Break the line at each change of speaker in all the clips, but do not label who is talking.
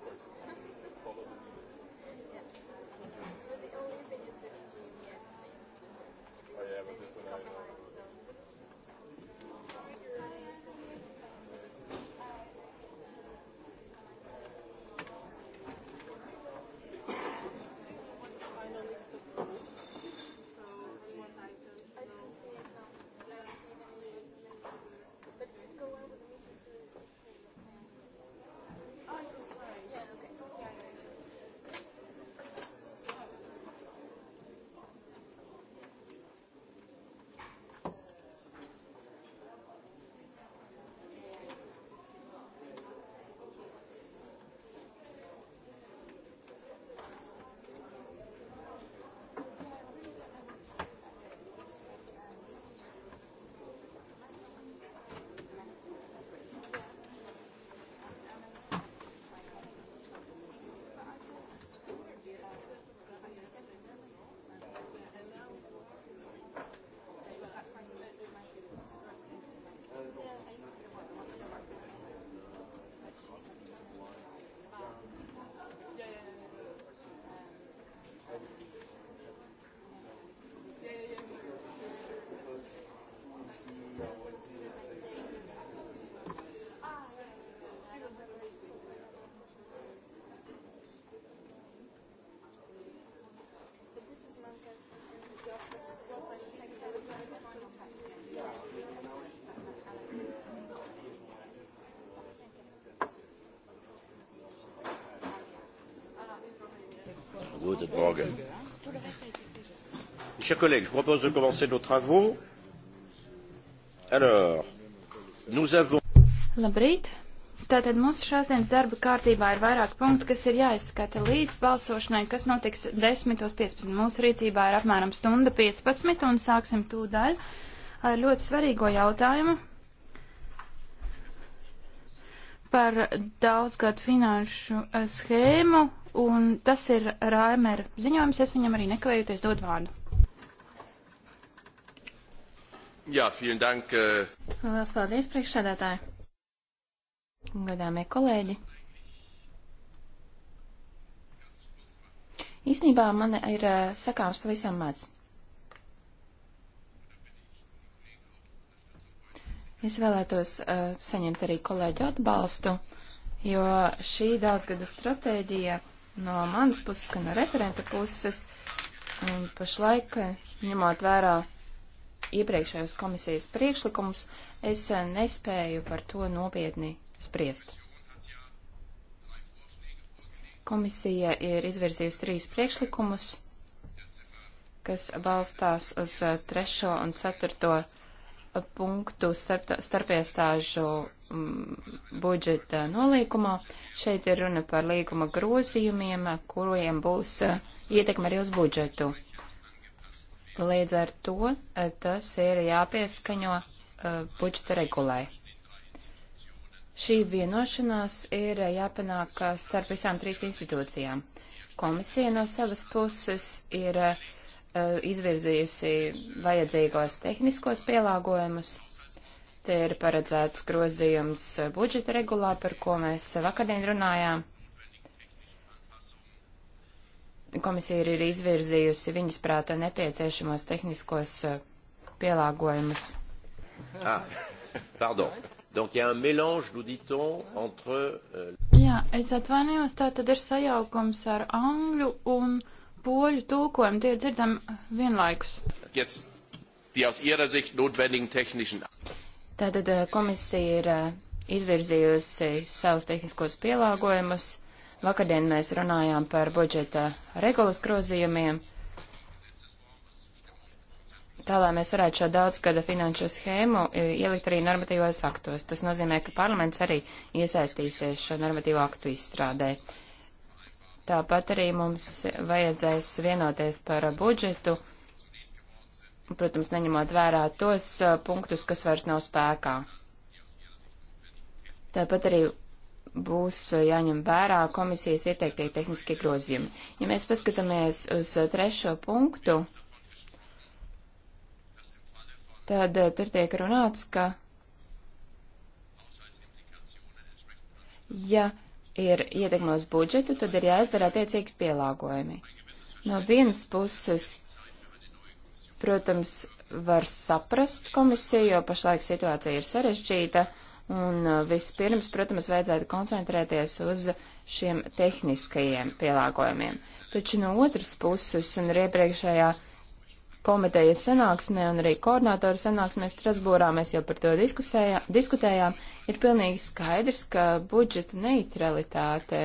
Oh, yeah, but this one I know.
Guten Morgen.
Mes chers collègues, je vous propose de commencer nos travaux. Alors, nous avons.
Labrīt! Tātad mūsu šāsdienas darba kārtībā ir vairāk punktu, kas ir jāizskata līdz balsošanai, kas notiks 10.15. Mūsu rīcībā ir apmēram stunda 15 un sāksim tūdaļ ar ļoti svarīgo jautājumu, par daudzgadu finanšu eh, schēmu, un tas ir Raimera ziņojums. Es viņam arī nekavējoties dod vārdu.
Jā, vielen dank. Eh.
Lielas paldies, priekšsēdētāji. Gadāmie kolēģi. Īsnībā man ir eh, sakāms pavisam maz. Es vēlētos uh, saņemt arī kolēģu atbalstu, jo šī daudzgadu stratēģija no manas puses, gan no referenta puses, um, pašlaik, ņemot vērā iepriekšējos komisijas priekšlikumus, es uh, nespēju par to nopietni spriest. Komisija ir izvirzījusi trīs priekšlikumus, kas balstās uz uh, trešo un ceturto punktu starp, starpiestāžu mm, budžeta nolīkumā. Šeit ir runa par līguma grozījumiem, kuriem būs eh, ietekme arī uz budžetu. Līdz ar to eh, tas ir jāpieskaņo eh, budžeta regulai. Šī vienošanās ir jāpanāk starp visām trīs institūcijām. Komisija no savas puses ir uh, E, izvirzījusi vajadzīgos tehniskos pielāgojumus. Te ir paredzēts grozījums budžeta regulā, par ko mēs vakardien runājām. Komisija ir izvirzījusi viņas prāta nepieciešamos tehniskos e, pielāgojumus.
Ah, pardon. Donc, il y a un mélange, nous dit-on, entre... Euh...
Jā, es atvainojos, tā tad ir
sajaukums ar angļu un uh, poļu tulkojumi, tie ir dzirdami vienlaikus.
Tātad eh, komisija ir eh, izvirzījusi savus tehniskos pielāgojumus. Vakardien mēs runājām par budžeta regulas grozījumiem. Tā lai mēs varētu šo daudzgada finanšu schēmu eh, ielikt arī normatīvos aktos. Tas nozīmē, ka parlaments arī iesaistīsies šo normatīvo aktu izstrādē. Tāpat arī mums vajadzēs vienoties par budžetu, protams, neņemot vērā tos uh, punktus, kas vairs nav spēkā. Tāpat arī būs uh, jāņem vērā komisijas ieteiktie tehniskie grozījumi. Ja mēs paskatāmies uz uh, trešo punktu, tad tur tiek runāts, ka ja ir ietekme uz budžetu, tad ir jāizdara attiecīgi pielāgojumi. No vienas puses, protams, var saprast komisiju, jo pašlaik situācija ir sarežģīta, un uh, vispirms, protams, vajadzētu koncentrēties uz šiem tehniskajiem pielāgojumiem. Taču no otras puses, un arī iepriekšējā komitejas sanāksmē un arī koordinātoru sanāksmē Strasbūrā mēs jau par to diskutējām, ir pilnīgi skaidrs, ka budžeta neutralitāte,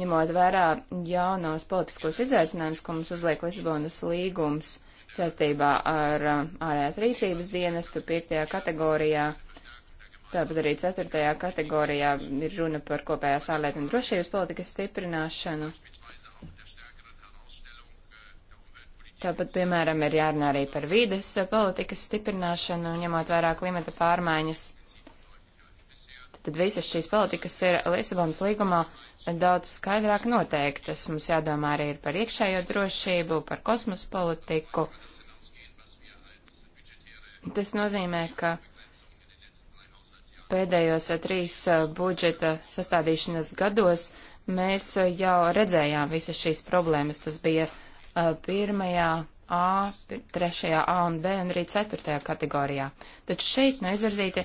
ņemot vērā jaunos politiskos izaicinājumus, ko mums uzliek Lisabonas līgums saistībā ar um, ārējās rīcības dienestu piektajā kategorijā, tāpat arī ceturtajā kategorijā ir runa par kopējās ārlietu un drošības politikas stiprināšanu. Tāpat, piemēram, ir jārunā arī par vīdes politikas stiprināšanu, ņemot vērā klimata pārmaiņas. Tad visas šīs politikas ir Lisabonas līgumā daudz skaidrāk noteiktas. Mums jādomā arī par iekšējo drošību, par kosmosa politiku. Tas nozīmē, ka pēdējos trīs budžeta sastādīšanas gados mēs jau redzējām visas šīs problēmas. Tas bija pirmajā A, trešajā A un B un arī ceturtajā kategorijā. Taču šeit nav izvirzīti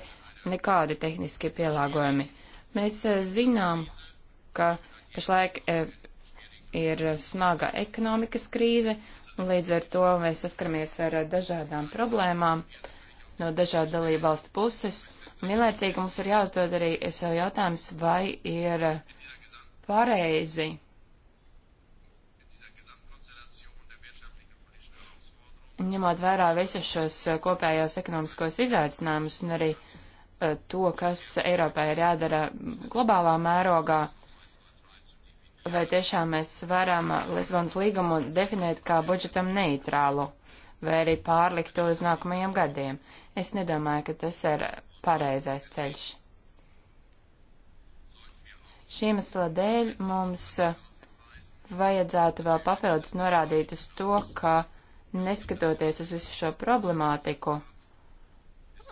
nekādi tehniskie pielāgojumi. Mēs zinām, ka pašlaik ir smaga ekonomikas krīze, un līdz ar to mēs saskaramies ar dažādām problēmām no dažādu dalību valstu puses. Un vienlaicīgi mums ir jāuzdod arī sev jautājums, vai ir pareizi ņemot vērā visus šos eh, kopējos ekonomiskos izaicinājumus un arī eh, to, kas Eiropai ir jādara globālā mērogā, vai tiešām mēs varam eh, Lisbonas līgumu definēt kā budžetam neitrālu vai arī pārlikt to uz nākamajiem gadiem. Es nedomāju, ka tas ir pareizais ceļš. Šī iemesla dēļ mums vajadzētu vēl papildus norādīt uz to, ka neskatoties uz visu šo problemātiku,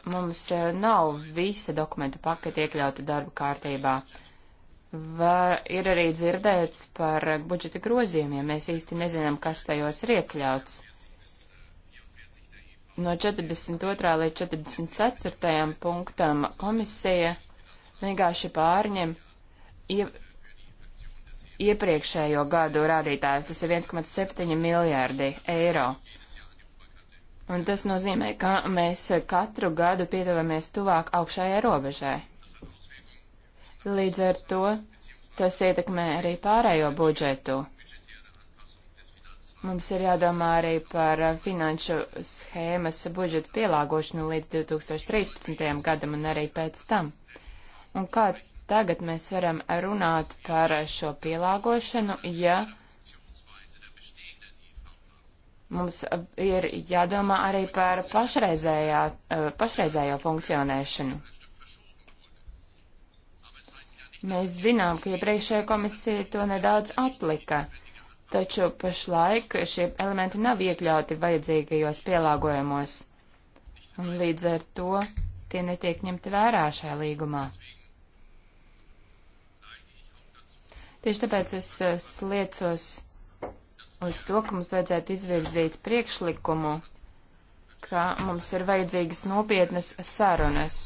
mums e, nav visa dokumentu paketi iekļauta darba kārtībā. Var, ir arī dzirdēts par budžeta grozījumiem, mēs īsti nezinām, kas tajos ir iekļauts. No 42. līdz 44. punktam komisija vienkārši pārņem iepriekšējo gadu rādītājus. Tas ir 1,7 miljārdi eiro. Un tas nozīmē, ka mēs katru gadu pietuvamies tuvāk augšējai robežai. Līdz ar to tas ietekmē arī pārējo budžetu. Mums ir jādomā arī par finanšu schēmas budžeta pielāgošanu līdz 2013. gadam un arī pēc tam. Un kā Tagad mēs varam runāt par šo pielāgošanu, ja mums ir jādomā arī par eh, pašreizējo funkcionēšanu. Mēs zinām, ka iepriekšējā komisija to nedaudz aplika, taču pašlaik šie elementi nav iekļauti vajadzīgajos pielāgojumos, un līdz ar to tie netiek ņemti vērā šajā līgumā. Tieši tāpēc es eh, sliecos uz to, ka mums vajadzētu izvirzīt priekšlikumu, ka mums ir vajadzīgas nopietnas sarunas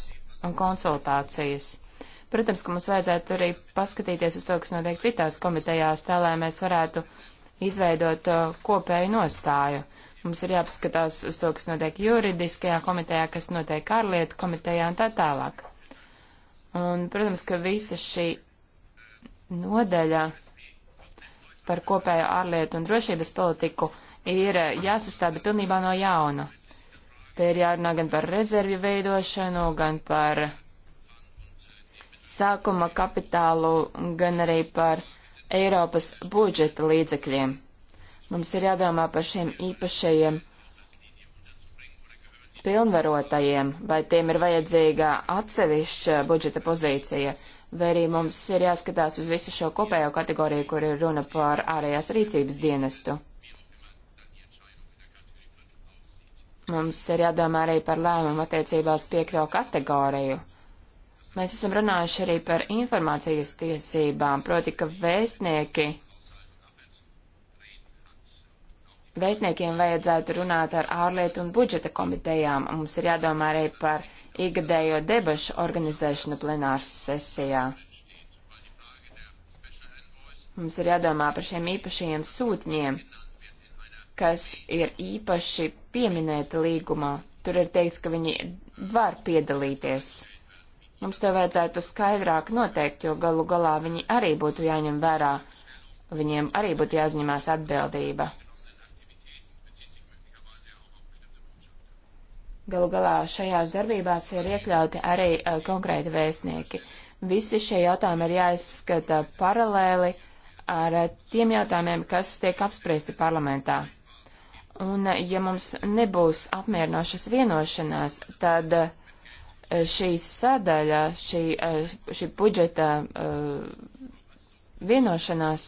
un konsultācijas. Protams, ka mums vajadzētu arī paskatīties uz to, kas notiek citās komitejās, tā lai mēs varētu izveidot eh, kopēju nostāju. Mums ir jāpaskatās uz to, kas notiek juridiskajā komitejā, kas notiek ārlietu komitejā un tā tālāk. Un, protams, ka visa šī nodaļa par kopējo ārlietu un drošības politiku ir jāsastāda pilnībā no jauna. Te ir jārunā gan par rezervju veidošanu, gan par sākuma kapitālu, gan arī par Eiropas budžeta līdzekļiem. Mums ir jādomā par šiem īpašajiem pilnvarotajiem, vai tiem ir vajadzīga atsevišķa budžeta pozīcija, vai arī mums ir jāskatās uz visu šo kopējo kategoriju, kur ir runa par ārējās rīcības dienestu. Mums ir jādomā arī par lēmumu attiecībās piekto kategoriju. Mēs esam runājuši arī par informācijas tiesībām, proti, ka vēstnieki Vēstniekiem vajadzētu runāt ar ārlietu un budžeta komitejām. Mums ir jādomā arī par ikgadējo debašu organizēšanu plenāras sesijā. Mums ir jādomā par šiem īpašajiem sūtņiem, kas ir īpaši pieminēti līgumā. Tur ir teikts, ka viņi var piedalīties. Mums to vajadzētu skaidrāk noteikt, jo galu galā viņi arī būtu jāņem vērā, viņiem arī būtu jāuzņemās atbildība. Galu galā šajās darbībās ir iekļauti arī uh, konkrēti vēstnieki. Visi šie jautājumi ir jāizskata paralēli ar uh, tiem jautājumiem, kas tiek apspriesti parlamentā. Un, uh, ja mums nebūs apmierinošas vienošanās, tad šī sadaļa, šī, šī budžeta vienošanās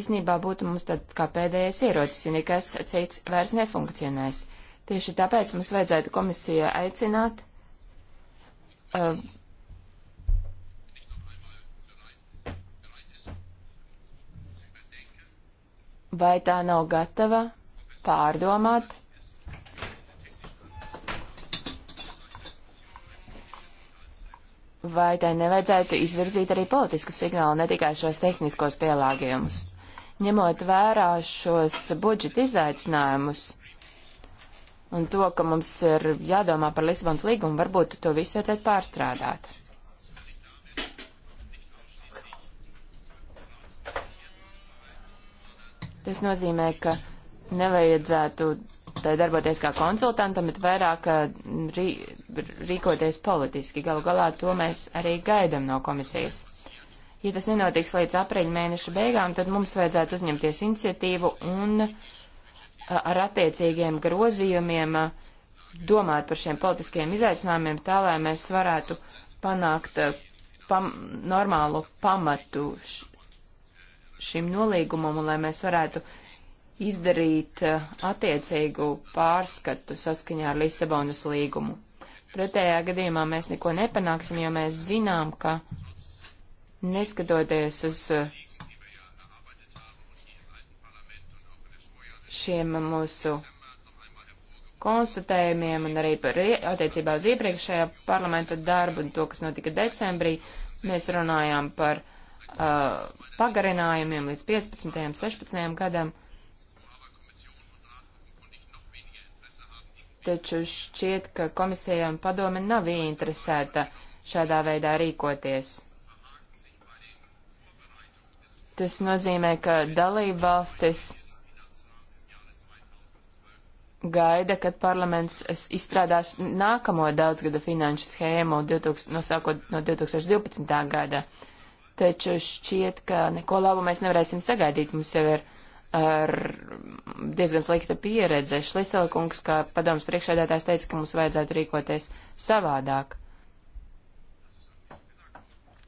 īsnībā būtu mums tad kā pēdējais ierocis, ja nekas cits vairs nefunkcionēs. Tieši tāpēc mums vajadzētu komisiju aicināt uh, Vai tā nav gatava pārdomāt? Vai tai nevajadzētu izvirzīt arī politisku signālu, ne tikai šos tehniskos pielāgojumus? Ņemot vērā šos budžeta izaicinājumus, un to, ka mums ir jādomā par Lisabonas līgumu, varbūt to visu vajadzētu pārstrādāt. Tas nozīmē, ka nevajadzētu tai darboties kā konsultantam, bet vairāk uh, rī, rīkoties politiski. Galu galā to mēs arī gaidam no komisijas. Ja tas nenotiks līdz apriļa mēneša beigām, tad mums vajadzētu uzņemties iniciatīvu un uh, ar attiecīgiem grozījumiem domāt par šiem politiskiem izaicinājumiem tā, lai mēs varētu panākt eh, pam normālu pamatu šim nolīgumam un lai mēs varētu izdarīt eh, attiecīgu pārskatu saskaņā ar Lisabonas līgumu. Pretējā gadījumā mēs neko nepanāksim, jo mēs zinām, ka neskatoties uz uh, šiem mūsu konstatējumiem un arī par attiecībā uz iepriekšējā parlamenta darbu un to, kas notika decembrī. Mēs runājām par uh, pagarinājumiem līdz 15. un 16. gadam. Taču šķiet, ka komisija un padome nav ieinteresēta šādā veidā rīkoties. Tas nozīmē, ka dalība valstis gaida, kad parlaments izstrādās nākamo daudzgada finanšu schēmu 2000, nosākot no 2012. gada. Taču šķiet, ka neko labu mēs nevarēsim sagaidīt. Mums jau ir ar diezgan slikta pieredze. Šliselkungs, kā padoms priekšēdētājs, teica, ka mums vajadzētu rīkoties savādāk.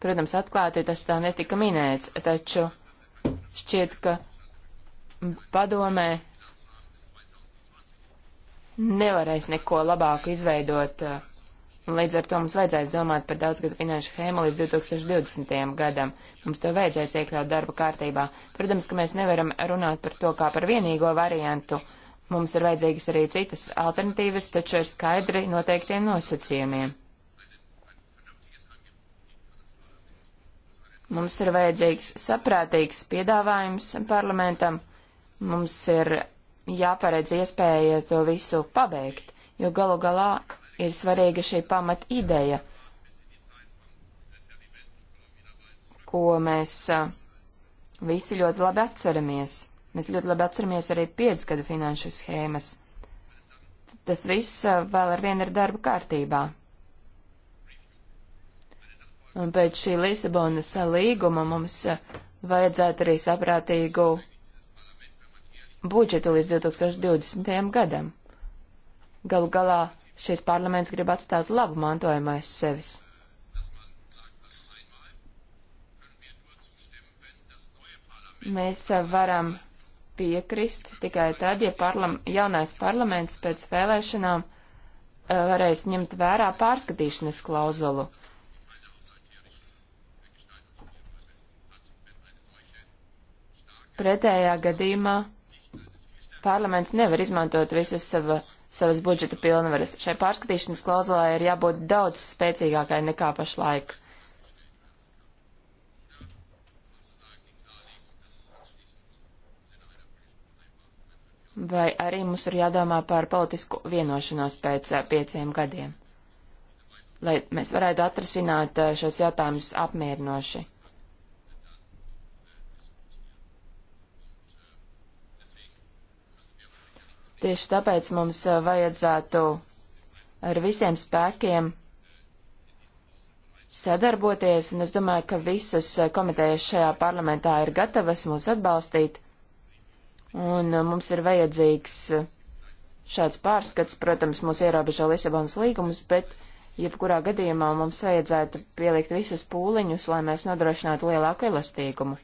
Protams, atklāti tas tā netika minēts, taču šķiet, ka padomē nevarēs neko labāku izveidot, eh, un līdz ar to mums vajadzēs domāt par daudzgadu finanšu schēmu līdz 2020. gadam. Mums to vajadzēs iekļaut darba kārtībā. Protams, ka mēs nevaram runāt par to kā par vienīgo variantu. Mums ir vajadzīgas arī citas alternatīvas, taču ar skaidri noteiktiem nosacījumiem. Mums ir vajadzīgs saprātīgs piedāvājums parlamentam, mums ir jāparedz iespēja to visu pabeigt, jo galu galā ir svarīga šī pamat ideja, ko mēs visi ļoti labi atceramies. Mēs ļoti labi atceramies arī piecgadu finanšu schēmas. Tas viss vēl ar vienu ir darba kārtībā. Un pēc šī Lisabonas līguma mums vajadzētu arī saprātīgu budžetu līdz 2020. gadam. Galu galā šis parlaments grib atstāt labu mantojumu aiz sevis. Mēs varam piekrist tikai tad, ja parlam jaunais parlaments pēc vēlēšanām eh, varēs ņemt vērā pārskatīšanas klauzulu. Pretējā gadījumā parlaments nevar izmantot visas sava, savas budžeta pilnvaras. Šai pārskatīšanas klauzulai ir jābūt daudz spēcīgākai nekā pašlaik. Vai arī mums ir jādomā par politisku vienošanos pēc eh, pieciem gadiem, lai mēs varētu atrasināt eh, šos jautājumus apmierinoši? Tieši tāpēc mums vajadzētu ar visiem spēkiem sadarboties, un es domāju, ka visas komitejas šajā parlamentā ir gatavas mūs atbalstīt, un mums ir vajadzīgs šāds pārskats, protams, mūs ierobežo Lisabonas līgums, bet jebkurā gadījumā mums vajadzētu pielikt visas pūliņus, lai mēs nodrošinātu lielāku elastīgumu.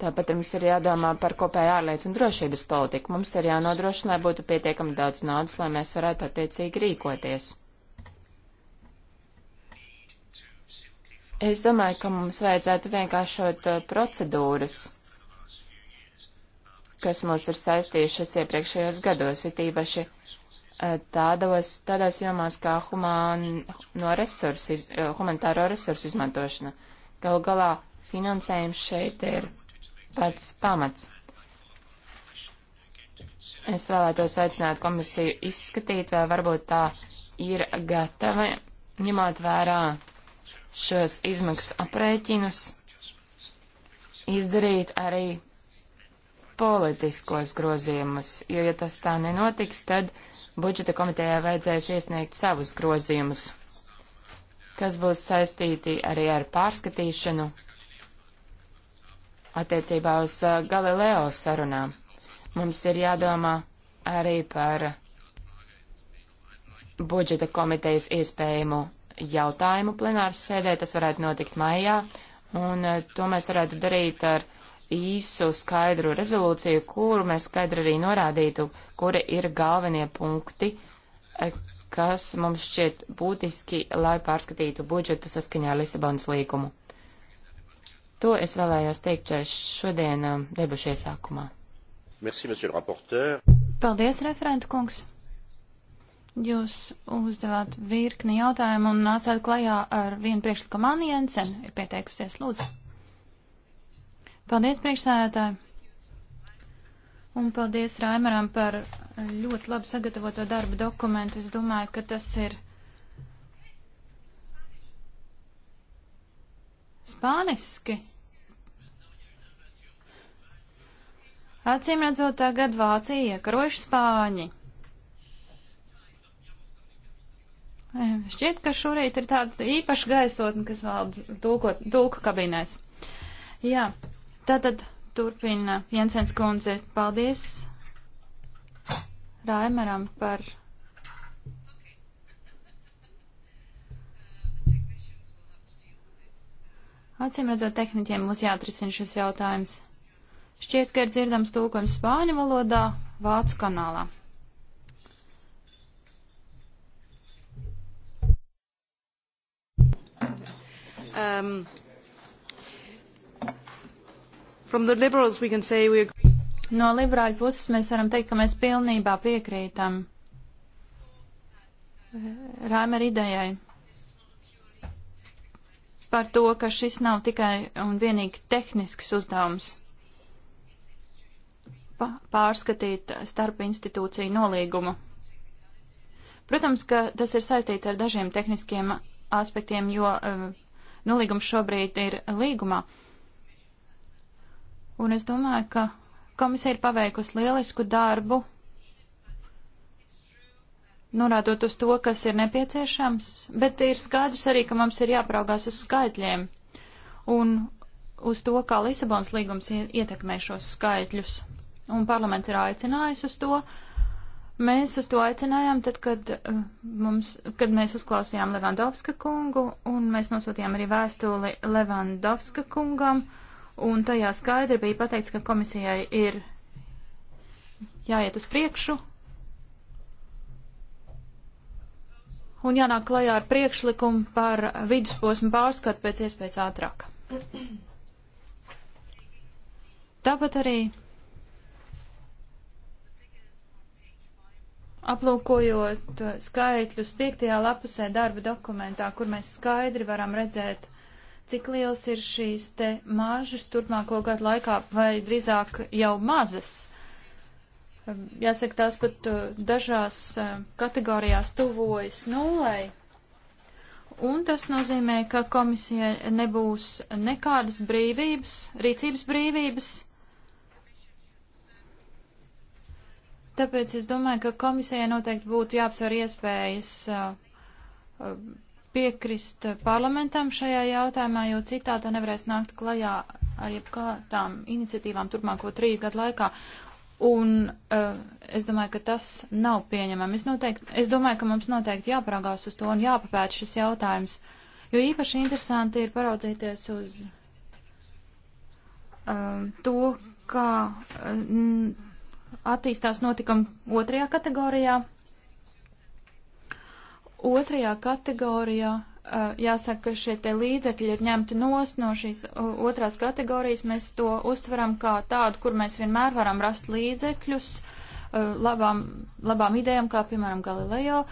Tāpat mums ir jādomā par kopēju ārlietu un drošības politiku. Mums ir jānodrošina, lai būtu pietiekami daudz naudas, lai mēs varētu attiecīgi rīkoties. Es domāju, ka mums vajadzētu vienkāršot uh, procedūras, kas mūs ir saistījušas iepriekšējos gados, it īpaši uh, tādos, tādās jomās kā humān, no resursu, uh, humanitāro resursu izmantošana. Galu galā finansējums šeit ir pats pamats. Es vēlētos aicināt komisiju izskatīt, vai varbūt tā ir gatava ņemot vērā šos izmaksu aprēķinus, izdarīt arī politiskos grozījumus, jo, ja tas tā nenotiks, tad budžeta komitejā vajadzēs iesniegt savus grozījumus, kas būs saistīti arī ar pārskatīšanu attiecībā uz uh, Galileo sarunām. Mums ir jādomā arī par budžeta komitejas iespējamu jautājumu plenāras sēdē. Tas varētu notikt maijā, un uh, to mēs varētu darīt ar īsu skaidru rezolūciju, kuru mēs skaidri arī norādītu, kuri ir galvenie punkti, eh, kas mums šķiet būtiski, lai pārskatītu budžetu saskaņā ar Lisabonas līgumu. To es vēlējos teikt šodien um, debušu iesākumā. Merci, Paldies, referenta kungs! Jūs uzdevāt virkni
jautājumu un nācāt klajā ar vienu priekšlikumu. Anna Jensen ir pieteikusies, lūdzu. Paldies, priekšstādātāji! Un paldies Raimaram par ļoti labi sagatavoto darbu dokumentu. Es domāju, ka tas ir spāniski. Acīm redzot, tagad Vācija iekaroši Spāņi. E, šķiet, ka šorīt ir tāda īpaša gaisotne, kas valda tulkot, tulku kabīnēs. Jā, tātad turpina Jensens kundze. Paldies Raimaram par. Acīm redzot, tehniķiem būs jāatrisina šis jautājums. Šķiet, ka ir dzirdams tūkojums spāņu valodā Vācu kanālā.
Um, from the liberals we can say we agree.
No liberāļu puses mēs varam teikt, ka mēs pilnībā piekrītam eh, Raimer idejai par to, ka šis nav tikai un vienīgi tehnisks uzdevums pārskatīt starp institūciju nolīgumu. Protams, ka tas ir saistīts ar dažiem tehniskiem aspektiem, jo um, nolīgums šobrīd ir līgumā. Un es domāju, ka komisija ir paveikusi lielisku darbu, norādot uz to, kas ir nepieciešams, bet ir skaidrs arī, ka mums ir jāpraugās uz skaitļiem un uz to, kā Lisabons līgums ietekmē šos skaitļus un parlaments ir aicinājis uz to. Mēs uz to aicinājām tad, kad, uh, mums, kad mēs uzklausījām Levandovska kungu, un mēs nosūtījām arī vēstuli Levandovska kungam, un tajā skaidri bija pateikts, ka komisijai ir jāiet uz priekšu un jānāk klajā ar priekšlikumu par vidusposmu pārskatu pēc iespējas ātrāk. Tāpat arī aplūkojot uh, skaitļus piektajā lapusē darba dokumentā, kur mēs skaidri varam redzēt, cik liels ir šīs te mažas turpmāko gadu laikā, vai drīzāk jau mazas. Um, jāsaka, tās pat uh, dažās uh, kategorijās tuvojas nulai. Un tas nozīmē, ka komisija nebūs nekādas brīvības, rīcības brīvības Tāpēc es domāju, ka komisijai noteikti būtu jāapsver iespējas uh, uh, piekrist parlamentam šajā jautājumā, jo citā tā nevarēs nākt klajā ar jebkādām iniciatīvām turpmāko trīs gadu laikā. Un uh, es domāju, ka tas nav pieņemami. Es, noteikti, es domāju, ka mums noteikti jāparaugās uz to un jāpapēt šis jautājums, jo īpaši interesanti ir paraudzīties uz um, to, kā. Um, attīstās notikumi otrajā kategorijā. Otrajā kategorijā eh, jāsaka, ka šie te līdzekļi ir ņemti nos no šīs otrās kategorijas. Mēs to uztveram kā tādu, kur mēs vienmēr varam rast līdzekļus eh, labām, labām idejām, kā piemēram Galileo.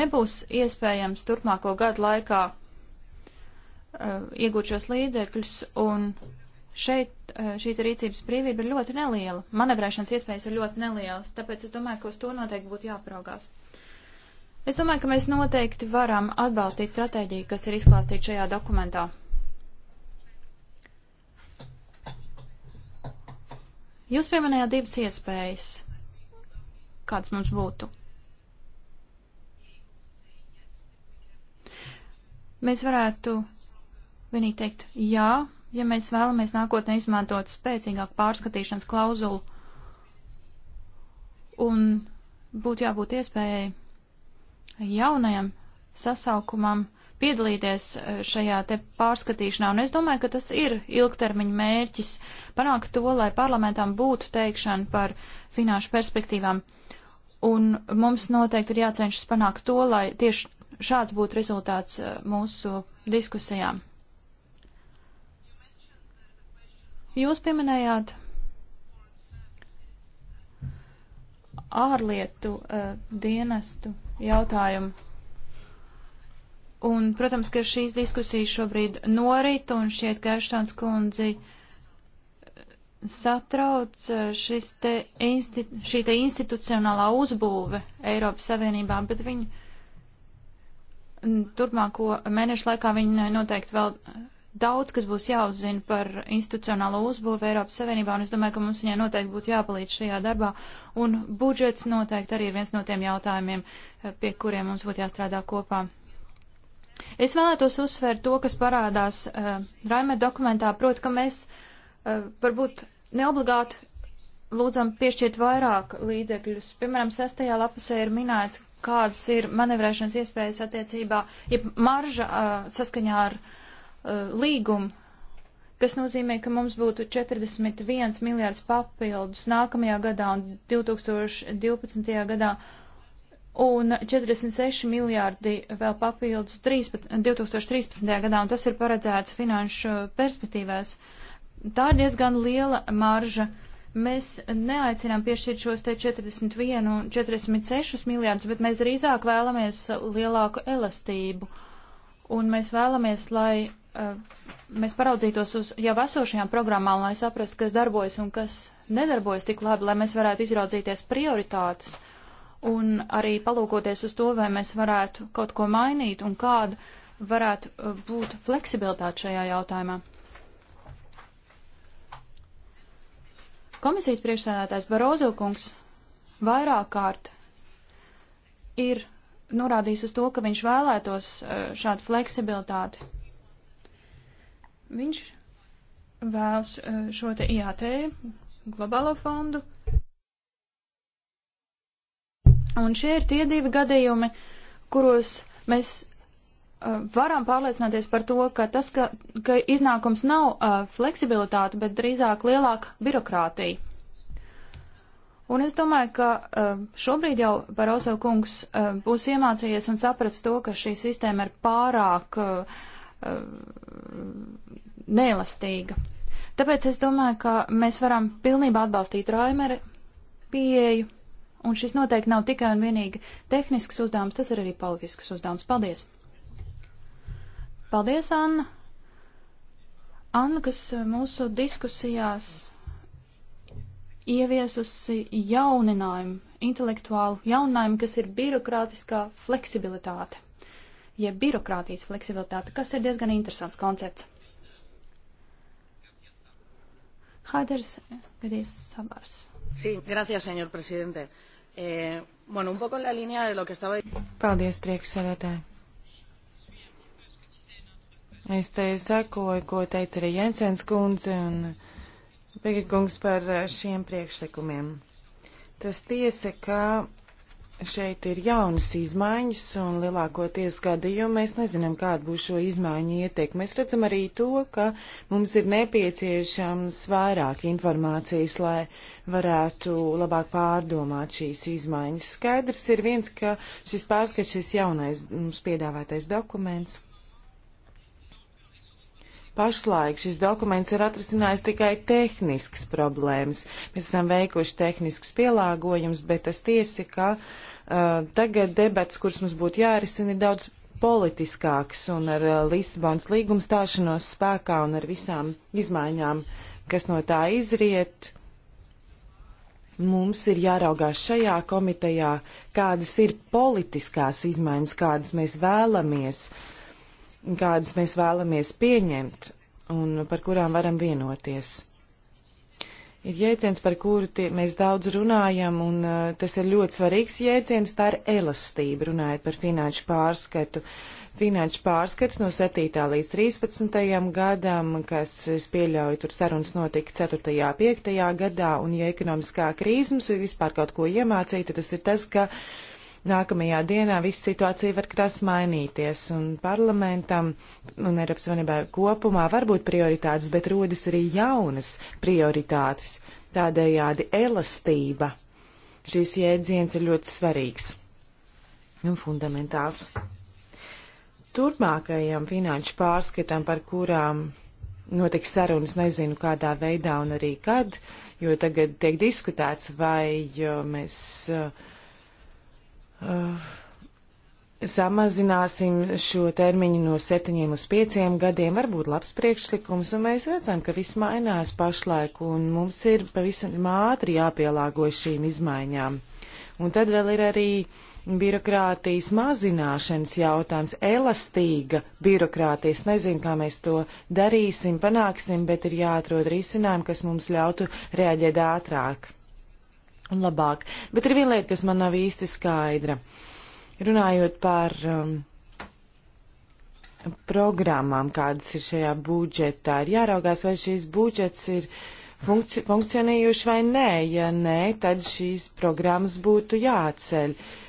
Nebūs iespējams turpmāko gadu laikā eh, iegūt šos līdzekļus un Šeit eh, šī rīcības brīvība ir ļoti neliela, manevrēšanas iespējas ir ļoti nelielas, tāpēc es domāju, ka uz to noteikti būtu jāpraugās. Es domāju, ka mēs noteikti varam atbalstīt stratēģiju, kas ir izklāstīta šajā dokumentā. Jūs pieminējāt divas iespējas, kādas mums būtu. Mēs varētu vienīgi teikt jā, Ja mēs vēlamies nākotnē izmantot spēcīgāku pārskatīšanas klauzulu un būtu jābūt iespējai jaunajam sasaukumam piedalīties e, šajā te pārskatīšanā, un es domāju, ka tas ir ilgtermiņa mērķis panākt to, lai parlamentām būtu teikšana par finanšu perspektīvām. Un mums noteikti ir jācenšas panākt to, lai tieši šāds būtu rezultāts e, mūsu diskusijām. Jūs pieminējāt ārlietu uh, dienestu jautājumu. Un, protams, ka šīs diskusijas šobrīd norit un šķiet, ka Eštāns kundzi eh, satrauc eh, šis te insti šī te institucionālā uzbūve Eiropas Savienībā, bet viņi turpmāko mēnešu laikā viņi noteikti vēl daudz, kas būs jāuzzina par institucionālo uzbūvu Eiropas Savienībā, un es domāju, ka mums viņai noteikti būtu jāpalīdz šajā darbā, un budžets noteikti arī ir viens no tiem jautājumiem, eh, pie kuriem mums būtu jāstrādā kopā. Es vēlētos uzsvērt to, kas parādās uh, eh, Raimē dokumentā, proti, ka mēs uh, varbūt neobligāti lūdzam piešķirt vairāk līdzekļus. Piemēram, sestajā lapusē ir minēts, kādas ir manevrēšanas iespējas attiecībā, ja marža uh, saskaņā ar uh, Eh, līgumu, kas nozīmē, ka mums būtu 41 miljārds papildus nākamajā gadā un 2012. gadā un 46 miljārdi vēl papildus 13, 2013. gadā, un tas ir paredzēts finanšu perspektīvās. Tā ir diezgan liela marža. Mēs neaicinām piešķirt šos te 41 un 46 miljārdus, bet mēs drīzāk vēlamies lielāku elastību. Un mēs vēlamies, lai mēs paraudzītos uz jau esošajām programmām, lai saprastu, kas darbojas un kas nedarbojas tik labi, lai mēs varētu izraudzīties prioritātes un arī palūkoties uz to, vai mēs varētu kaut ko mainīt un kāda varētu būt fleksibilitāte šajā jautājumā. Komisijas priekšsēdētājs Barozo kungs vairāk kārt ir norādījis uz to, ka viņš vēlētos šādu fleksibilitāti Viņš vēlas eh, šo te IAT globālo fondu. Un šie ir tie divi gadījumi, kuros mēs uh, varam pārliecināties par to, ka tas, ka, ka iznākums nav uh, fleksibilitāte, bet drīzāk lielāka birokrātija. Un es domāju, ka uh, šobrīd jau Baroso kungs būs iemācījies un saprats to, ka šī sistēma ir pārāk uh, Eh, neelastīga. Tāpēc es domāju, ka mēs varam pilnībā atbalstīt Raimera pieeju, un šis noteikti nav tikai un vienīgi tehnisks uzdevums, tas ir arī politisks uzdevums. Paldies! Paldies, Anna! Anna, kas mūsu diskusijās ieviesusi jauninājumu, intelektuālu jauninājumu, kas ir birokrātiskā fleksibilitāte jeb birokrātijas fleksibilitāte, kas ir diezgan interesants koncepts. Haiders Gris Savars.
Sí, gracias, señor presidente. Eh, bueno, un poco en la línea de lo que estaba... Paldies, priekšsēdētāji. Es te sakoju, ko teica arī Jensens kundze un Pēkšņkungs par eh, šiem priekšlikumiem. Tas tiesa, ka Šeit ir jaunas izmaiņas, un lielākoties gadījumā mēs nezinām, kāda būs šo izmaiņu ietekme. Mēs redzam arī to, ka mums ir nepieciešams vairāk informācijas, lai varētu labāk pārdomāt šīs izmaiņas. Skaidrs ir viens, ka šis pārskats, šis jaunais mums piedāvātais dokuments. Pašlaik šis dokuments ir atrisinājis tikai tehniskas problēmas. Mēs esam veikuši tehniskus pielāgojumus, bet tas tiesi, ka uh, Tagad debats, kuras mums būtu jārisina, ir daudz politiskāks un ar Lisabonas līgumu stāšanos spēkā un ar visām izmaiņām, kas no tā izriet. Mums ir jāraugās šajā komitejā, kādas ir politiskās izmaiņas, kādas mēs vēlamies, kādas mēs vēlamies pieņemt un par kurām varam vienoties ir jēdziens, par kuru tie, mēs daudz runājam, un uh, tas ir ļoti svarīgs jēdziens, tā ir elastība, runājot par finanšu pārskatu. Finanšu pārskats no 7. līdz 13. gadam, kas, es pieļauju, tur sarunas notika 4. 5. gadā, un ja ekonomiskā krīze mums vispār kaut ko iemācīja, tad tas ir tas, ka uh, nākamajā dienā visa situācija var krasi mainīties, un parlamentam un Eiropas Savienībā kopumā var būt prioritātes, bet rodas arī jaunas prioritātes. Tādējādi elastība. Šis jēdziens ir ļoti svarīgs un fundamentāls. Turpmākajam finanšu pārskatam, par kurām notiks sarunas, nezinu kādā veidā un arī kad, jo tagad tiek diskutēts, vai mēs uh, Uh, samazināsim šo termiņu no septiņiem uz pieciem gadiem, varbūt labs priekšlikums, un mēs redzam, ka viss mainās pašlaik, un mums ir pavisam ātri jāpielāgo šīm izmaiņām. Un tad vēl ir arī birokrātijas mazināšanas jautājums, elastīga birokrātijas. Nezinu, kā mēs to darīsim, panāksim, bet ir jāatrod risinājumi, kas mums ļautu reaģēt ātrāk labāk. Bet ir viena lieta, kas man nav īsti skaidra. Runājot par um, programmām, kādas ir šajā budžetā, ir jāraugās, vai šīs budžets ir funkci funkcionējuši vai nē. Ja nē, tad šīs programmas būtu jāatceļ. Uh,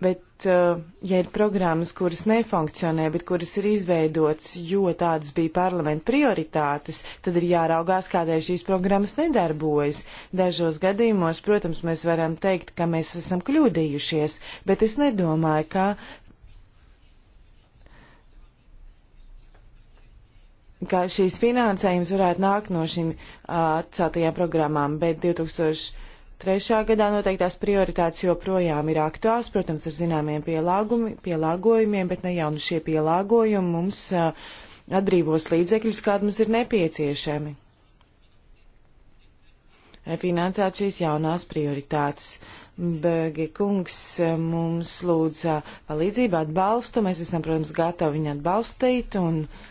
Bet, uh, ja ir programmas, kuras nefunkcionē, bet kuras ir izveidotas, jo tādas bija parlamenta prioritātes, tad ir jāraugās, kādēļ šīs programmas nedarbojas. Dažos gadījumos, protams, mēs varam teikt, ka mēs esam kļūdījušies, bet es nedomāju, ka. ka šīs finansējums varētu nākt no šīm uh, atceltajām programmām, bet 2000. Trešā gadā noteiktās prioritātes joprojām ir aktuāls, protams, ar zināmiem pielāgojumiem, bet ne jau nu šie pielāgojumi mums atbrīvos līdzekļus, kādi mums ir nepieciešami. Finansēt šīs jaunās prioritātes. Bēgi kungs mums lūdza palīdzību, atbalstu. Mēs esam, protams, gatavi viņu atbalstīt un uh,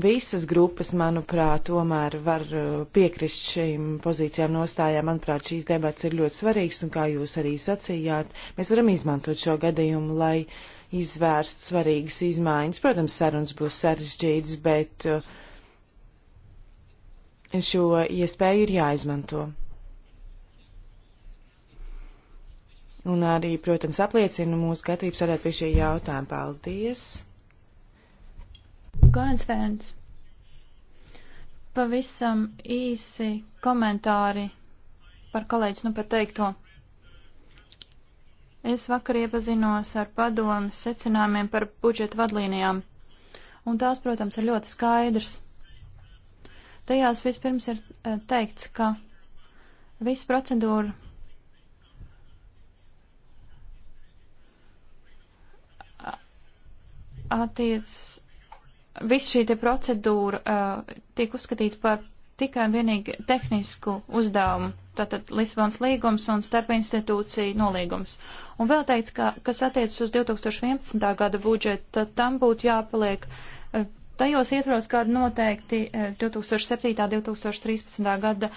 visas grupas, manuprāt, tomēr var uh, piekrist šīm pozīcijām nostājām. Manuprāt, šīs debats ir ļoti svarīgs, un kā jūs arī sacījāt, mēs varam izmantot šo gadījumu, lai izvērstu svarīgas izmaiņas. Protams, sarunas būs sarežģītas, bet uh, šo iespēju ir jāizmanto. Un arī, protams, apliecina mūsu gatavību sarēt pie šī jautājuma. Paldies!
Gorans Fērns. Pavisam īsi komentāri par kolēģis nu pat teikto. Es vakar iepazinos ar padomas secinājumiem par budžeta vadlīnijām, un tās, protams, ir ļoti skaidrs. Tajās vispirms ir e, teikts, ka viss procedūra attiec viss šī te procedūra uh, tiek uzskatīta par tikai un vienīgi tehnisku uzdevumu. Tātad Lisabons līgums un starpinstitūcija nolīgums. Un vēl teica, ka, kas attiecas uz 2011. gada budžetu, tad tam būtu jāpaliek uh, tajos ietvaros, kāda noteikti uh, 2007. 2013. gada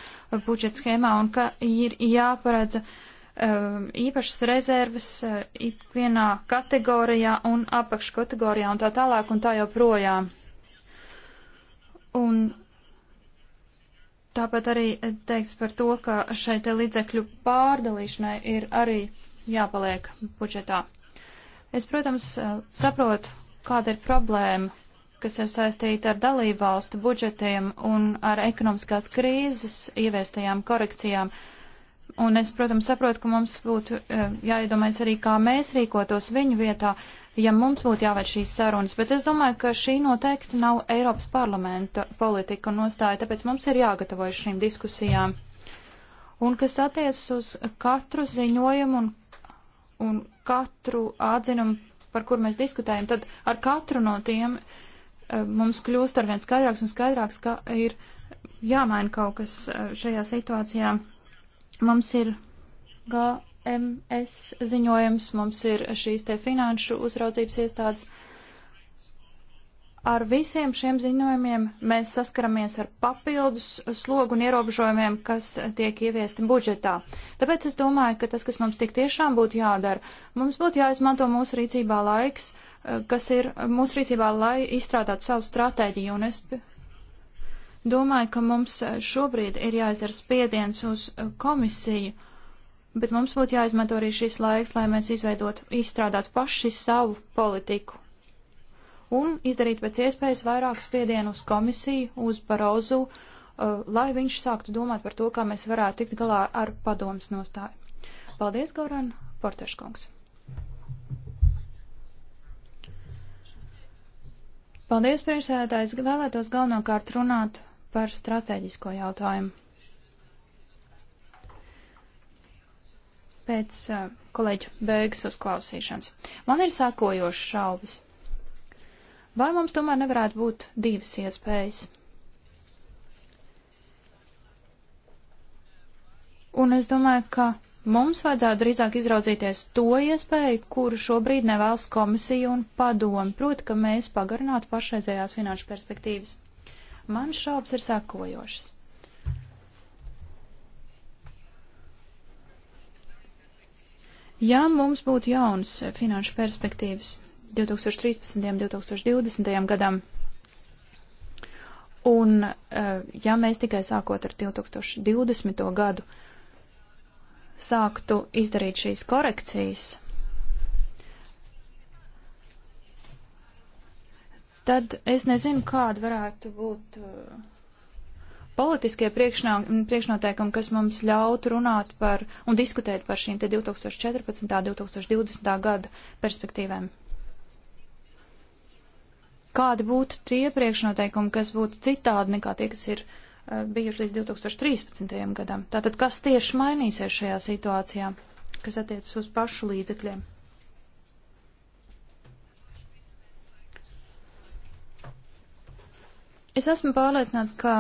budžeta schēmā un ka ir jāparedz uh, Um, īpašas rezerves uh, ikvienā kategorijā un apakškategorijā un tā tālāk un tā joprojām. Un tāpat arī teiks par to, ka šai te līdzekļu pārdalīšanai ir arī jāpaliek budžetā. Es, protams, uh, saprotu, kāda ir problēma, kas ir saistīta ar dalībvalstu budžetiem un ar ekonomiskās krīzes ieviestajām korekcijām. Uh, Un es, protams, saprotu, ka mums būtu eh, jāiedomājas arī, kā mēs rīkotos viņu vietā, ja mums būtu jāved šīs sarunas. Bet es domāju, ka šī noteikti nav Eiropas parlamenta politika un nostāja, tāpēc mums ir jāgatavojas šīm diskusijām. Un kas attiecas uz katru ziņojumu un, un katru atzinumu, par kur mēs diskutējam, tad ar katru no tiem eh, mums kļūst arvien skaidrāks un skaidrāks, ka ir jāmaina kaut kas eh, šajā situācijā. Mums ir GMS ziņojums, mums ir šīs te finanšu uzraudzības iestādes. Ar visiem šiem ziņojumiem mēs saskaramies ar papildus slogu un ierobežojumiem, kas tiek ieviesti budžetā. Tāpēc es domāju, ka tas, kas mums tik tiešām būtu jādara, mums būtu jāizmanto mūsu rīcībā laiks, eh, kas ir mūsu rīcībā, lai izstrādātu savu stratēģiju, un es Domāju, ka mums eh, šobrīd ir jāizdara spiediens uz eh, komisiju, bet mums būtu jāizmanto arī šis laiks, lai mēs izveidot, izstrādātu paši savu politiku un izdarīt pēc iespējas vairāk spiedienu uz komisiju, uz Barozu, uh, lai viņš sāktu domāt par to, kā mēs varētu tikt galā ar padomas nostāju. Paldies, Goran Porteškungs! Paldies, priekšsēdētājs. Vēlētos galvenokārt runāt par strateģisko jautājumu. Pēc uh, kolēģa beigas uzklausīšanas. Man ir sākojošas šaubas. Vai mums tomēr nevarētu būt divas iespējas? Un es domāju, ka mums vajadzētu drīzāk izraudzīties to iespēju, kuru šobrīd nevēlas komisija un padomi, proti, ka mēs pagarinātu pašreizējās finanšu perspektīvas. Man šaubas ir sakojošas. Ja mums būtu jauns finanšu perspektīvas 2013. un 2020. gadam, un e, ja mēs tikai sākot ar 2020. gadu sāktu izdarīt šīs korekcijas, tad es nezinu, kāda varētu būt uh, politiskie priekšnoteikumi, kas mums ļautu runāt par un diskutēt par šīm te 2014. un 2020. gada perspektīvēm. Kādi būtu tie priekšnoteikumi, kas būtu citādi nekā tie, kas ir uh, bijuši līdz 2013. gadam? Tātad, kas tieši mainīsies šajā situācijā, kas attiecas uz pašu līdzekļiem? Es esmu pārliecināta, ka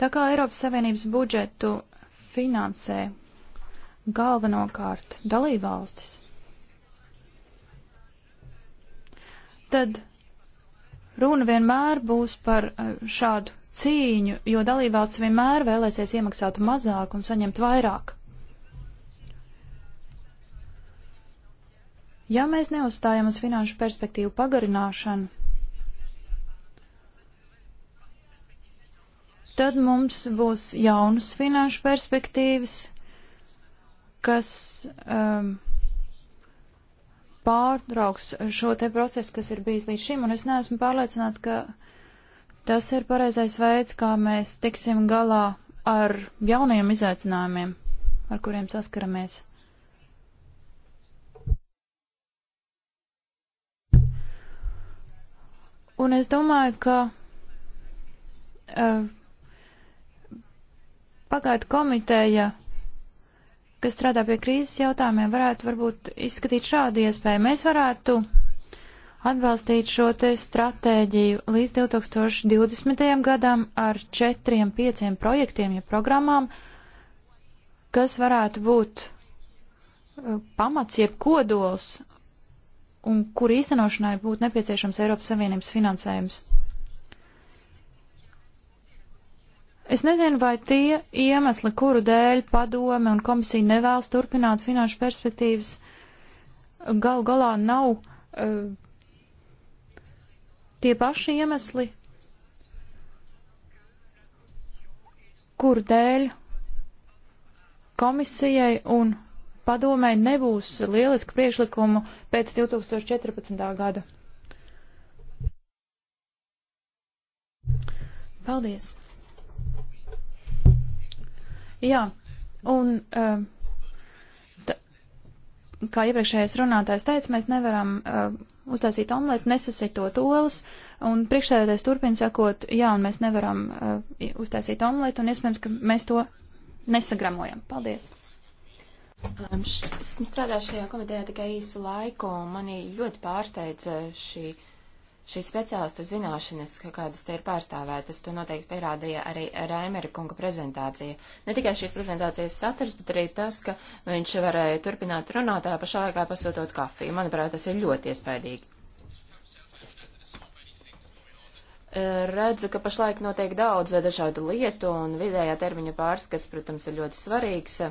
tā kā Eiropas Savienības budžetu finansē galvenokārt dalībvalstis, tad runa vienmēr būs par eh, šādu cīņu, jo dalībvalsts vienmēr vēlēsies iemaksāt mazāk un saņemt vairāk. Ja mēs neuzstājam uz finanšu perspektīvu pagarināšanu, tad mums būs jaunas finanšu perspektīvas, kas um, pārtrauks šo te procesu, kas ir bijis līdz šim, un es neesmu pārliecināts, ka tas ir pareizais veids, kā mēs tiksim galā ar jaunajiem izaicinājumiem, ar kuriem saskaramies. Un es domāju, ka uh, pagaidu komiteja, kas strādā pie krīzes jautājumiem, varētu varbūt izskatīt šādu iespēju. Mēs varētu atbalstīt šo te stratēģiju līdz 2020. gadam ar četriem, pieciem projektiem, ja programmām, kas varētu būt uh, pamats jeb kodols un kur īstenošanai būtu nepieciešams Eiropas Savienības finansējums. Es nezinu, vai tie iemesli, kuru dēļ padome un komisija nevēlas turpināt finanšu perspektīvas, gal galā nav uh, tie paši iemesli, kuru dēļ komisijai un padomē nebūs lielisku priekšlikumu pēc 2014. gada. Paldies! Jā, un eh, tā, kā iepriekšējais runātājs teica, mēs nevaram uh, uztaisīt omletu, nesasitot olas, un priekšsēdētājs turpina sakot, jā, un mēs nevaram uh, uztaisīt omletu, un iespējams, ka mēs to nesagramojam. Paldies!
Um, Esmu strādājusi šajā komitejā tikai īsu laiku, un mani ļoti pārsteidza šī šīs speciālistu zināšanas, kādas te ir pārstāvētas, to noteikti pierādīja arī Rēmera kunga prezentācija. Ne tikai šīs prezentācijas saturs, bet arī tas, ka viņš varēja turpināt runāt tajā pašā laikā pasūtot kafiju. Manuprāt, tas ir ļoti iespaidīgi. E, redzu, ka pašlaik notiek daudz dažādu lietu, un vidējā termiņa pārskats, protams, ir ļoti svarīgs.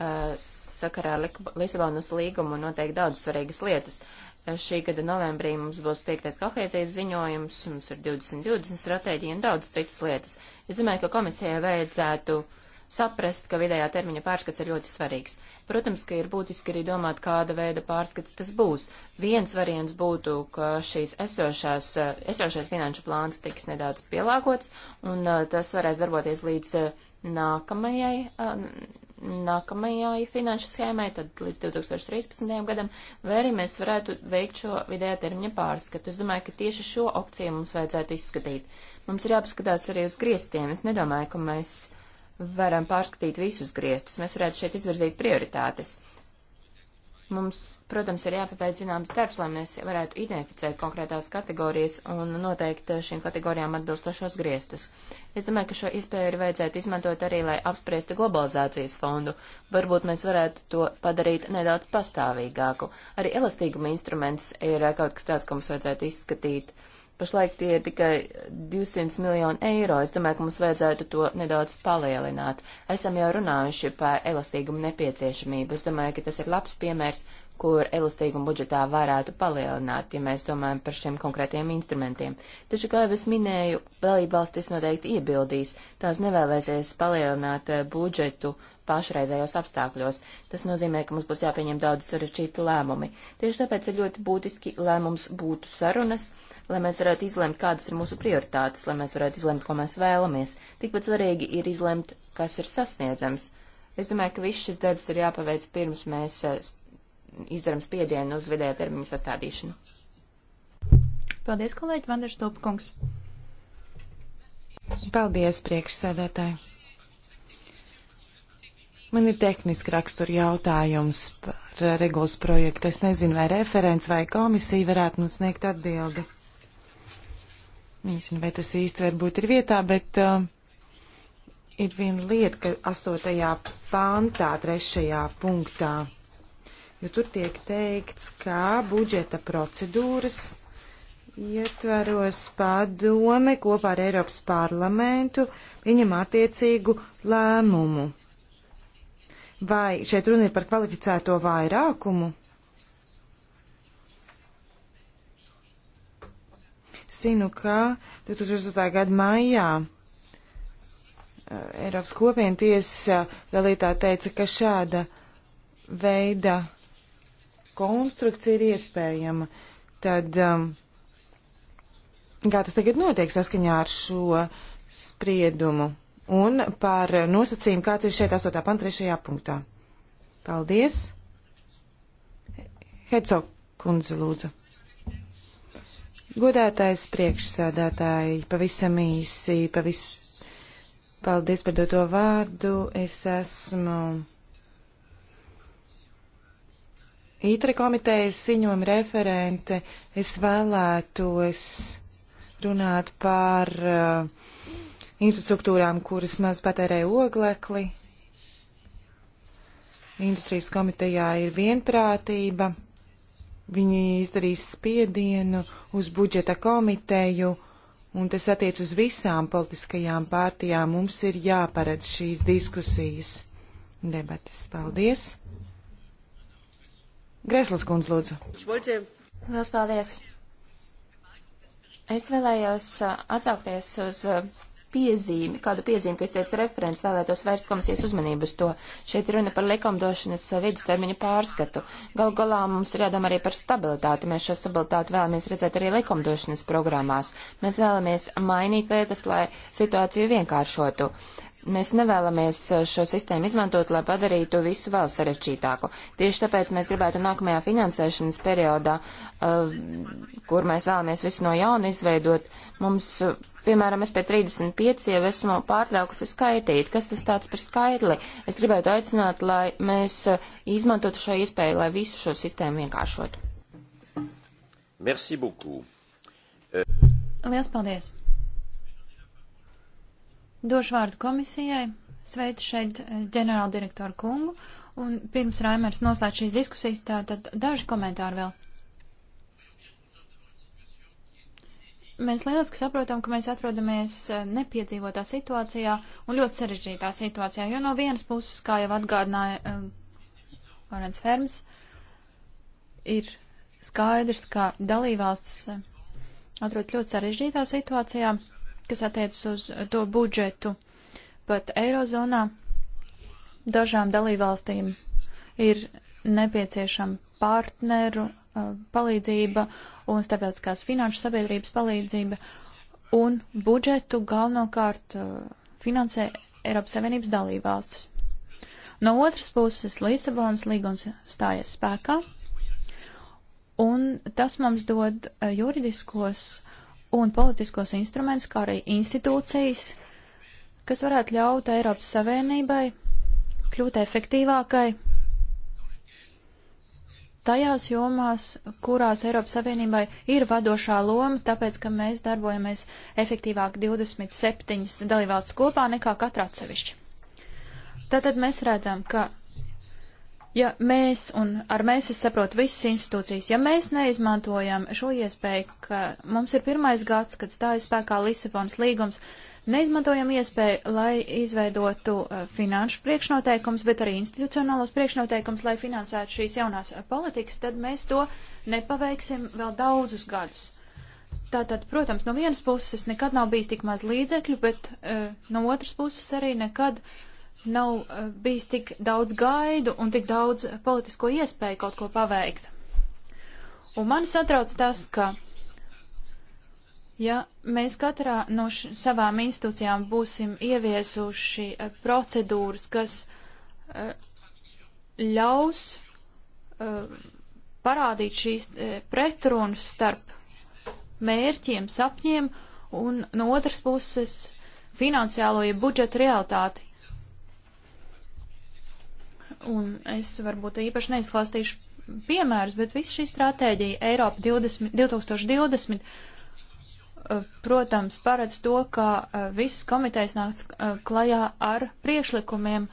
Uh, sakarā ar Lisabonas līgumu noteikti daudz svarīgas lietas. Uh, šī gada novembrī mums būs piektais kohēzijas ziņojums, mums ir 2020 stratēģija un daudz citas lietas. Es domāju, ka komisijai vajadzētu saprast, ka vidējā termiņa pārskats ir ļoti svarīgs. Protams, ka ir būtiski arī domāt, kāda veida pārskats tas būs. Viens variants būtu, ka šīs esošās, uh, esošais finanšu plāns tiks nedaudz pielāgots, un tas varēs darboties līdz nākamajai um, nākamajai finanšu schēmai, tad līdz 2013. gadam, vai arī mēs varētu veikt šo vidējā termiņa pārskatu. Es domāju, ka tieši šo opciju mums vajadzētu izskatīt. Mums ir jāpaskatās arī uz griestiem. Es nedomāju, ka mēs varam pārskatīt visus griestus. Mēs varētu šeit izvirzīt prioritātes. Mums, protams, ir jāpabeidz zināms darbs, lai mēs varētu identificēt konkrētās kategorijas un noteikt eh, šīm kategorijām atbilstošos griestus. Es domāju, ka šo iespēju vajadzētu izmantot arī, lai apspriestu globalizācijas fondu. Varbūt mēs varētu to padarīt nedaudz pastāvīgāku. Arī elastīguma instruments ir eh, kaut kas tāds, ko mums vajadzētu izskatīt. Uh, Pašlaik tie ir tikai 200 miljoni eiro. Es domāju, ka mums vajadzētu to nedaudz palielināt. Esam jau runājuši par elastīgumu nepieciešamību. Es domāju, ka tas ir labs piemērs, kur elastīgumu budžetā varētu palielināt, ja mēs domājam par šiem konkrētiem instrumentiem. Taču, kā jau es minēju, dalībvalstis noteikti iebildīs. Tās nevēlēsies palielināt eh, budžetu pašreizējos apstākļos. Tas nozīmē, ka mums būs jāpieņem daudz sarežģīti lēmumi. Tieši tāpēc ir ļoti būtiski, lai mums būtu sarunas lai mēs varētu izlemt, kādas ir mūsu prioritātes, lai mēs varētu izlemt, ko mēs vēlamies. Tikpat svarīgi ir izlemt, kas ir sasniedzams. Es domāju, ka viss šis darbs ir jāpaveic pirms mēs eh, izdarām spiedienu uz vidējā termiņa sastādīšanu.
Paldies, kolēģi Vanders Topkungs.
Paldies, priekšsēdētāji. Man ir tehniski rakstura jautājums par regulas projektu. Es nezinu, vai referents vai komisija varētu man sniegt atbildi. Nezinu, vai tas īsti varbūt ir vietā, bet uh, ir viena lieta, ka astotajā pāntā, trešajā punktā, jo tur tiek teikts, ka budžeta procedūras ietveros padome kopā ar Eiropas parlamentu viņam attiecīgu lēmumu. Vai šeit runa ir par kvalificēto vairākumu? Sinu, ka 2008. gada maijā uh, Eiropas kopiena tiesa dalītā teica, ka šāda veida konstrukcija ir iespējama. Tad, um, kā tas tagad notiek saskaņā ar šo spriedumu un par nosacījumu, kāds ir šeit 8. pant 3. punktā. Paldies! Hedzo kundze lūdzu. Godātais priekšsādātāji, pavisam īsi, pavis... paldies par doto vārdu. Es esmu Ītra komitejas ziņojuma referente. Es vēlētos runāt par uh, infrastruktūrām, kuras maz patērē oglekli. Industrijas komitejā ir vienprātība Viņi izdarīs spiedienu uz budžeta komiteju, un tas attiec uz visām politiskajām pārtijām. Mums ir jāparedz šīs diskusijas. Debates. Paldies! Greslas kundz, lūdzu.
Lielas paldies! Es vēlējos uh, atsaukties uz uh, piezīmi, kādu piezīmi, ko es teicu referents, vēlētos vērst komisijas uzmanību uz to. Šeit runa par likumdošanas vidustermiņa pārskatu. Gal galā mums ir jādomā arī par stabilitāti. Mēs šo stabilitāti vēlamies redzēt arī likumdošanas programmās. Mēs vēlamies mainīt lietas, lai situāciju vienkāršotu. Mēs nevēlamies uh, šo sistēmu izmantot, lai padarītu visu vēl sarežģītāku. Tieši tāpēc mēs gribētu nākamajā finansēšanas periodā, uh, kur mēs vēlamies visu no jauna izveidot, mums, uh, piemēram, es pie 35 jau esmu pārtraukusi skaitīt. Kas tas tāds par skaitli? Es gribētu aicināt, lai mēs uh, izmantotu šo iespēju, lai visu šo sistēmu vienkāršotu.
Merci beaucoup.
Liels paldies!
Došu vārdu komisijai. Sveicu šeit eh, ģenerāla direktoru kungu. Un pirms Raimers noslēdz šīs diskusijas, tātad daži komentāri vēl. Mēs lieliski saprotam, ka mēs atrodamies eh, nepiedzīvotā situācijā un ļoti sarežģītā situācijā, jo no vienas puses, kā jau atgādināja eh, Lorenz uh, Ferms, ir skaidrs, ka dalībvalsts atrodas ļoti sarežģītā situācijā kas attiecas uz to budžetu. Pat Eirozonā dažām dalībvalstīm ir nepieciešama partneru uh, palīdzība un starptautiskās finanšu sabiedrības palīdzība, un budžetu galvenokārt uh, finansē Eiropas Savienības dalībvalstis. No otras puses, Lisabonas līgums stājas spēkā, un tas mums dod uh, juridiskos un politiskos instrumentus, kā arī institūcijas, kas varētu ļaut Eiropas Savienībai kļūt efektīvākai tajās jomās, kurās Eiropas Savienībai ir vadošā loma, tāpēc, ka mēs darbojamies efektīvāk 27 dalībvalsts kopā nekā katra atsevišķi. Tātad mēs redzam, ka ja mēs, un ar mēs es saprotu visas institūcijas, ja mēs neizmantojam šo iespēju, ka mums ir pirmais gads, kad stājas spēkā Lisabonas līgums, neizmantojam iespēju, lai izveidotu uh, finanšu priekšnoteikums, bet arī institucionālos priekšnoteikums, lai finansētu šīs jaunās uh, politikas, tad mēs to nepaveiksim vēl daudzus gadus. Tātad, protams, no vienas puses nekad nav bijis tik maz līdzekļu, bet uh, no otras puses arī nekad uh, nav uh, bijis tik daudz gaidu un tik daudz politisko iespēju kaut ko paveikt. Un man satrauc tas, ka ja mēs katrā no š, savām institūcijām būsim ieviesuši uh, procedūras, kas uh, ļaus parādīt šīs pretrunas starp mērķiem, sapņiem un no otras puses finansiālo ja budžeta realitāti un es varbūt īpaši neizklāstīšu piemērus, bet viss šī stratēģija Eiropa 20, 2020, eh, protams, paredz to, ka eh, visas komitejas nāks eh, klajā ar priekšlikumiem.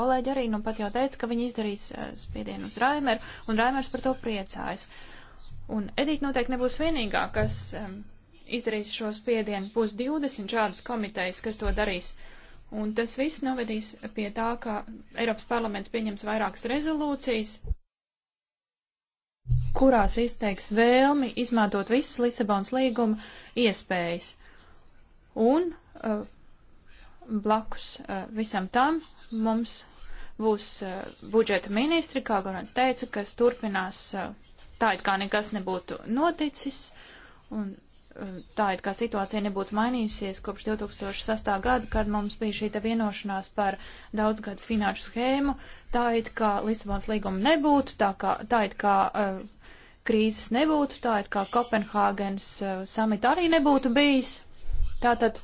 Kolēģi arī nu pat jau teica, ka viņi izdarīs spiedienu uz Raimeru, un Raimers par to priecājas. Un Edita noteikti nebūs vienīgā, kas um, izdarīs šo spiedienu. Būs 20 šādas komitejas, kas to darīs. Uh, Un tas viss novedīs pie tā, ka Eiropas parlaments pieņems vairākas rezolūcijas, kurās izteiks vēlmi izmantot visas Lisabonas līguma iespējas. Un uh, blakus uh, visam tam mums būs uh, budžeta ministri, kā Gorans teica, kas turpinās uh, tā, it kā nekas nebūtu noticis. Un tā it kā situācija nebūtu mainījusies kopš 2006. gada, kad mums bija šī vienošanās par daudzgadu finanšu schēmu, tā it kā Lisabons līguma nebūtu, tā, kā, tā it kā uh, krīzes nebūtu, tā it kā Kopenhāgens uh, samita arī nebūtu bijis. Tātad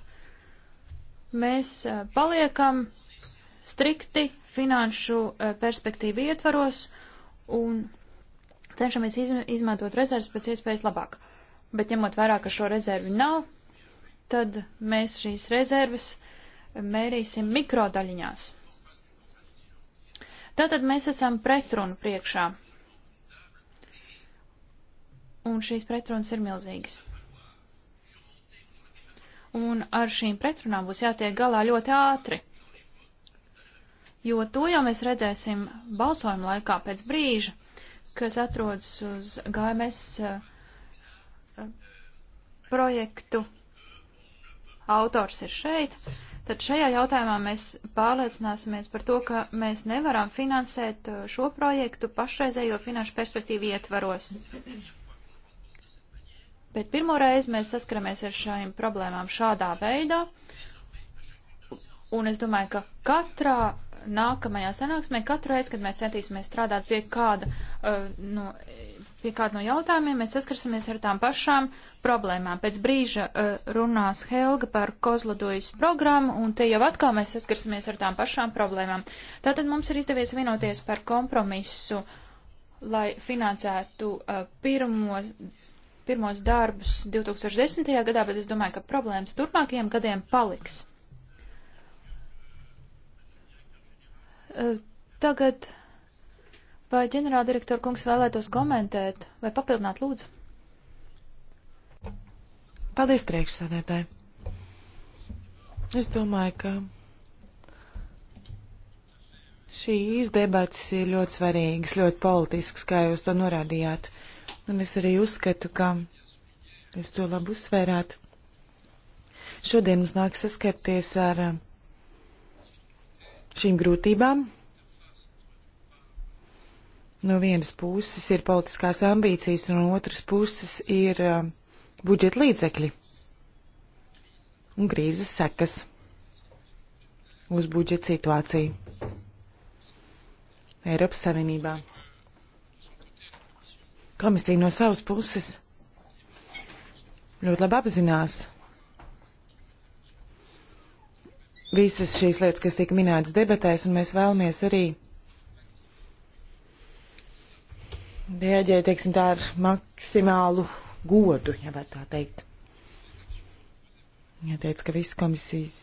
mēs uh, paliekam strikti finanšu uh, perspektīvu ietvaros un cenšamies izm izmantot rezerves pēc iespējas labāk bet ņemot vērā, ka šo rezervi nav, tad mēs šīs rezerves mērīsim mikrodaļiņās. Tātad mēs esam pretrunu priekšā. Un šīs pretrunas ir milzīgas. Un ar šīm pretrunām būs jātiek galā ļoti ātri. Jo to jau mēs redzēsim balsojuma laikā pēc brīža, kas atrodas uz GMS uh, projektu autors ir šeit, tad šajā jautājumā mēs pārliecināsimies par to, ka mēs nevaram finansēt uh, šo projektu pašreizējo finanšu perspektīvu ietvaros. Bet pirmo reizi mēs saskaramies ar šīm problēmām šādā veidā, un es domāju, ka katrā nākamajā sanāksmē, katru reizi, kad mēs centīsimies strādāt pie kāda uh, no pie kāda no jautājumiem, mēs saskarsimies ar tām pašām problēmām. Pēc brīža uh, runās Helga par kozlodojas programmu, un te jau atkal mēs saskarsimies ar tām pašām problēmām. Tātad mums ir izdevies vienoties par kompromisu, lai finansētu uh, pirmo, pirmos darbus 2010. gadā, bet es domāju, ka problēmas turpmākajiem gadiem paliks. Uh, tagad Vai ģenerāldirektora kungs vēlētos komentēt vai papildināt lūdzu?
Paldies priekšsēdētāji. Es domāju, ka Šīs debatas ir ļoti svarīgas, ļoti politiskas, kā jūs to norādījāt. Un es arī uzskatu, ka jūs to labi uzsvērāt. Šodien mums nāk saskarties ar šīm grūtībām, No vienas puses ir politiskās ambīcijas, un no otras puses ir uh, budžeta līdzekļi un krīzes sekas uz budžeta situāciju Eiropas Savienībā. Komisija no savas puses ļoti labi apzinās visas šīs lietas, kas tika minētas debatēs, un mēs vēlamies arī rēģēja, teiksim, tā ar maksimālu godu, ja var tā teikt. Ja teica, ka visi komisijas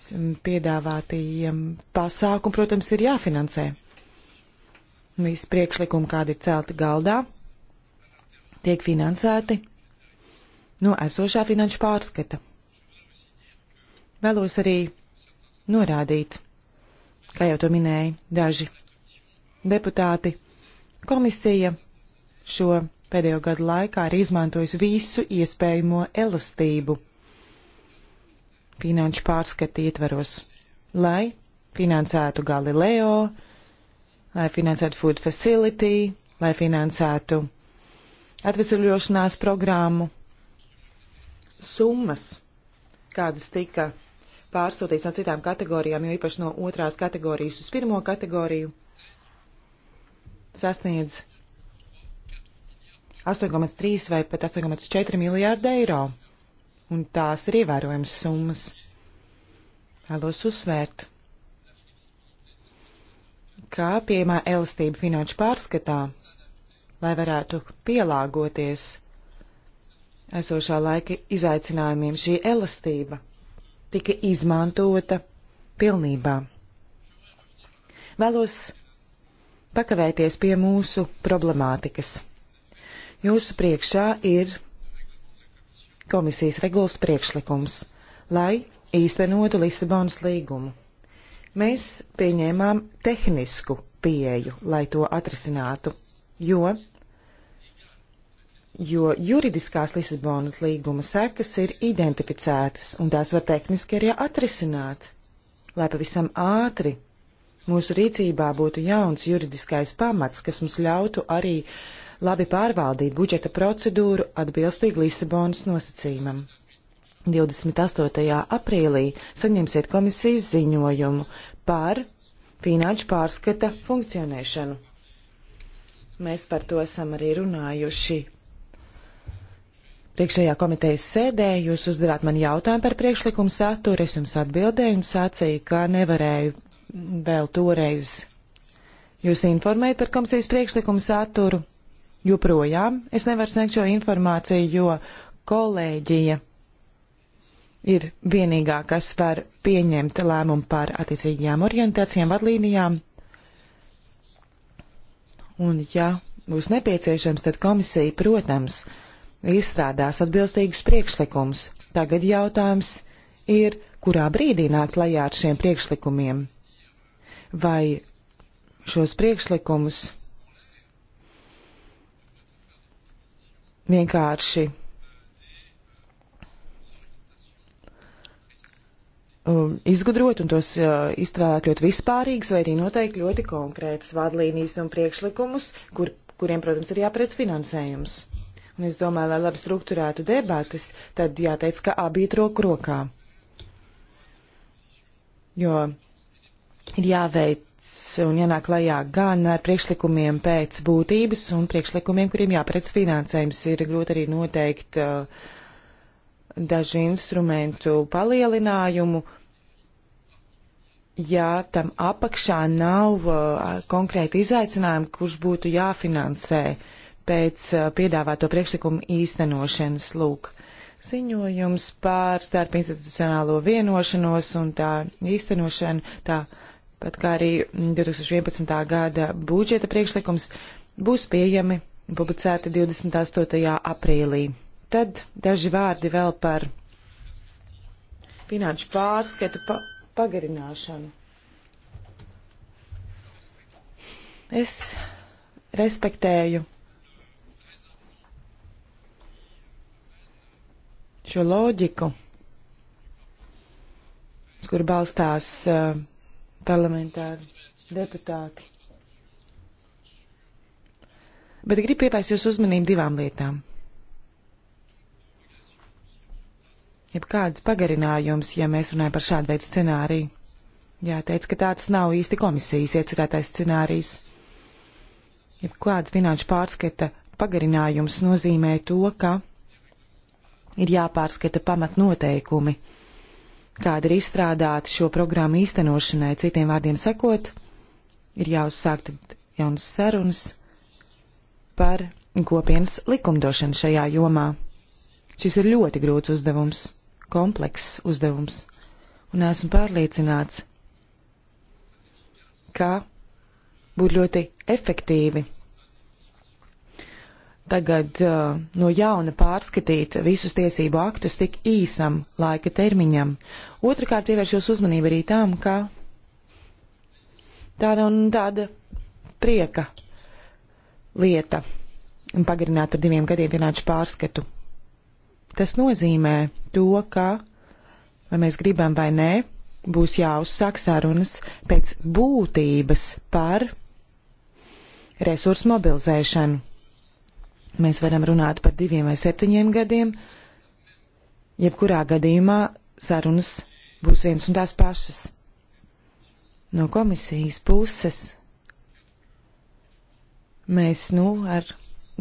piedāvātajiem pasākumi, protams, ir jāfinansē. Visi priekšlikumi, kādi ir celti galdā, tiek finansēti no esošā finanšu pārskata. Vēlos arī norādīt, kā jau to minēja daži deputāti, komisija šo pēdējo gadu laikā ir izmantojis visu iespējamo elastību finanšu pārskati ietveros, lai finansētu Galileo, lai finansētu Food Facility, lai finansētu atvesaļošanās programmu. Summas, kādas tika pārsūtīts no citām kategorijām, jo īpaši no otrās kategorijas uz pirmo kategoriju, sasniedz 8,3 vai pat 8,4 miljārdi eiro. Un tās ir ievērojams summas. Vēlos uzsvērt, kā piemā elastība finanšu pārskatā, lai varētu pielāgoties esošā laika izaicinājumiem, šī elastība tika izmantota pilnībā. Vēlos pakavēties pie mūsu problemātikas. Jūsu priekšā ir komisijas regulas priekšlikums, lai īstenotu Lisabonas līgumu. Mēs pieņēmām tehnisku pieeju, lai to atrisinātu, jo, jo juridiskās Lisabonas līguma sekas ir identificētas, un tās var tehniski arī atrisināt, lai pavisam ātri mūsu rīcībā būtu jauns juridiskais pamats, kas mums ļautu arī uh, labi pārvaldīt budžeta procedūru atbilstīgi Lisabonas nosacījumam. 28. aprīlī saņemsiet komisijas ziņojumu par finanšu pārskata funkcionēšanu. Mēs par to esam arī runājuši. Priekšējā komitejas sēdē jūs uzdevāt man jautājumu par priekšlikumu saturu, es jums atbildēju un sacīju, ka nevarēju vēl toreiz jūs informēt par komisijas priekšlikumu saturu joprojām es nevaru sniegt šo informāciju, jo kolēģija ir vienīgā, kas var pieņemt lēmumu par attiecīgajām orientācijām, vadlīnijām. Un, ja būs nepieciešams, tad komisija, protams, izstrādās atbilstīgus priekšlikumus. Tagad jautājums ir, kurā brīdī nākt lajā ar šiem priekšlikumiem? Vai šos priekšlikumus vienkārši um, izgudrot un tos uh, izstrādāt ļoti vispārīgs vai arī noteikti ļoti konkrētas vadlīnijas un priekšlikumus, kur, kuriem, protams, ir jāpredz finansējums. Un es domāju, lai labi struktūrētu debatas, tad jāteic, ka abi ir roku rokā. Jo ir jāveic un jānāk lajā gan ar priekšlikumiem pēc būtības un priekšlikumiem, kuriem jāparedz finansējums. Ir grūti arī noteikt uh, dažu instrumentu palielinājumu, ja tam apakšā nav uh, konkrēti izaicinājumi, kurš būtu jāfinansē pēc uh, piedāvāto priekšlikumu īstenošanas lūk. Ziņojums par starpinstitucionālo vienošanos un tā īstenošanu, tā pat kā arī 2011. gada budžeta priekšlikums būs pieejami un publicēti 28. aprīlī. Tad daži vārdi vēl par finanšu pārskatu pa pagarināšanu. Es respektēju šo loģiku, uz kur balstās uh, parlamentāri, deputāti. Bet gribu pievērst jūsu uzmanību divām lietām. Jebkāds pagarinājums, ja mēs runājam par šādu veidu scenāriju. Jāteic, ka tāds nav īsti komisijas iecerētais scenārijs. Jebkāds finanšu pārskata pagarinājums nozīmē to, ka ir jāpārskata pamatnoteikumi kāda ir izstrādāta šo programmu īstenošanai. Citiem vārdiem sakot, ir jāuzsākt jaunas sarunas par kopienas likumdošanu šajā jomā. Šis ir ļoti grūts uzdevums, komplekss uzdevums, un esmu pārliecināts, ka būtu ļoti efektīvi tagad uh, no jauna pārskatīt visus tiesību aktus tik īsam laika termiņam. Otrakārt pievēršos uzmanību arī tam, ka tāda un tāda prieka lieta un pagarināt ar diviem gadiem vienādu pārskatu. Tas nozīmē to, ka, vai mēs gribam vai nē, būs jāuzsāk sarunas pēc būtības par resursu mobilizēšanu Mēs varam runāt par diviem vai septiņiem gadiem. Jebkurā gadījumā sarunas būs viens un tās pašas. No komisijas puses mēs, nu, ar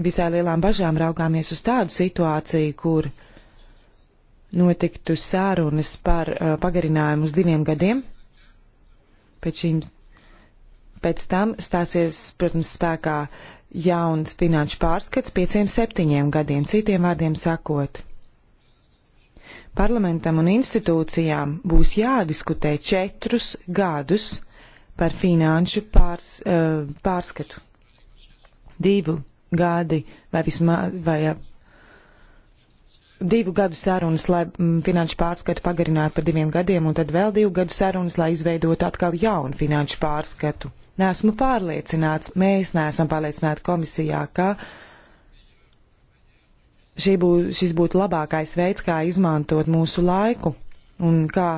visai lielām bažām raugāmies uz tādu situāciju, kur notiktu sārunas par uh, pagarinājumu uz diviem gadiem. Pēc, šīm, pēc tam stāsies, protams, spēkā jauns finanšu pārskats pieciem septiņiem gadiem, citiem vārdiem sakot. Parlamentam un institūcijām būs jādiskutē četrus gadus par finanšu pārs, eh, pārskatu. Divu gadi vai vismaz, vai eh, divu gadu sarunas, lai mm, finanšu pārskatu pagarinātu par diviem gadiem, un tad vēl divu gadu sarunas, lai izveidotu atkal jaunu finanšu pārskatu. Nesmu pārliecināts, mēs neesam pārliecināti komisijā, ka bū, šis būtu labākais veids, kā izmantot mūsu laiku un kā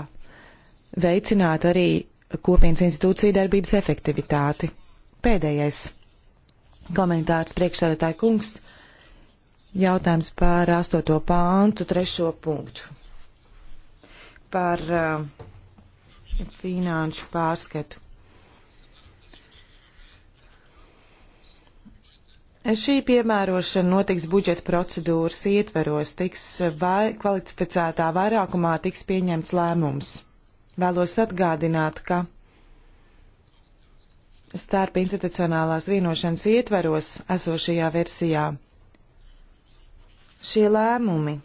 veicināt arī kopienas institūciju darbības efektivitāti. Pēdējais komentārs priekšsēdētāja kungs. Jautājums par 8. pāntu, 3. punktu. Par uh, finanšu pārskatu. Šī piemērošana notiks budžeta procedūras ietveros, tiks vai kvalificētā vairākumā tiks pieņemts lēmums. Vēlos atgādināt, ka starp institucionālās vienošanas ietveros esošajā versijā šie lēmumi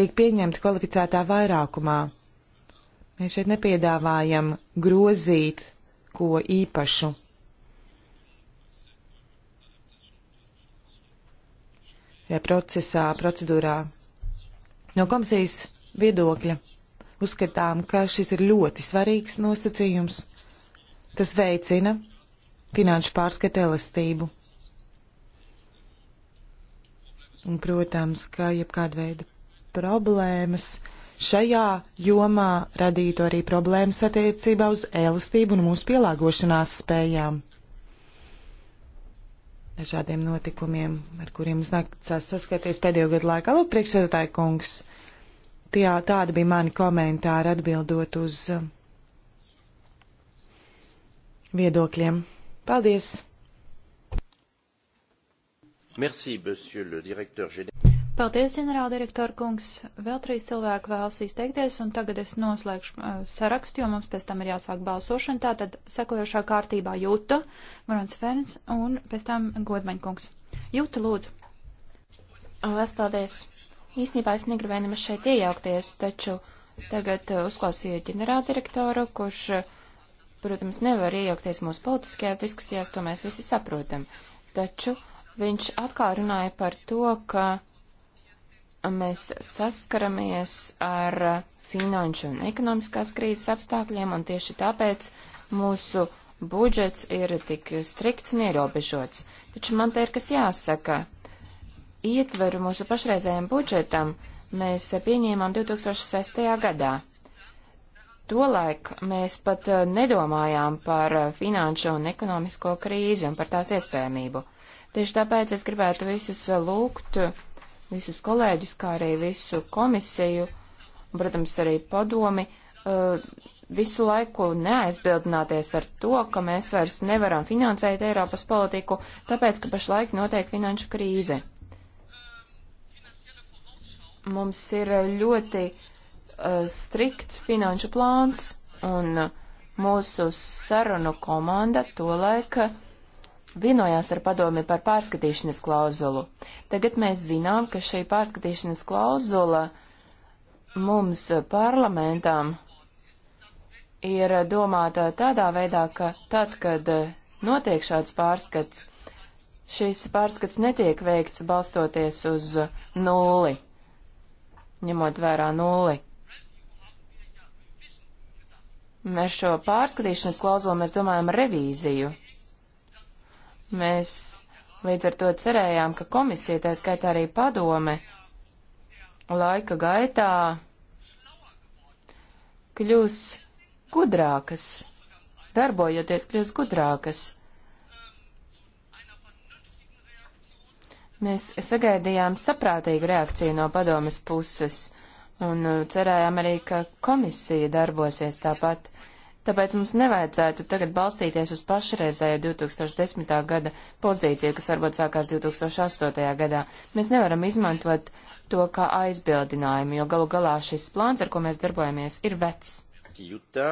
tiek pieņemti kvalificētā vairākumā. Mēs šeit nepiedāvājam grozīt ko īpašu. ja procesā, procedūrā. No komisijas viedokļa uzskatām, ka šis ir ļoti svarīgs nosacījums. Tas veicina finanšu pārskatu elastību. Un, protams, ka jebkāda veida problēmas šajā jomā radītu arī problēmas attiecībā uz elastību un mūsu pielāgošanās spējām dažādiem notikumiem, ar kuriem mums nācās saskaties pēdējo gadu laikā. Lūk, priekšsēdētāji kungs, tie, tādi bija mani komentāri atbildot uz um, viedokļiem. Paldies!
Merci, monsieur le directeur général.
Paldies,
ģenerāldirektor kungs. Vēl trīs cilvēki vēlas izteikties, un tagad es noslēgšu uh, sarakstu, jo mums pēc tam ir jāsāk balsošana. Tātad sekojošā kārtībā Jūta, Morans Ferns un
pēc tam Godmaņa kungs. Jūta, lūdzu. Lielas paldies. Īsnībā es negribēju nemaz šeit iejaukties, taču tagad uh, uzklausīju ģenerāldirektoru, kurš, uh, protams, nevar iejaukties mūsu politiskajās diskusijās, to mēs visi saprotam. Taču viņš atkal runāja par to, ka mēs saskaramies ar finanšu un ekonomiskās krīzes apstākļiem, un tieši tāpēc mūsu budžets ir tik strikts un ierobežots. Taču man te ir kas jāsaka. Ietveru mūsu pašreizējiem budžetam mēs pieņēmām 2006. gadā. Tolaik mēs pat eh, nedomājām par finanšu un ekonomisko krīzi un par tās iespējamību. Tieši tāpēc es gribētu visus eh, lūgt visus kolēģus, kā arī visu komisiju, un, protams, arī padomi, eh, visu laiku neaizbildināties ar to, ka mēs vairs nevaram finansēt Eiropas politiku, tāpēc, ka pašlaik notiek finanšu krīze. Mums ir ļoti uh, strikts finanšu plāns, un eh, mūsu sarunu komanda to laika uh, vienojās ar padomi par pārskatīšanas klauzulu. Tagad mēs zinām, ka šī pārskatīšanas klauzula mums parlamentām ir domāta tādā veidā, ka tad, kad notiek šāds pārskats, šīs pārskats netiek veikts balstoties uz nulli, ņemot vērā nulli. Mēs šo pārskatīšanas klauzulu mēs domājam revīziju. Mēs līdz ar to cerējām, ka komisija, tā skaitā arī padome, laika gaitā kļūs gudrākas, darbojoties kļūs gudrākas. Mēs sagaidījām saprātīgu reakciju no padomas puses un uh, cerējām arī, ka komisija darbosies tāpat. Tāpēc mums nevajadzētu tagad balstīties uz pašreizējo 2010. gada pozīciju, kas varbūt sākās 2008. gadā. Mēs nevaram izmantot to kā aizbildinājumu, jo galu galā šis plāns, ar ko mēs darbojamies, ir vecs. Jūtā.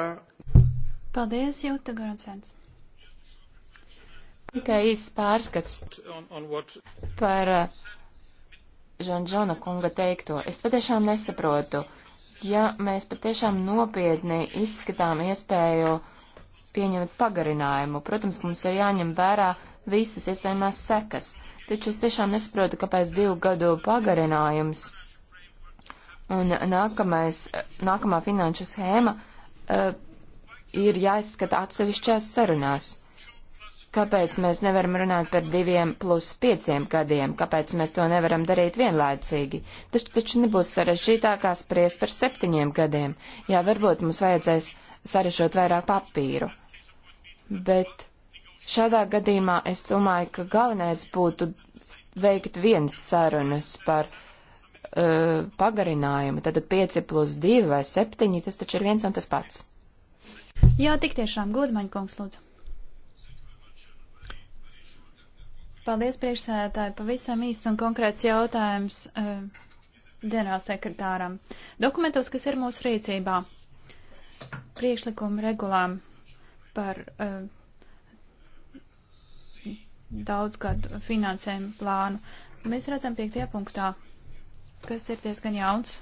Paldies, Jūta Goronsvens. Tikai īsts pārskats par uh, Žanžona kunga teikto. Es patiešām nesaprotu. Uh, ja mēs patiešām nopietni izskatām iespēju pieņemt pagarinājumu. Protams, ka mums ir jāņem vērā visas iespējamās sekas, taču es tiešām nesaprotu, kāpēc divu gadu pagarinājums un nākamais, nākamā finanšu schēma uh, ir jāizskata atsevišķās sarunās. Kāpēc mēs nevaram runāt par diviem plus pieciem gadiem? Kāpēc mēs to nevaram darīt vienlaicīgi? Tas taču nebūs sarežģītākās pries par septiņiem gadiem. Jā, varbūt mums vajadzēs sarežģot vairāk papīru. Bet šādā gadījumā es domāju, ka galvenais būtu veikt viens sarunas par uh, pagarinājumu. Tad 5 plus 2 vai 7, tas taču ir viens un tas pats.
Jā, tik tiešām, godmaņa kungs, lūdzu. Paldies, priekšsēdētāji. Pavisam īsts un konkrēts jautājums uh, ģenerālsekretāram. Dokumentos, kas ir mūsu rīcībā, priekšlikumu regulām par uh, daudzgadu finansējumu plānu, mēs redzam piektajā punktā, kas ir diezgan jauns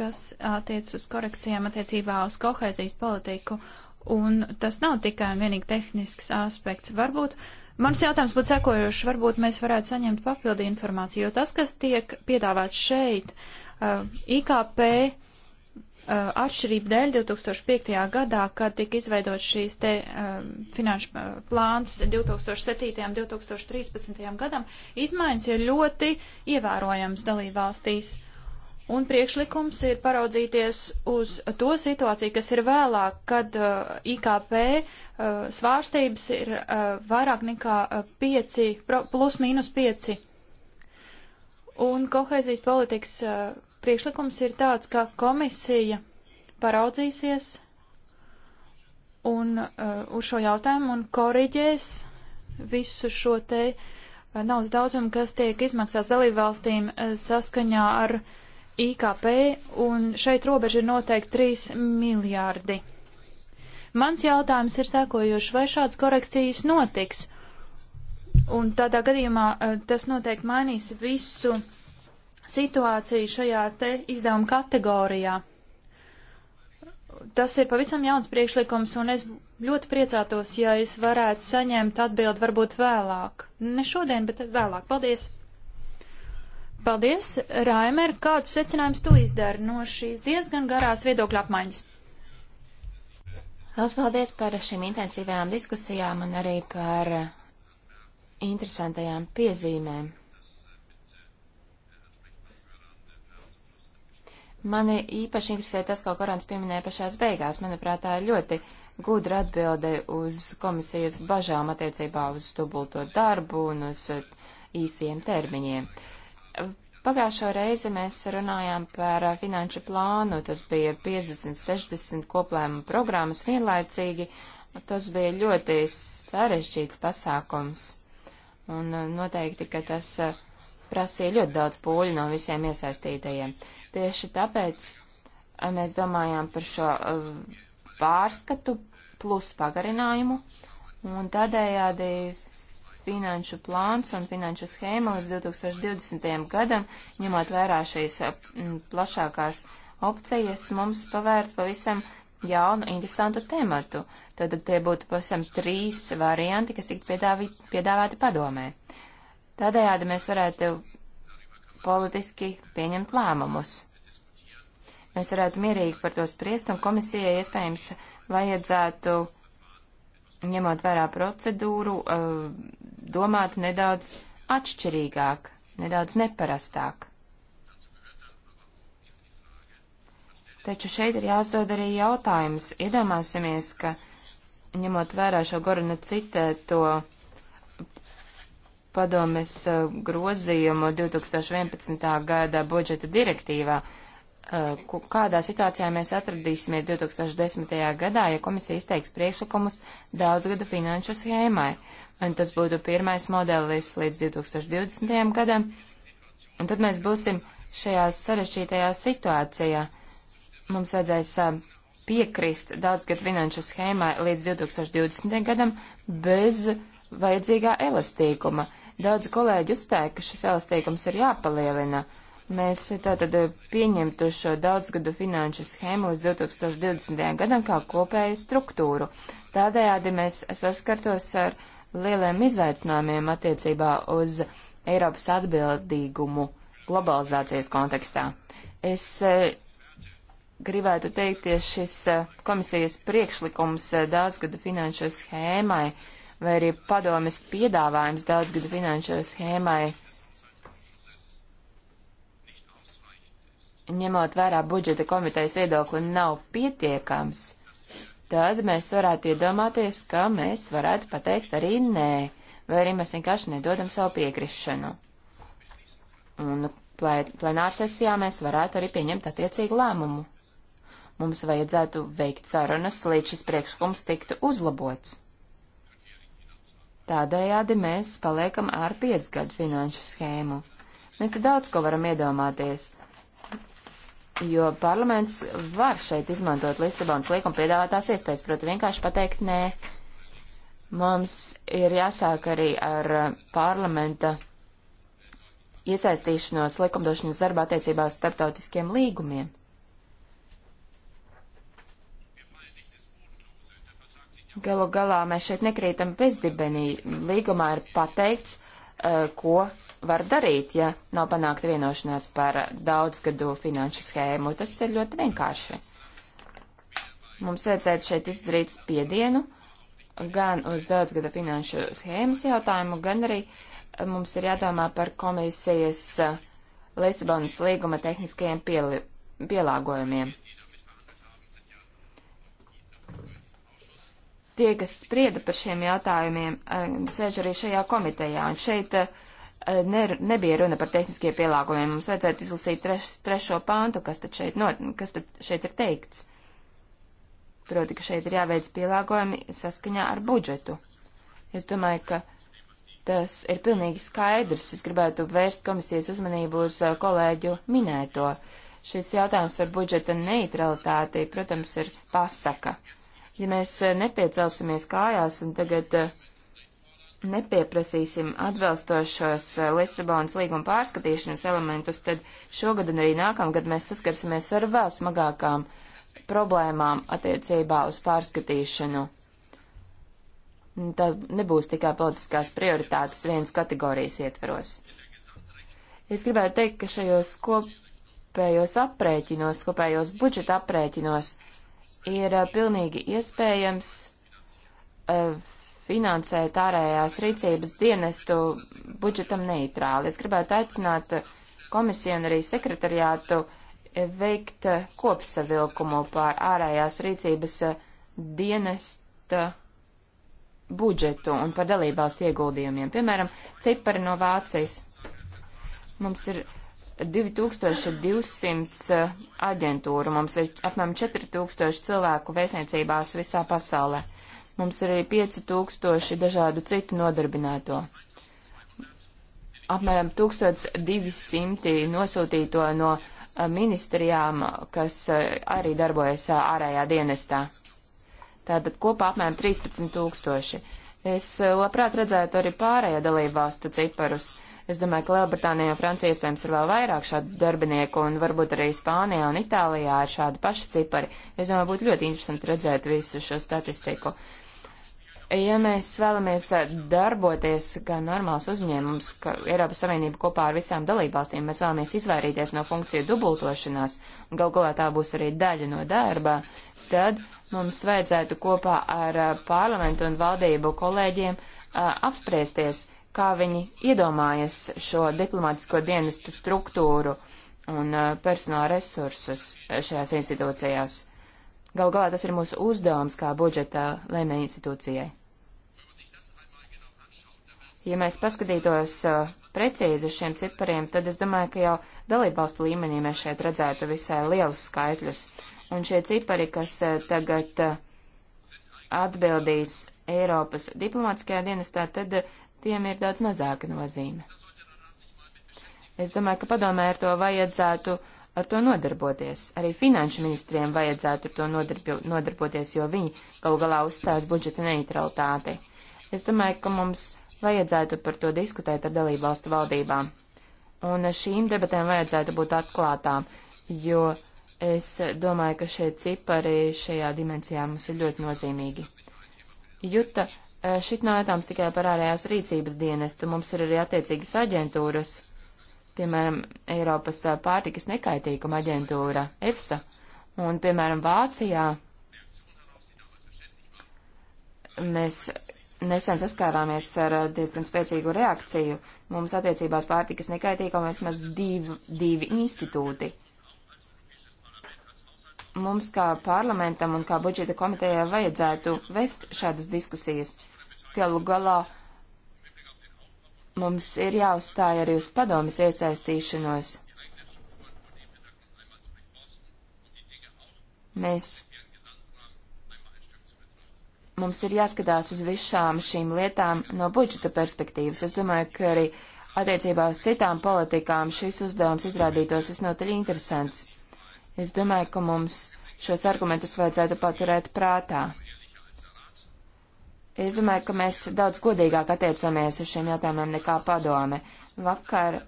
kas attiec uz korekcijām attiecībā uz kohēzijas politiku. Un tas nav tikai un vienīgi tehnisks aspekts. Varbūt Mans jautājums būtu sekojošs. Varbūt mēs varētu saņemt papildi informāciju, jo tas, kas tiek piedāvāts šeit, uh, IKP uh, atšķirība dēļ 2005. gadā, kad tika izveidots šīs te uh, finanšu uh, plāns 2007. un 2013. gadam, izmaiņas ir ļoti ievērojams dalībvalstīs. Uh, Un priekšlikums ir paraudzīties uz to situāciju, kas ir vēlāk, kad uh, IKP uh, svārstības ir uh, vairāk nekā 5, uh, plus mīnus 5. Un kohēzijas politikas uh, priekšlikums ir tāds, ka komisija paraudzīsies un, uh, uz šo jautājumu un koriģēs visu šo te uh, naudas daudzumu, kas tiek izmaksāts dalībvalstīm uh, saskaņā ar uh, IKP, un šeit robeža ir noteikti 3 miljārdi. Mans jautājums ir sekojošs, vai šāds korekcijas notiks? Un tādā gadījumā eh, tas noteikti mainīs visu situāciju šajā te izdevuma kategorijā. Tas ir pavisam jauns priekšlikums, un es ļoti priecātos, ja es varētu saņemt atbildi varbūt vēlāk. Ne šodien, bet vēlāk. Paldies! Paldies, Raimer. Kādus secinājumus tu izdari no šīs diezgan garās viedokļa apmaiņas?
Lielas paldies par šīm intensīvajām diskusijām un arī par interesantajām piezīmēm. Mani īpaši interesē tas, ko Korants pieminēja pašās beigās. Manuprāt, tā ir ļoti gudra atbilde uz komisijas bažām attiecībā uz dubulto darbu un uz īsiem termiņiem. Uh, Pagājušo reizi mēs runājām par finanšu plānu, tas bija 50-60 koplēmu programmas vienlaicīgi, tas bija ļoti sarežģīts pasākums, un noteikti, ka tas prasīja ļoti daudz pūļu no visiem iesaistītajiem. Tieši tāpēc mēs domājām par šo pārskatu plus pagarinājumu, un tādējādi finanšu plāns un finanšu schēma līdz 2020. gadam, ņemot vērā šīs plašākās opcijas, mums pavērt pavisam jaunu, interesantu tematu. Tad tie būtu pavisam trīs varianti, kas tiktu piedāvi, piedāvāti padomē. Tādējādi mēs varētu politiski pieņemt lēmumus. Mēs varētu mierīgi par to spriest, un komisijai iespējams vajadzētu ņemot vērā procedūru, eh, domāt nedaudz atšķirīgāk, nedaudz neparastāk. Taču šeit ir jāuzdod arī jautājums. Iedomāsimies, ka ņemot vērā šo Gorana citēto padomes eh, grozījumu 2011. gada budžeta direktīvā, Eh, kādā situācijā mēs atradīsimies 2010. gadā, ja komisija izteiks priekšlikumus daudzgadu finanšu schēmai. Un tas būtu pirmais modelis līdz 2020. gadam. Un tad mēs būsim šajā sarežģītajā situācijā. Mums vajadzēs eh, piekrist daudzgadu finanšu schēmai līdz 2020. gadam bez vajadzīgā elastīguma. Daudz kolēģi uzstāja, ka šis elastīgums ir jāpalielina. Uh, Mēs tātad pieņemtu šo daudzgadu finanšu schēmu līdz 2020. gadam kā kopēju struktūru. Tādējādi mēs saskartos ar lieliem izaicinājumiem attiecībā uz Eiropas atbildīgumu globalizācijas kontekstā. Es eh, gribētu teikt, ja šis eh, komisijas priekšlikums eh, daudzgada finanšu schēmai vai arī padomis piedāvājums daudzgada finanšu schēmai ņemot vērā budžeta komitejas viedokli, nav pietiekams, tad mēs varētu iedomāties, ka mēs varētu pateikt arī nē, vai arī mēs vienkārši nedodam savu piekrišanu. Un plenārsesijā mēs varētu arī pieņemt attiecīgu lēmumu. Mums vajadzētu veikt sarunas, līdz šis priekšlikums tiktu uzlabots. Tādējādi mēs paliekam ar piecgadu finanšu schēmu. Mēs te daudz ko varam iedomāties jo parlaments var šeit izmantot Lisabonas līkuma piedāvātās iespējas, proti vienkārši pateikt nē. Mums ir jāsāk arī ar parlamenta iesaistīšanos likumdošanas darba attiecībā uz starptautiskiem līgumiem. Galu galā mēs šeit nekrītam bezdibenī. Līgumā ir pateikts, eh, ko var darīt, ja nav panākta vienošanās par daudzgadu finanšu schēmu. Tas ir ļoti vienkārši. Mums vajadzētu šeit izdarīt spiedienu gan uz daudzgada finanšu schēmas jautājumu, gan arī eh, mums ir jādomā par komisijas eh, Lisabonas līguma tehniskajiem pieli, pielāgojumiem. Tie, kas sprieda par šiem jautājumiem, eh, sēž arī šajā komitejā, un šeit uh, ne, nebija runa par tehniskiem pielāgojumiem. Mums vajadzētu izlasīt treš, trešo pāntu, kas tad, šeit not, kas tad šeit ir teikts. Proti, ka šeit ir jāveic pielāgojumi saskaņā ar budžetu. Es domāju, ka tas ir pilnīgi skaidrs. Es gribētu vērst komisijas uzmanību uz uh, kolēģu minēto. Šis jautājums par budžeta neutralitāti, protams, ir pasaka. Ja mēs uh, nepiecelsimies kājās un tagad uh, nepieprasīsim atbilstošos eh, Lisabonas līguma pārskatīšanas elementus, tad šogad un arī nākamgad mēs saskarsimies ar vēl smagākām problēmām attiecībā uz pārskatīšanu. Tā nebūs tikai politiskās prioritātes vienas kategorijas ietveros. Es gribētu teikt, ka šajos kopējos aprēķinos, kopējos budžeta aprēķinos ir eh, pilnīgi iespējams uh, finansēt ārējās rīcības dienestu budžetam neitrāli. Es gribētu aicināt komisiju un arī sekretariātu veikt kopsavilkumu pār ārējās rīcības dienesta budžetu un par dalībvalstu ieguldījumiem. Piemēram, cipari no Vācijas. Mums ir 2200 aģentūru, mums ir apmēram 4000 cilvēku vēstniecībās visā pasaulē. Mums ir arī 5000 dažādu citu nodarbināto. Apmēram 1200 nosūtīto no eh, ministrijām, kas eh, arī darbojas eh, ārējā dienestā. Tātad kopā apmēram 13 tūkstoši. Es labprāt redzētu arī pārējo dalību valstu ciparus. Es domāju, ka Lielbritānijā un Francijā iespējams ir vēl vairāk šādu darbinieku, un varbūt arī Spānijā un Itālijā ir šādi paši cipari. Es domāju, būtu ļoti interesanti redzēt visu šo statistiku. Ja mēs vēlamies eh, darboties kā normāls uzņēmums, ka Eiropas Savienība kopā ar visām dalībvalstīm, mēs vēlamies izvairīties no funkciju dubultošanās, gal galā tā būs arī daļa no darba, tad mums vajadzētu kopā ar eh, parlamentu un valdību kolēģiem eh, apspriesties, kā viņi iedomājas šo diplomātisko dienestu struktūru un personāla resursus šajās institūcijās. Gal galā tas ir mūsu uzdevums kā budžeta lēmē institūcijai. Ja mēs paskatītos uh, precīzi uz šiem cipariem, tad es domāju, ka jau dalībvalstu līmenī mēs šeit redzētu visai lielus skaitļus. Un šie cipari, kas uh, tagad uh, atbildīs Eiropas diplomātiskajā dienestā, tad tiem ir daudz mazāka nozīme. Es domāju, ka padomē ar to vajadzētu ar to nodarboties. Arī finanšu ministriem vajadzētu ar to nodarbi, nodarboties, jo viņi galu galā uzstās budžeta neutralitāti. Es domāju, ka mums vajadzētu par to diskutēt ar dalību valstu valdībām. Un šīm debatēm vajadzētu būt atklātām, jo es domāju, ka šie cipari šajā dimensijā mums ir ļoti nozīmīgi. Juta, šis nav jautājums tikai par ārējās rīcības dienestu, mums ir arī attiecīgas aģentūras, piemēram, Eiropas pārtikas nekaitīguma aģentūra EFSA, un, piemēram, Vācijā mēs nesen saskārāmies ar eh, diezgan spēcīgu reakciju. Mums attiecībās pārtikas nekaitīgumā vismaz div, divi institūti. Mums kā parlamentam un kā budžeta komitejai vajadzētu vest šādas diskusijas. Galu galā mums ir jāuzstāja arī uz padomas iesaistīšanos. Mēs mums ir jāskatās uz visām šīm lietām no budžeta perspektīvas. Es domāju, ka arī attiecībā uz citām politikām šis uzdevums izrādītos visnotaļ interesants. Es domāju, ka mums šos argumentus vajadzētu paturēt prātā. Es domāju, ka mēs daudz godīgāk attiecamies uz šiem jautājumiem nekā padome. Vakar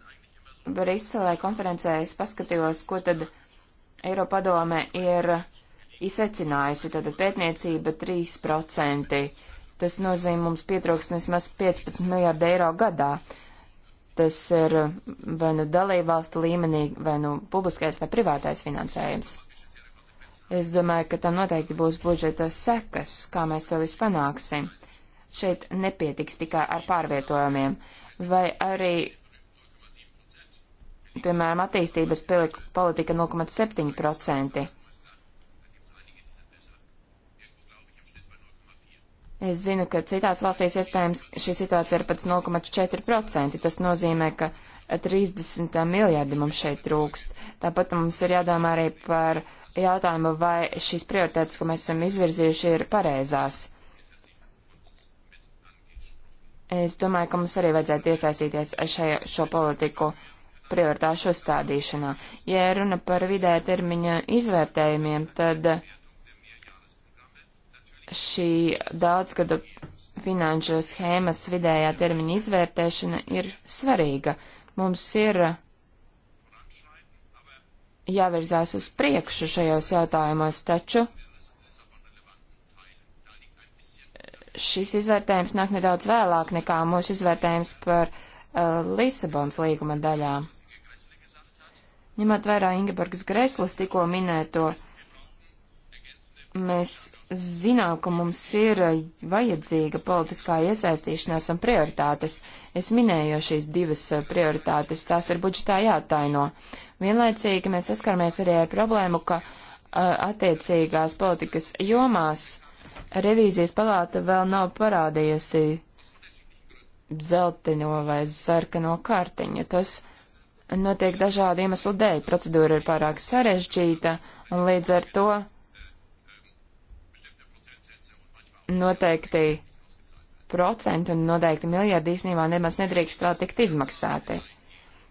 Briselē konferencē es paskatījos, ko tad Eiropadomē ir izsecinājusi. Tātad pētniecība 3%. Tas nozīmē mums pietrūks vismaz 15 miljārdu eiro gadā. Tas ir vai nu dalībvalstu līmenī, vai nu publiskais vai privātais finansējums. Es domāju, ka tam noteikti būs budžeta sekas, kā mēs to visu panāksim. Šeit nepietiks tikai ar pārvietojumiem, vai arī, piemēram, attīstības politika 0,7%. Es zinu, ka citās valstīs iespējams šī situācija ir pat 0,4%. Tas nozīmē, ka 30 miljardi mums šeit trūkst. Tāpat mums ir jādomā arī par jautājumu, vai šīs prioritātes, ko mēs esam izvirzījuši, ir pareizās. Es domāju, ka mums arī vajadzētu iesaistīties šajā, šo politiku prioritāšu uzstādīšanā. Ja runa par vidē termiņa izvērtējumiem, tad. Uh, šī daudzgada finanšu schēmas vidējā termiņa izvērtēšana ir svarīga. Mums ir jāvirzās uz priekšu šajos jautājumos, taču šis izvērtējums nāk nedaudz vēlāk nekā mūsu izvērtējums par uh, Lisabons līguma daļām. Ņemot vērā Ingeborgas Greslas tikko minēto, uh, Mēs zinām, ka mums ir vajadzīga politiskā iesaistīšanās un prioritātes. Es minēju šīs divas prioritātes, tās ir budžetā jātaino. Vienlaicīgi mēs saskaramies arī ar problēmu, ka attiecīgās politikas jomās revīzijas palāta vēl nav parādījusi zeltaino vai sarkano kārtiņu. Tas notiek dažādu iemeslu dēļ. Procedūra ir pārāk sarežģīta, un līdz ar to noteikti procenti un noteikti miljardi īsnībā nemaz nedrīkst vēl tikt izmaksāti.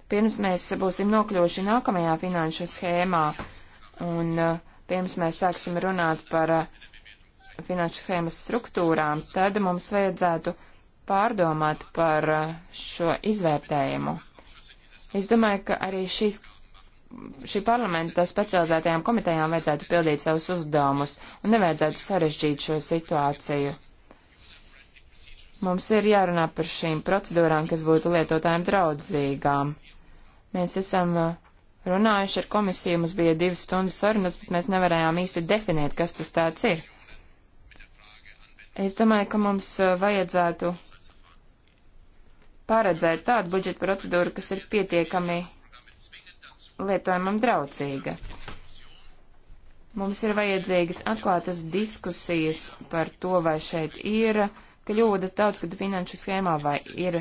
Pirms mēs būsim nokļuvuši nākamajā finanšu schēmā un uh, pirms mēs sāksim runāt par uh, finanšu schēmas struktūrām, tad mums vajadzētu pārdomāt par uh, šo izvērtējumu. Es domāju, ka arī šīs šī parlamenta specializētajām komitejām vajadzētu pildīt savus uzdevumus un nevajadzētu sarežģīt šo situāciju. Mums ir jārunā par šīm procedūrām, kas būtu lietotājiem draudzīgām. Mēs esam uh, runājuši ar komisiju, mums bija divas stundas sarunas, bet mēs nevarējām īsti definēt, kas tas tāds ir. Es domāju, ka mums uh, vajadzētu paredzēt tādu budžeta procedūru, kas ir pietiekami lietojumam draudzīga. Mums ir vajadzīgas atklātas diskusijas par to, vai šeit ir kļūdas daudzgadu finanšu schēmā, vai ir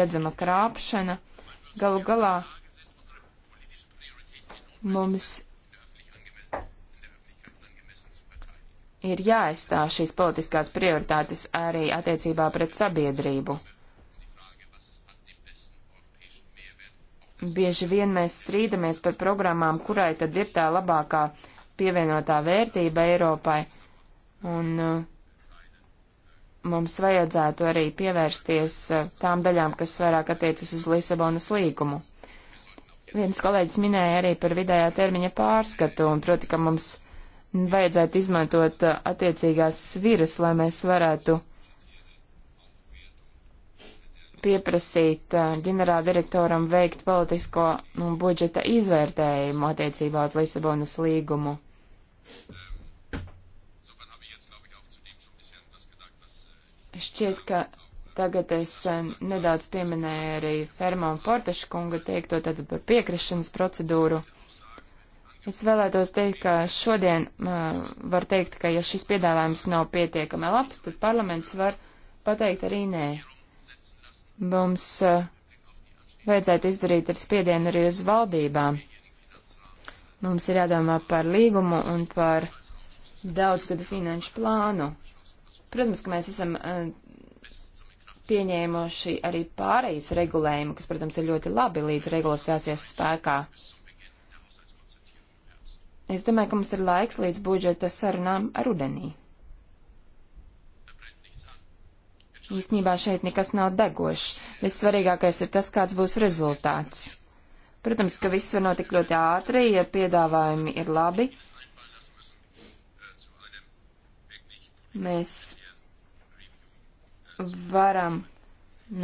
redzama krāpšana. Galu galā mums ir jāaizstāv šīs politiskās prioritātes arī attiecībā pret sabiedrību. Bieži vien mēs strīdamies par programmām, kurai tad ir tā labākā pievienotā vērtība Eiropai, un uh, mums vajadzētu arī pievērsties uh, tām daļām, kas vairāk attiecas uz Lisabonas līgumu. Viens kolēģis minēja arī par vidējā termiņa pārskatu, un proti, ka mums vajadzētu izmantot uh, attiecīgās sviras, lai mēs varētu pieprasīt eh, ģenerāldirektoram veikt politisko un budžeta izvērtējumu attiecībā uz Lisabonas līgumu. Šķiet, ka tagad es eh, nedaudz pieminēju arī Ferma un Portaša kunga teikto tad par piekrišanas procedūru. Es vēlētos teikt, ka šodien uh, var teikt, ka ja šis piedāvājums nav pietiekami labs, tad parlaments var pateikt arī nē. Mums eh, vajadzētu izdarīt ar spiedienu arī uz valdībām. Mums ir jādomā par līgumu un par daudzgadu finanšu plānu. Protams, ka mēs esam eh, pieņēmuši arī pārejas regulējumu, kas, protams, ir ļoti labi līdz regulas stāsies spēkā. Es domāju, ka mums ir laiks līdz budžeta sarunām rudenī. Īsnībā šeit nekas nav degošs. Vissvarīgākais ir tas, kāds būs rezultāts. Protams, ka viss var notikt ļoti ātri, ja piedāvājumi ir labi. Mēs varam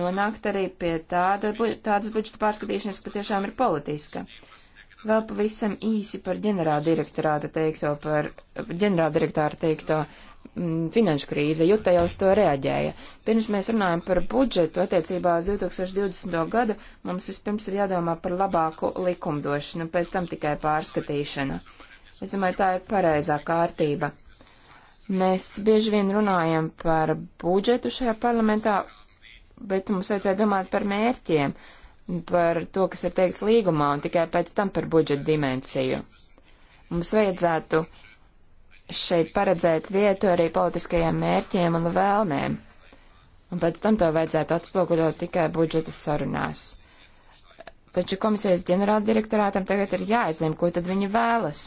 nonākt arī pie tāda, tādas budžeta pārskatīšanas, ka tiešām ir politiska. Vēl pavisam īsi par ģenerāldirektorāta teikto, par ģenerāldirektāra teikto. Mm, finanšu krīze, Juta jau uz to reaģēja. Pirms mēs runājam par budžetu attiecībā uz 2020. gadu, mums vispirms ir jādomā par labāku likumdošanu, pēc tam tikai pārskatīšana. Es domāju, tā ir pareizā kārtība. Mēs bieži vien runājam par budžetu šajā parlamentā, bet mums vajadzēja domāt par mērķiem, par to, kas ir teikts līgumā, un tikai pēc tam par budžeta dimensiju. Mums vajadzētu šeit paredzēt vietu arī politiskajiem mērķiem un vēlmēm. Un pēc tam to vajadzētu atspoguļot tikai budžeta sarunās. Taču komisijas ģenerāldirektorātam tagad ir jāizlem, ko tad viņi vēlas.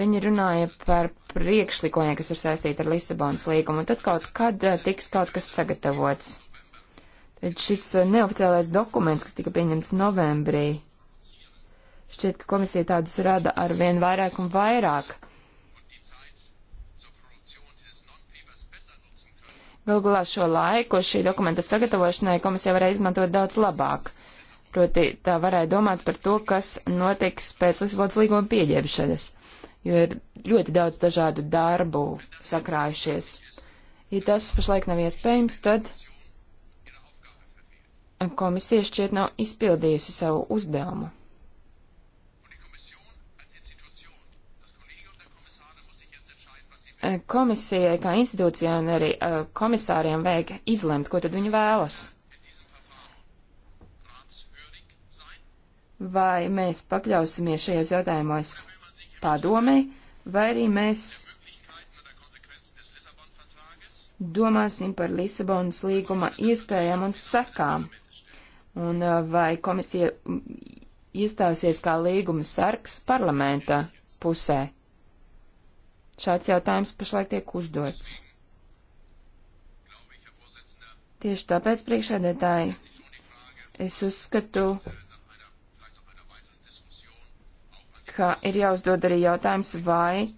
Viņi runāja par priekšlikumiem, kas ir saistīti ar Lisabonas līgumu, un tad kaut kad eh, tiks kaut kas sagatavots. Tad šis eh, neoficiālais dokuments, kas tika pieņemts novembrī, Šķiet, ka komisija tādus rada ar vien vairāk un vairāk. Galgulā šo laiku šī dokumenta sagatavošanai komisija varēja izmantot daudz labāk. Proti tā varēja domāt par to, kas notiks pēc Lisbonas līguma pieģēbšanas, jo ir ļoti daudz dažādu darbu sakrājušies. Ja tas pašlaik nav iespējams, tad komisija šķiet nav izpildījusi savu uzdevumu. Eh, komisijai kā institūcijai un arī uh, komisāriem vajag izlemt, ko tad viņi vēlas. Vai mēs pakļausimies šajos jautājumos padomei, vai arī mēs domāsim par Lisabonas līguma iespējām un sekām, un uh, vai komisija mm, iestāsies kā līguma sargs parlamenta pusē. Šāds jautājums pašlaik tiek uzdots. Tieši tāpēc priekšēdētāji es uzskatu, ka ir jāuzdod arī jautājums, vai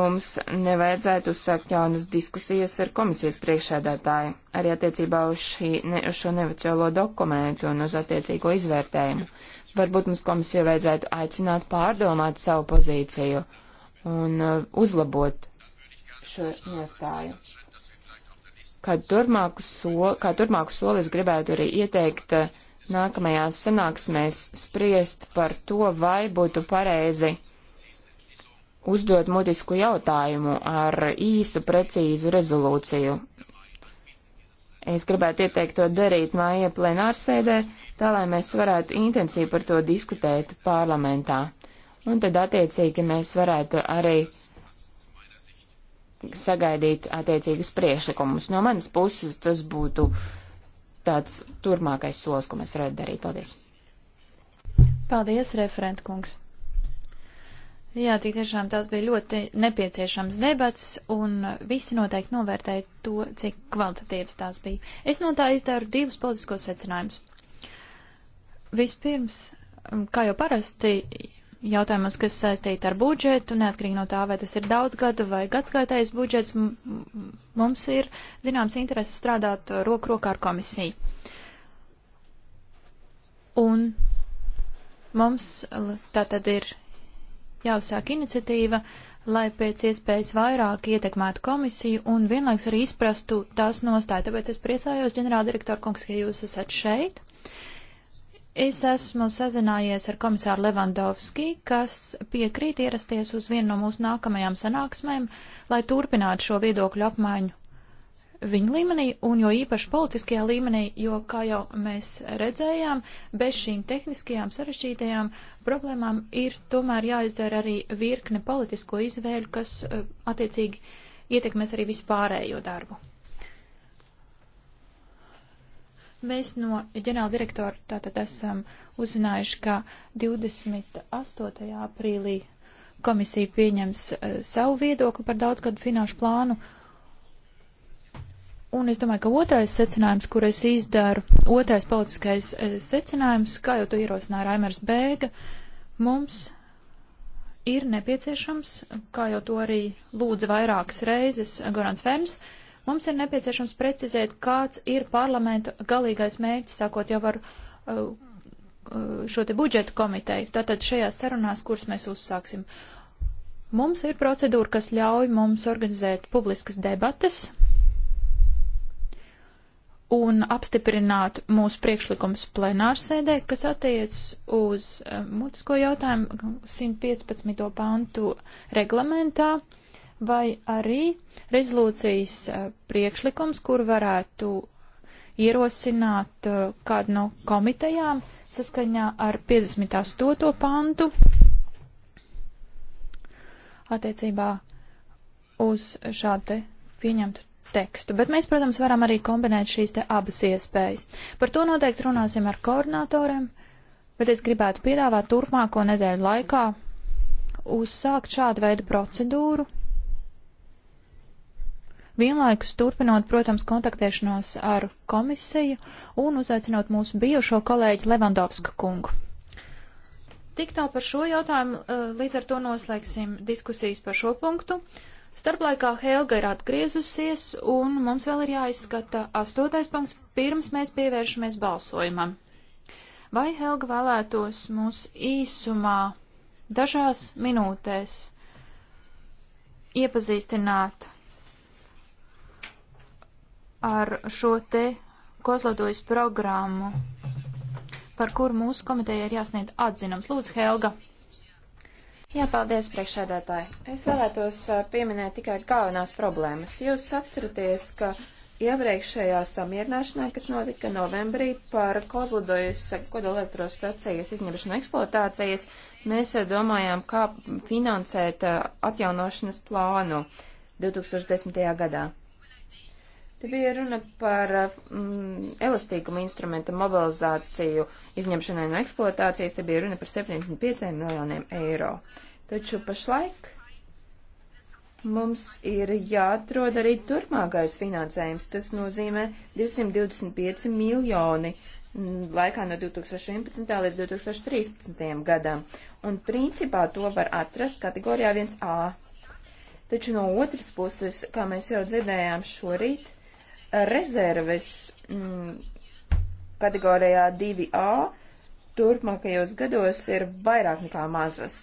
mums nevajadzētu uzsākt jaunas diskusijas ar komisijas priekšēdētāju, arī attiecībā uz, šī, ne, uz šo neoficiālo dokumentu un uz attiecīgo izvērtējumu. Varbūt mums komisija vajadzētu aicināt pārdomāt savu pozīciju un uh, uzlabot šo nostāju. Kā turpmāku, so, kā turpmāku soli es gribētu arī ieteikt uh, nākamajās sanāksmēs spriest par to, vai būtu pareizi uzdot mutisku jautājumu ar īsu, precīzu rezolūciju. Es gribētu ieteikt to darīt māja plenārsēdē, tā lai mēs varētu intensīvi par to diskutēt parlamentā. Un tad attiecīgi mēs varētu arī sagaidīt attiecīgus priešlikumus. No manas puses tas būtu tāds turmākais solis, ko mēs varētu darīt. Paldies!
Paldies, referent kungs! Jā, tik tiešām tās bija ļoti nepieciešams debats, un visi noteikti novērtēja to, cik kvalitatīvas tās bija. Es no tā izdaru divus politiskos secinājumus. Vispirms, kā jau parasti, jautājumos, kas saistīti ar budžetu, neatkarīgi no tā, vai tas ir daudz gadu vai gadskārtais budžets, mums ir zināms interesi strādāt roku rokā ar komisiju. Un mums tā tad ir jāuzsāk iniciatīva, lai pēc iespējas vairāk ietekmētu komisiju un vienlaiks arī izprastu tās nostāju. Tāpēc es priecājos, ģenerāldirektor kungs, ka jūs esat šeit. Es esmu sazinājies ar komisāru Levandovski, kas piekrīt ierasties uz vienu no mūsu nākamajām sanāksmēm, lai turpinātu šo viedokļu apmaiņu viņa līmenī un jo īpaši politiskajā līmenī, jo, kā jau mēs redzējām, bez šīm tehniskajām sarežģītajām problēmām ir tomēr jāizdara arī virkne politisko izvēļu, kas eh, attiecīgi ietekmēs arī vispārējo darbu. Mēs no ģenerāla direktora tātad esam uzzinājuši, ka 28. aprīlī komisija pieņems uh, savu viedokli par daudzgadu finanšu plānu. Un es domāju, ka otrais secinājums, kur es izdaru, otrais politiskais uh, secinājums, kā jau to ierosināja Raimers Bēga, mums ir nepieciešams, kā jau to arī lūdza vairākas reizes Gorans Ferms, uh, Mums ir nepieciešams precizēt, kāds ir parlamenta galīgais mērķis, sākot jau ar uh, uh, šo te budžetu komiteju, tātad šajās sarunās, kuras mēs uzsāksim. Mums ir procedūra, kas ļauj mums organizēt publiskas debates un apstiprināt mūsu priekšlikums plenārsēdē, kas attiec uz uh, mutisko jautājumu 115. pantu reglamentā. Uh, vai arī rezolūcijas eh, priekšlikums, kur varētu ierosināt eh, kādu no komitejām saskaņā ar 58. pantu attiecībā uz šādu te pieņemtu tekstu. Bet mēs, protams, varam arī kombinēt šīs te abas iespējas. Par to noteikti runāsim ar koordinatoriem, bet es gribētu piedāvāt turpmāko nedēļu laikā uzsākt šādu veidu procedūru vienlaikus turpinot, protams, kontaktēšanos ar komisiju un uzaicinot mūsu bijušo kolēģi Levandovska kungu. Tik tā par šo jautājumu, eh, līdz ar to noslēgsim diskusijas par šo punktu. Starplaikā Helga ir atgriezusies, un mums vēl ir jāizskata astotais punkts, pirms mēs pievēršamies balsojumam. Vai Helga vēlētos mūs īsumā, dažās minūtēs, iepazīstināt ar šo te kozlodojas programmu, par kuru mūsu komiteja ir jāsniedz
atzinums. Lūdzu, Helga. Jā, paldies, priekšsēdētāji. Es vēlētos pieminēt tikai galvenās problēmas. Jūs atceraties, ka iepriekšējā samierināšanā, kas notika novembrī par kozlidojas kodolektrostacijas izņemšanu eksploatācijas, mēs domājām, kā finansēt atjaunošanas plānu 2010. gadā. Te bija runa par eh, mm, elastīguma instrumenta mobilizāciju izņemšanai no eksploatācijas, te bija runa par 75 miljoniem eiro. Taču pašlaik mums ir jāatrod arī turpmākais finansējums. Tas nozīmē 225 miljoni mm, laikā no 2011. līdz 2013. gadam. Un principā to var atrast kategorijā 1A. Taču no otras puses, kā mēs jau dzirdējām šorīt, rezerves mm, kategorijā 2A turpmākajos gados ir vairāk nekā mazas.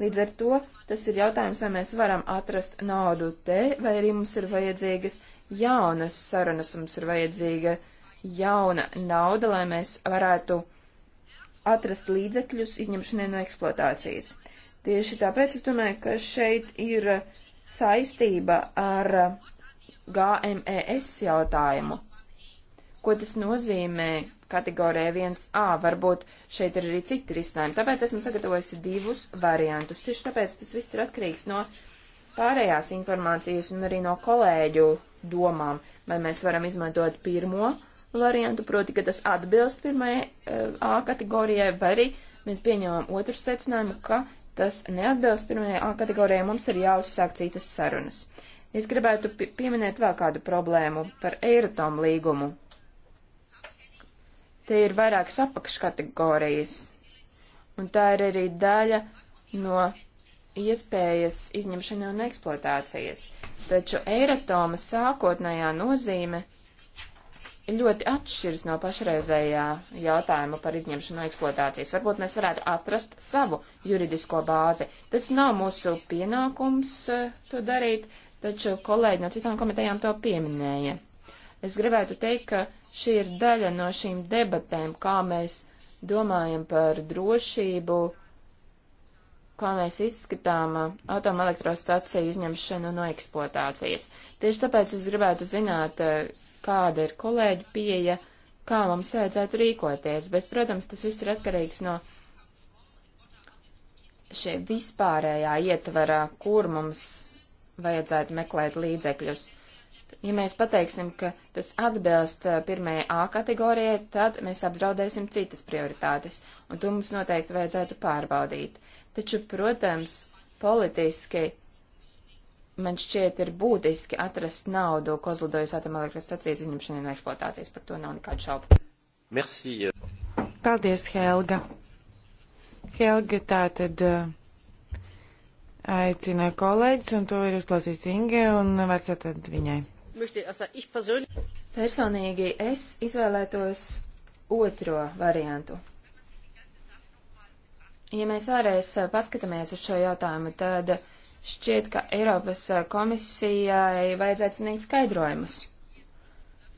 Līdz ar to tas ir jautājums, vai mēs varam atrast naudu te, vai arī mums ir vajadzīgas jaunas sarunas, mums ir vajadzīga jauna nauda, lai mēs varētu atrast līdzekļus izņemšanai no eksploatācijas. Tieši tāpēc es domāju, ka šeit ir saistība ar GMES jautājumu. Ko tas nozīmē kategorijā 1A? Varbūt šeit ir arī citi risinājumi. Tāpēc esmu sagatavojusi divus variantus. Tieši tāpēc tas viss ir atkarīgs no pārējās informācijas un arī no kolēģu domām. Vai mēs varam izmantot pirmo variantu, proti, ka tas atbilst pirmajai eh, A kategorijai, vai arī mēs pieņemam otru secinājumu, ka tas neatbilst pirmajai A kategorijai, mums ir jāuzsāk citas sarunas. Uh, Es gribētu pieminēt vēl kādu problēmu par Eiratom līgumu. Te ir vairākas apakškategorijas, un tā ir arī daļa no iespējas izņemšana un eksploatācijas. Taču Eiratoma sākotnējā nozīme ļoti atšķiras no pašreizējā jautājuma par izņemšanu no eksploatācijas. Varbūt mēs varētu atrast savu juridisko bāzi. Tas nav mūsu pienākums eh, to darīt, taču kolēģi no citām komitejām to pieminēja. Es gribētu teikt, ka šī ir daļa no šīm debatēm, kā mēs domājam par drošību, kā mēs izskatām uh, atomelektrostaciju izņemšanu no eksploatācijas. Tieši tāpēc es gribētu zināt, uh, kāda ir kolēģi pieeja, kā mums vajadzētu rīkoties, bet, protams, tas viss ir atkarīgs no šī vispārējā ietverā, kur mums vajadzētu meklēt līdzekļus. Ja mēs pateiksim, ka tas atbilst pirmajai A kategorijai, tad mēs apdraudēsim citas prioritātes, un to mums noteikti vajadzētu pārbaudīt. Taču, protams, politiski man šķiet ir būtiski atrast naudu kozlidojas atomelektrostacijas izņemšanai no eksploatācijas.
Par to nav nekādu šaubu. Merci. Paldies, Helga. Helga, tā tad. Uh aicina kolēģis, un to ir uzklausījis Inge, un vairs atad viņai.
Personīgi es izvēlētos otro variantu. Ja mēs vēlreiz eh, paskatāmies uz šo jautājumu, tad šķiet, ka Eiropas eh, komisijai vajadzētu sniegt skaidrojumus.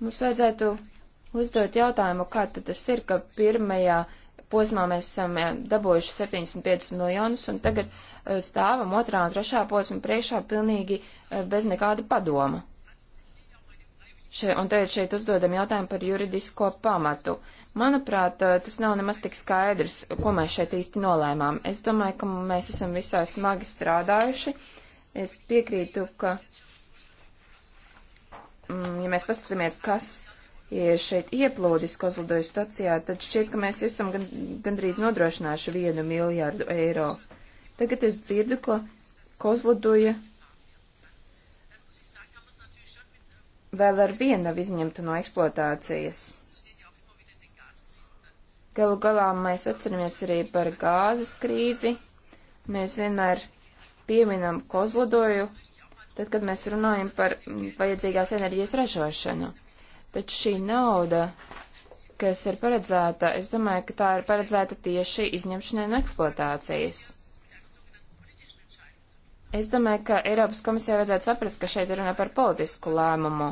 Mums vajadzētu uzdot jautājumu, kā tad tas ir, ka pirmajā posmā mēs esam eh, dabūjuši 75 miljonus, un tagad Eh, stāvam otrā un trešā posma priekšā pilnīgi eh, bez nekāda padoma. Še, un tagad šeit uzdodam jautājumu par juridisko pamatu. Manuprāt, eh, tas nav nemaz tik skaidrs, ko mēs šeit īsti nolēmām. Es domāju, ka mēs esam visai smagi strādājuši. Es piekrītu, ka, mm, ja mēs paskatāmies, kas ir šeit ieplūdis Kozlodojas stacijā, tad šķiet, ka mēs esam gan, gandrīz nodrošinājuši vienu miljardu eiro. Tagad es dzirdu, ko Kozlodoja vēl ar vienu nav izņemta no eksploatācijas. Galu galā mēs atceramies arī par gāzes krīzi. Mēs vienmēr pieminam Kozlodoju, tad, kad mēs runājam par vajadzīgās enerģijas ražošanu. Taču šī nauda, kas ir paredzēta, es domāju, ka tā ir paredzēta tieši izņemšanai no eksploatācijas. Es domāju, ka Eiropas komisijai vajadzētu saprast, ka šeit ir runa par politisku lēmumu.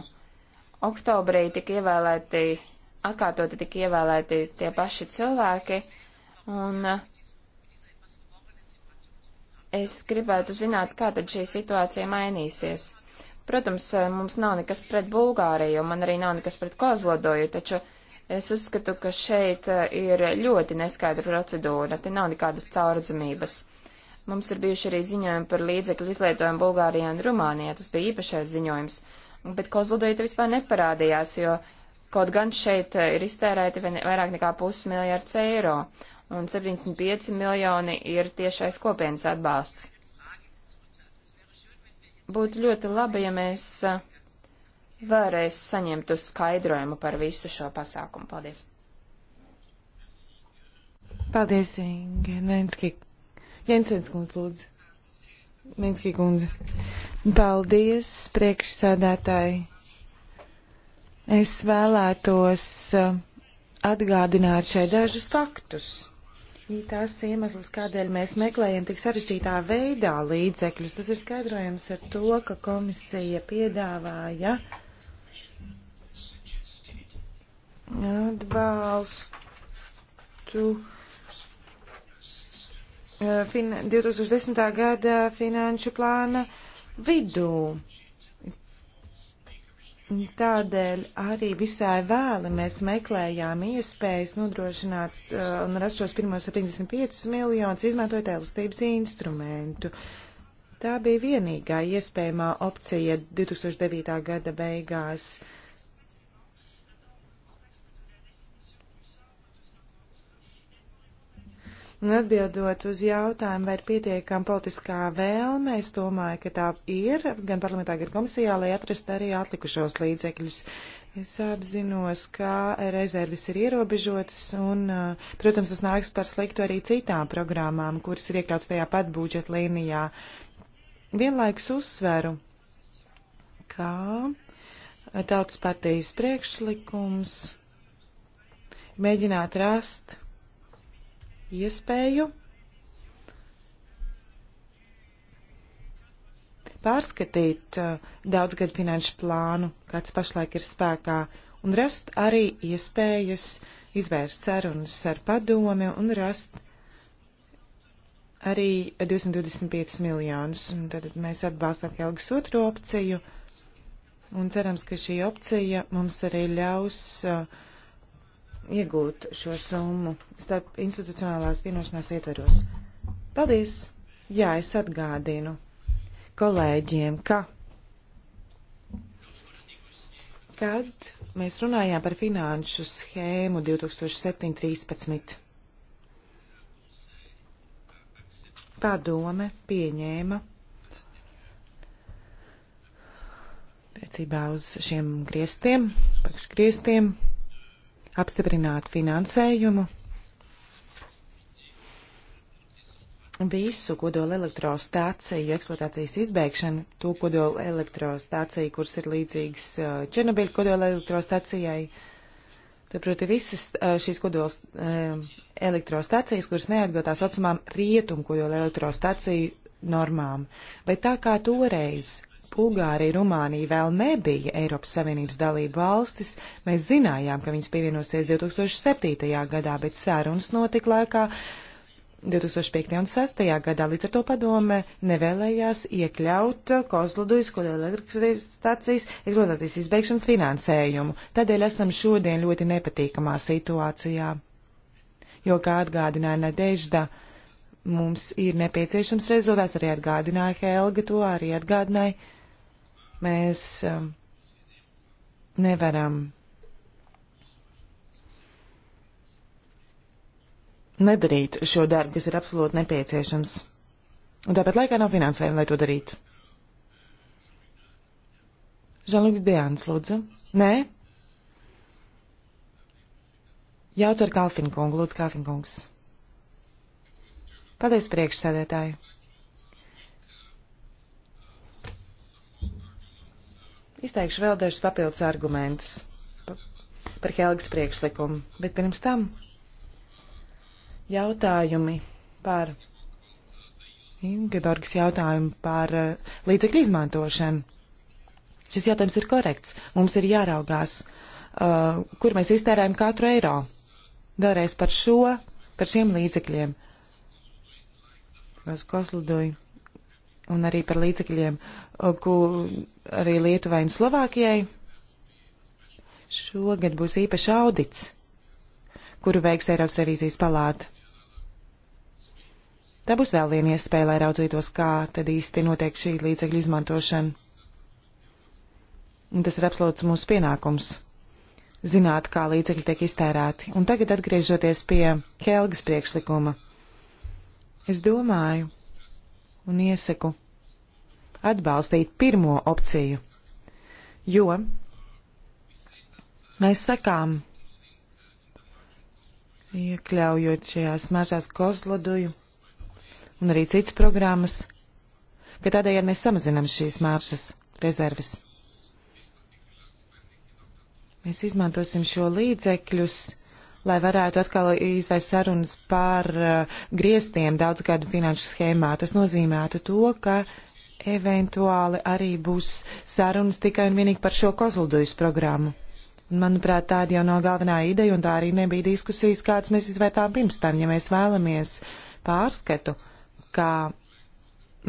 Oktobrī tika ievēlēti, atkārtoti tika ievēlēti tie paši cilvēki, un eh, es gribētu zināt, kā tad šī situācija mainīsies. Protams, eh, mums nav nekas pret Bulgāriju, man arī nav nekas pret Kozlodoju, taču es uzskatu, ka šeit eh, ir ļoti neskaidra procedūra, te nav nekādas caurdzamības. Mums ir bijuši arī ziņojumi par līdzekļu izlietojumu Bulgārijā un Rumānijā, tas bija īpašais ziņojums, bet Kozludīta vispār neparādījās, jo kaut gan šeit eh, ir iztērēti vairāk nekā pusmiljārds eiro, un 75 miljoni ir tiešais kopienas atbalsts. Būtu ļoti labi, ja mēs eh, vēlreiz saņemtu skaidrojumu par visu šo pasākumu. Paldies!
Paldies, Inge Nenski Jensens kundze, lūdzu. Minskī kundze. Paldies, priekšsēdētāji. Es vēlētos eh, atgādināt šeit dažus faktus. Tās iemesls, kādēļ mēs meklējam tik sarežģītā veidā līdzekļus, tas ir skaidrojams ar to, ka komisija piedāvāja atbalstu Eh, fin 2010. gada finanšu plāna vidū. Tādēļ arī visai vēli mēs meklējām iespējas nodrošināt uh, un rast šos pirmos 75 miljonus, izmantojot elastības instrumentu. Tā bija vienīgā iespējamā opcija 2009. gada beigās. Uh, Un atbildot uz jautājumu, vai ir pietiekama politiskā vēlme, es domāju, ka tā ir gan parlamentā, gan komisijā, lai atrastu arī atlikušos līdzekļus. Es apzinos, ka rezervis ir ierobežotas un, uh, protams, tas nāks par sliktu arī citām programmām, kuras ir iekļauts tajā pat budžeta līnijā. Vienlaikus uzsveru, ka tautas partijas priekšlikums mēģināt rast iespēju pārskatīt uh, daudzgadu finanšu plānu, kāds pašlaik ir spēkā, un rast arī iespējas izvērst sarunas ar padomi un rast arī 225 miljonus. Un tad mēs atbalstam Helgas otru opciju un cerams, ka šī opcija mums arī ļaus uh, iegūt šo summu starp institucionālās vienošanās ietveros. Paldies! Jā, es atgādinu kolēģiem, ka kad mēs runājām par finanšu schēmu 2007-2013. Padome pieņēma attiecībā uz šiem griestiem, pakšgriestiem, apstiprināt finansējumu visu kodola elektrostāciju eksploatācijas izbēgšanu, to kodola elektrostāciju, kuras ir līdzīgas uh, Černobiļa kodola elektrostācijai. Tad, proti, visas uh, šīs kodola um, elektrostācijas, kuras neatbilst tā saucamām rietumu kodola elektrostāciju normām. Vai tā kā toreiz Bulgārija, Rumānija vēl nebija Eiropas Savienības dalība valstis, mēs zinājām, ka viņas pievienosies 2007. gadā, bet sarunas notika laikā 2005. un 2006. gadā, līdz ar to padome nevēlējās iekļaut Kozludujas kodēlektrostacijas eksploatācijas izbeigšanas finansējumu. Tādēļ esam šodien ļoti nepatīkamā situācijā, jo, kā atgādināja Nadežda, mums ir nepieciešams rezultāts, arī atgādināja Helga to, arī atgādināja Mēs um, nevaram nedarīt šo darbu, kas ir absolūti nepieciešams. Un tāpat laikā nav finansējuma, lai to darītu. Žanluks Dejāns, lūdzu. Nē? Jauc ar Kalfinkungu, lūdzu, Kalfinkungs. Paldies, priekšsēdētāji. Izteikšu vēl dažus papildus argumentus par Helgas priekšlikumu, bet pirms tam jautājumi par Ingeborgas jautājumu par eh, līdzekļu izmantošanu. Šis jautājums ir korekts. Mums ir jāraugās, uh, kur mēs iztērējam katru eiro. Vēlreiz par šo, par šiem līdzekļiem. Es koslidoju un arī par līdzekļiem, ko arī Lietuvai un Slovākijai. Šogad būs īpašs audits, kuru veiks Eiropas revīzijas palāta. Tā būs vēl viena iespēja, lai raudzītos, kā tad īsti notiek šī līdzekļu izmantošana. Un tas ir absolūts mūsu pienākums - zināt, kā līdzekļi tiek iztērēti. Un tagad atgriežoties pie Helgas priekšlikuma. Es domāju un iesaku atbalstīt pirmo opciju, jo mēs sakām, iekļaujot šajās mažās kozloduju un arī citas programmas, ka tādējādi mēs samazinām šīs māršas rezerves. Mēs izmantosim šo līdzekļus, lai varētu atkal izvērst sarunas par uh, griestiem daudzu gadu finanšu schēmā. Tas nozīmētu to, ka Eventuāli arī būs sarunas tikai un vienīgi par šo kozludojas programmu. Manuprāt, tāda jau nav galvenā ideja, un tā arī nebija diskusijas, kāds mēs izvērtām pirms tam, ja mēs vēlamies pārskatu, kā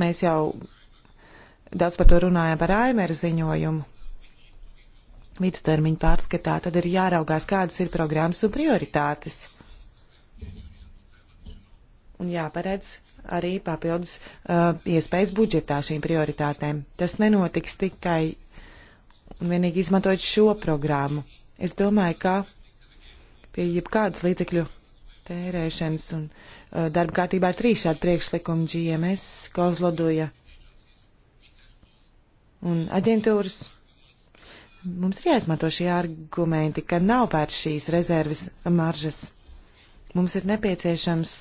mēs jau daudz par to runājam par Aimera ziņojumu. Vidustermiņu pārskatā tad ir jāraugās, kādas ir programmas un prioritātes. Un jāparedz arī papildus uh, iespējas budžetā šīm prioritātēm. Tas nenotiks tikai un vienīgi izmantojot šo programmu. Es domāju, ka pie jebkādas līdzekļu tērēšanas un uh, darba kārtībā ir trīs šādi priekšlikumi GMS, Kozlodoja un aģentūras. Mums ir jāizmanto šie argumenti, ka nav vairs šīs rezerves maržas. Mums ir nepieciešams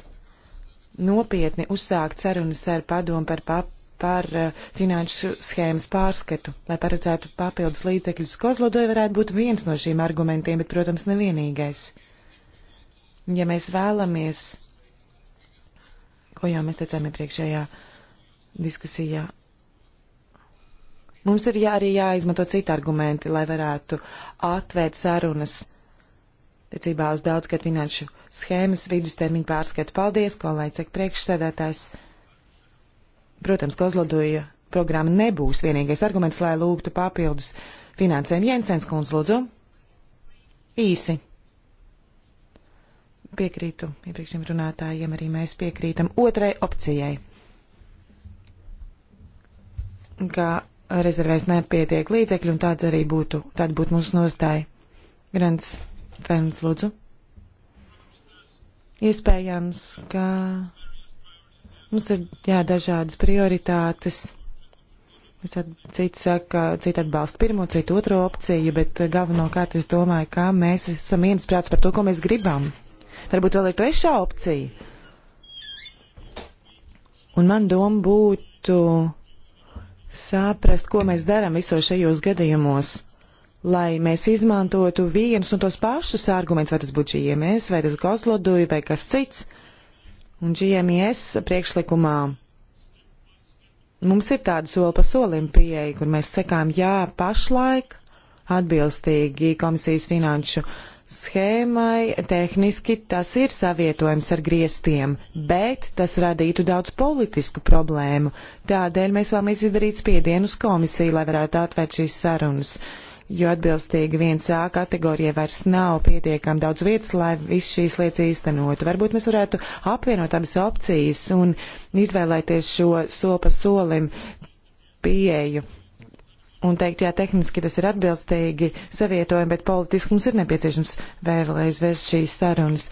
nopietni uzsākt sarunas ar padomu par papu par uh, finanšu schēmas pārskatu, lai paredzētu papildus līdzekļus. Kozlodoj varētu būt viens no šiem argumentiem, bet, protams, nevienīgais. Ja mēs vēlamies, ko jau mēs teicām iepriekšējā diskusijā, mums ir jā, arī jāizmanto citi argumenti, lai varētu atvērt sarunas tiecībā uz daudzgad finanšu schēmas vidustermiņu pārskatu. Paldies, kolēģis, priekšsēdētājs. Protams, Kozlodoja programma nebūs vienīgais arguments, lai lūgtu papildus finansējumu. Jensens kundz, lūdzu. Īsi. Piekrītu iepriekšējiem runātājiem, arī mēs piekrītam otrai opcijai, ka rezervēs nepietiek līdzekļi, un tāds arī būtu, tāda būtu mūsu nostāja. Grants Ferns, lūdzu. Iespējams, ka mums ir jā, dažādas prioritātes. Citi saka, citi atbalsta pirmo, citu otro opciju, bet galvenokārt es domāju, kā mēs esam viensprāts par to, ko mēs gribam. Varbūt vēl ir trešā opcija. Un man doma būtu saprast, ko mēs darām visos šajos gadījumos lai mēs izmantotu vienus un tos pašus argumentus, vai tas būtu GMS, vai tas Gozloduja, vai kas cits. Un GMS priekšlikumā mums ir tāda soli pa solim pieeja, kur mēs sekām, jā, pašlaik atbilstīgi komisijas finanšu schēmai, tehniski tas ir savietojams ar griestiem, bet tas radītu daudz politisku problēmu. Tādēļ mēs vēlamies izdarīt spiedienus komisiju, lai varētu atvērt šīs sarunas. Uh, jo atbilstīgi 1A kategorijai vairs nav pietiekami daudz vietas, lai visu šīs lietas īstenotu. Varbūt mēs varētu apvienot abas opcijas un izvēlēties šo soli pa solim pieeju. Un teikt, jā, tehniski tas ir atbilstīgi savietojumi, bet politiski mums ir nepieciešams vēlreiz vērst šīs sarunas.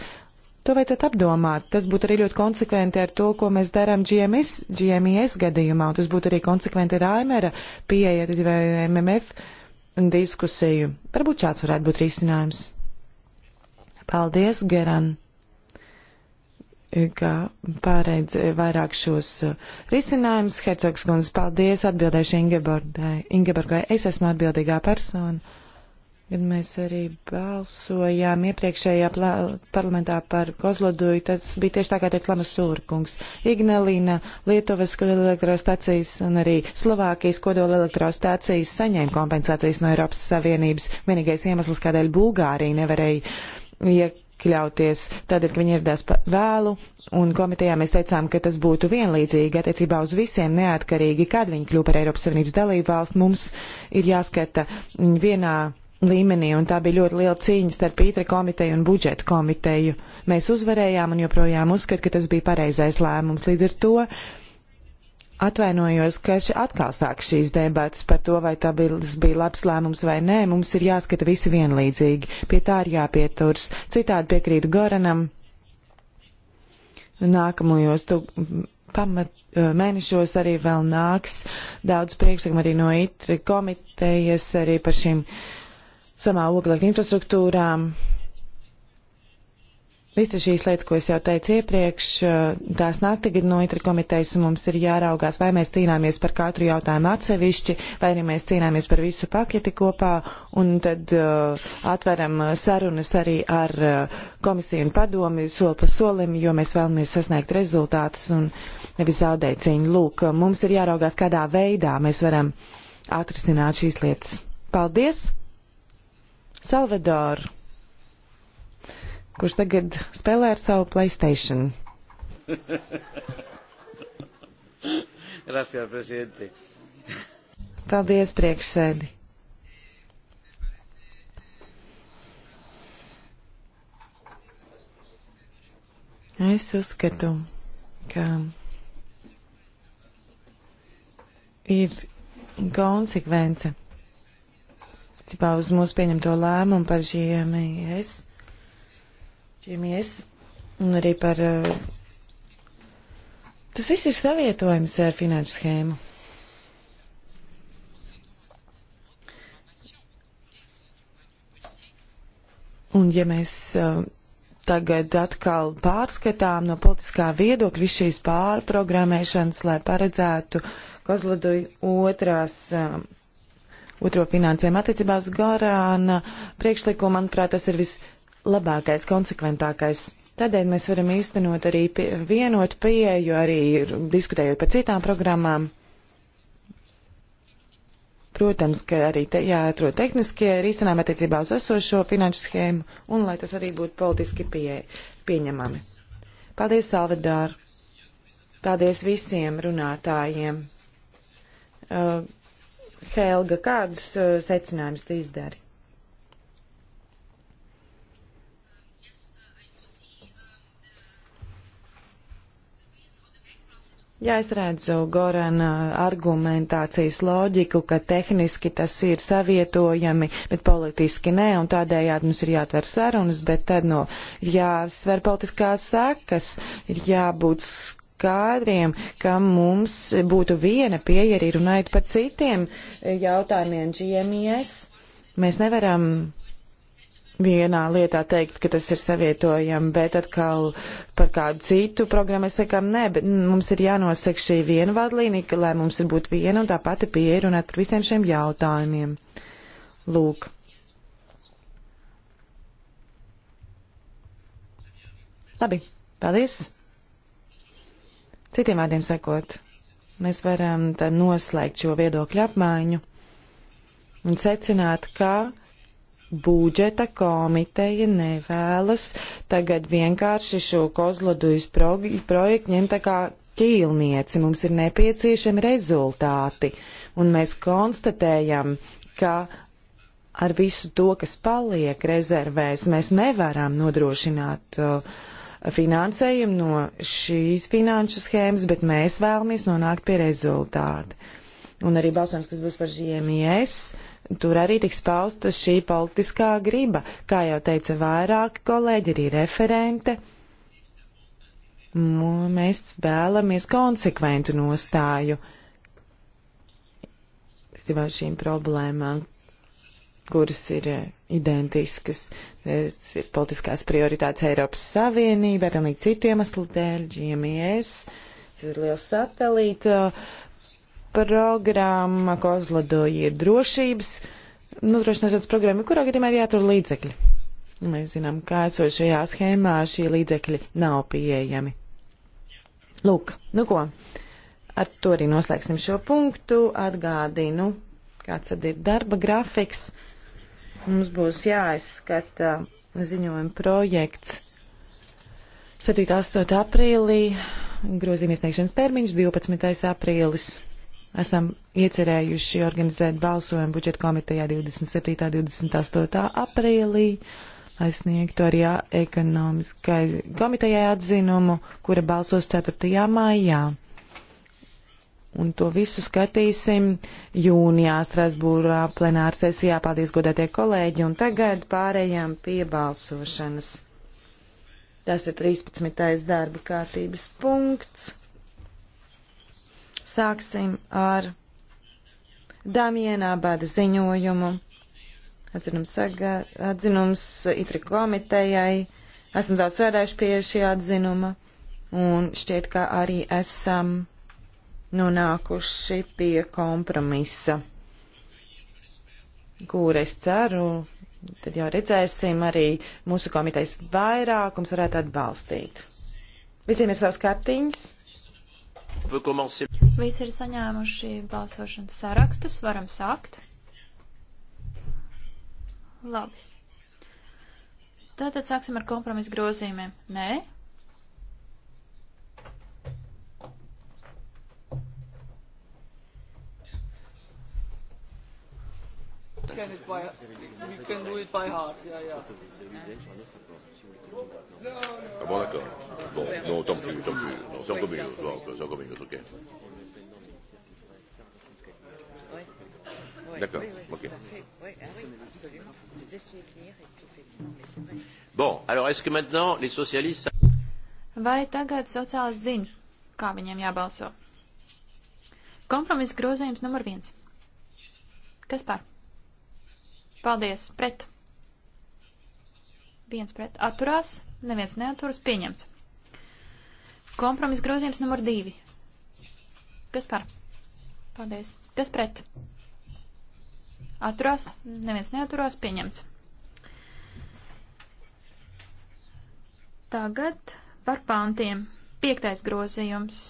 To vajadzētu apdomāt. Tas būtu arī ļoti konsekventi ar to, ko mēs darām GMS, GMES gadījumā, un tas būtu arī konsekventi ar AMR pieeja, tad vai MMF. Uh, diskusiju. Varbūt šāds varētu būt risinājums. Paldies, Geran, ka pārēdz vairāk šos uh, risinājumus. Hercogs kundze, paldies, atbildēšu Ingeborgai. Ingeborgai, es esmu atbildīgā persona Kad mēs arī balsojām iepriekšējā parlamentā par Kozloduju, tas bija tieši tā, kā teica Lamas Sūrkungs. Ignalīna, Lietuvas kodolelektrostacijas un arī Slovākijas kodolelektrostacijas saņēma kompensācijas no Eiropas Savienības. Vienīgais iemesls, kādēļ Bulgārija nevarēja iekļauties, tad ir, ka viņi ieradās vēlu Un komitejā mēs teicām, ka tas būtu vienlīdzīgi attiecībā uz visiem, neatkarīgi, kad viņi kļūpa par Eiropas Savienības dalību valsts. Mums ir jāskata vienā līmenī, un tā bija ļoti liela cīņa starp Pītra komiteju un budžeta komiteju. Mēs uzvarējām un joprojām uzskat, ka tas bija pareizais lēmums. Līdz ar to atvainojos, ka atkal sāk šīs debatas par to, vai tas bija, bija labs lēmums vai nē. Mums ir jāskata visi vienlīdzīgi. Pie tā ir jāpieturs. Citādi piekrītu Goranam. Nākamajos tu pamat eh, mēnešos arī vēl nāks daudz priekšlikumu arī no ITRI komitejas, arī par šīm uh, samā oglekļa infrastruktūrām. Visas šīs lietas, ko es jau teicu iepriekš, eh, tās nāk tagad no itra komitejas, un mums ir jāraugās, vai mēs cīnāmies par katru jautājumu atsevišķi, vai arī mēs cīnāmies par visu paketi kopā, un tad uh, atveram eh, sarunas arī ar uh, komisiju un padomi soli pa solim, jo mēs vēlamies sasniegt rezultātus un nevis zaudēt cīņu. Lūk, mums ir jāraugās, kādā veidā mēs varam atrisināt šīs lietas. Paldies! Salvadoru, kurš tagad spēlē ar savu Playstation.
Gracias, presidente.
Paldies, priekšsēdi. Es uzskatu, ka ir konsekvence attiecībā uz mūsu pieņemto lēmumu par GMS, e GMS e un arī par. Eh, tas viss ir savietojams ar finanšu schēmu. Un ja mēs uh, tagad atkal pārskatām no politiskā viedokļa visu šīs pārprogrammēšanas, lai paredzētu Kozlodu otrās. Uh, otro finansēm. Attiecībā uz Gorāna priekšlikumu, manuprāt, tas ir vislabākais, konsekventākais. Tādēļ mēs varam īstenot arī pie, vienotu pieeju, arī diskutējot par citām programmām. Protams, ka arī te, jāatrod tehniskie risinājumi attiecībā uz esošo finanšu schēmu un lai tas arī būtu politiski pie, pieņemami. Paldies, Salvador! Paldies visiem runātājiem! Uh, Helga, kādus uh, secinājumus tu izdari? Jā, es redzu Gorana argumentācijas loģiku, ka tehniski tas ir savietojami, bet politiski nē, un tādējādi mums ir jāatver sarunas, bet tad no jāsver politiskās sakas, ir jābūt kadriem, ka mums būtu viena pieeja arī runājot par citiem jautājumiem GMIS. E mēs nevaram vienā lietā teikt, ka tas ir savietojami, bet atkal par kādu citu programmu mēs sakām, nē, bet mums ir jānosek šī viena vadlīnija, lai mums ir būt viena un tā pati pieeja runāt par visiem šiem jautājumiem. Lūk. Labi, paldies! Citiem vārdiem sakot, mēs varam noslēgt šo viedokļu apmaiņu un secināt, ka budžeta komiteja nevēlas tagad vienkārši šo kozlodujas pro projektu ņemt tā kā ķīlnieci. Mums ir nepieciešami rezultāti, un mēs konstatējam, ka ar visu to, kas paliek rezervēs, mēs nevaram nodrošināt uh, finansējumu no šīs finanšu schēmas, bet mēs vēlamies nonākt pie rezultātu. Un arī balsojums, kas būs par GMIS, tur arī tiks pausta šī politiskā griba. Kā jau teica vairāki kolēģi, arī referente, mēs vēlamies konsekventu nostāju attiecībā uz šīm problēmām kuras ir eh, identiskas. Tas ir politiskās prioritātes Eiropas Savienībai, pilnīgi citu iemeslu dēļ, GMS, e tas ir liels satelīta programma, Kozlodoja ir drošības nodrošināšanas nu, programma, kurā gadījumā ir jāatrod līdzekļi. Mēs zinām, kā esošajā schēmā šie līdzekļi nav pieejami. Lūk, nu ko, ar to arī noslēgsim šo punktu. Atgādinu, kāds tad ir darba grafiks. Mums būs jāizskata ziņojuma projekts 7.8. aprīlī, grozījuma iesniegšanas termiņš 12. aprīlis. Esam iecerējuši organizēt balsojumu budžeta komitejā 27. un 28. aprīlī, lai sniegtu arī ekonomiskai komitejai atzinumu, kura balsos 4. maijā. Un to visu skatīsim jūnijā Strasbūrā plenāra sesijā. Paldies, godētie kolēģi, un tagad pārējām pie balsošanas. Tas ir 13. darba kārtības punkts. Sāksim ar Damienā bada ziņojumu. Atzinums, saga, atzinums Itri komitejai. Esam daudz strādājuši pie šī atzinuma. Un šķiet, ka arī esam. Um, nonākuši pie kompromisa, kur es ceru, tad jau redzēsim, arī mūsu komitejas vairākums varētu atbalstīt. Visiem ir savs kartiņas.
Visi ir saņēmuši balsošanas sarakstus, varam sākt. Labi. Tātad sāksim ar kompromisu grozījumiem. Nē,
can it by we can do it by heart. Yeah, yeah. Ah bon d'accord. Bon, non, tant pis, tant pis. Non, c'est encore mieux. Bon, c'est encore mieux, ok. D'accord, ok. Ah bon, alors est-ce que maintenant les socialistes.
Vai tagad sociālisti zina, kā viņiem jābalso? Kompromiss grozījums numur viens. Kas par? Paldies. Pret. Viens pret. Atturās. Neviens neaturas. Pieņemts. Kompromis grozījums numur divi. Kas par? Paldies. Kas pret? Atturās. Neviens neaturās. Pieņemts. Tagad par pāntiem. Piektais grozījums.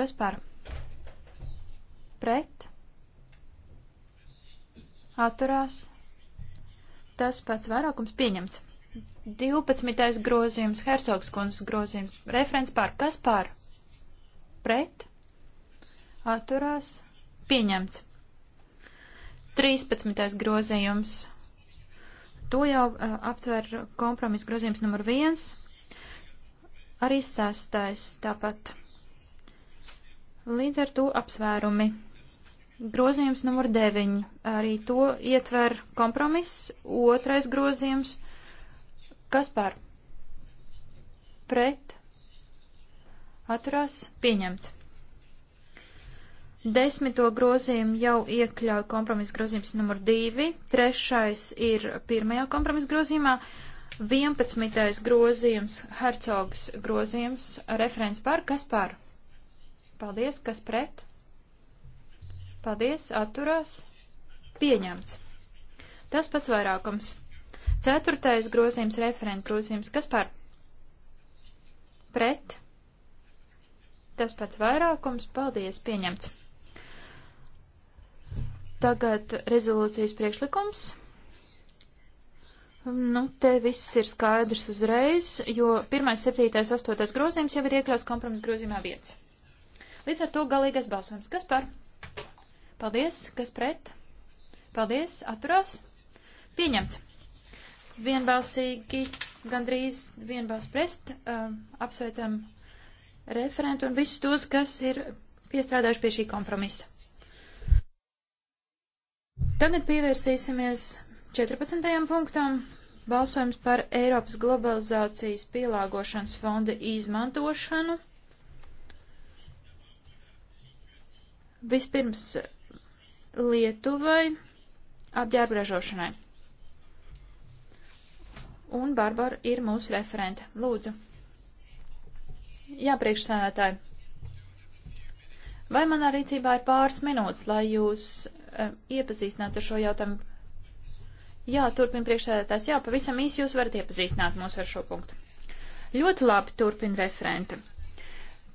Kas par? Pret? atturās, tas pats vairākums pieņemts. 12. grozījums, Hercogskundas grozījums, referents par, kas par, pret, atturās, pieņemts. 13. grozījums, to jau uh, aptver kompromis grozījums numur 1, arī sastais tāpat. Līdz ar to apsvērumi. Grozījums numur 9. Arī to ietver kompromiss. Otrais grozījums. Kas par? Pret. Atturās. Pieņemts. Desmito grozījumu jau iekļauj kompromisa grozījums numur 2, trešais ir pirmajā kompromisa grozījumā, 11. grozījums, hercogs grozījums, referents par, kas par? Paldies, kas pret? Paldies, atturās. Pieņemts. Tas pats vairākums. Ceturtais grozījums referenta grozījums. Kas par? Pret. Tas pats vairākums. Paldies, pieņemts. Tagad rezolūcijas priekšlikums. Nu, te viss ir skaidrs uzreiz, jo 1, 7, 8 grozījums jau ir iekļauts kompromisa grozījumā vietas. Līdz ar to galīgais balsojums. Kas par? Paldies, kas pret? Paldies, atturās. Pieņemts. Vienbalsīgi, gandrīz vienbalss prest, um, apsveicam referentu un visus tos, kas ir piestrādājuši pie šī kompromisa. Tagad pievērsīsimies 14. punktam balsojums par Eiropas globalizācijas pielāgošanas fonda izmantošanu. Vispirms Lietuvai apģērbražošanai. Un Barbara ir mūsu referente. Lūdzu. Jā, priekšsēdētāji. Vai manā rīcībā ir pāris minūtes, lai jūs uh, iepazīstinātu ar šo jautājumu? Jā, turpina priekšsēdētājs. Jā, pavisam īsi jūs varat iepazīstināt mūs ar šo punktu. Ļoti labi turpina referente.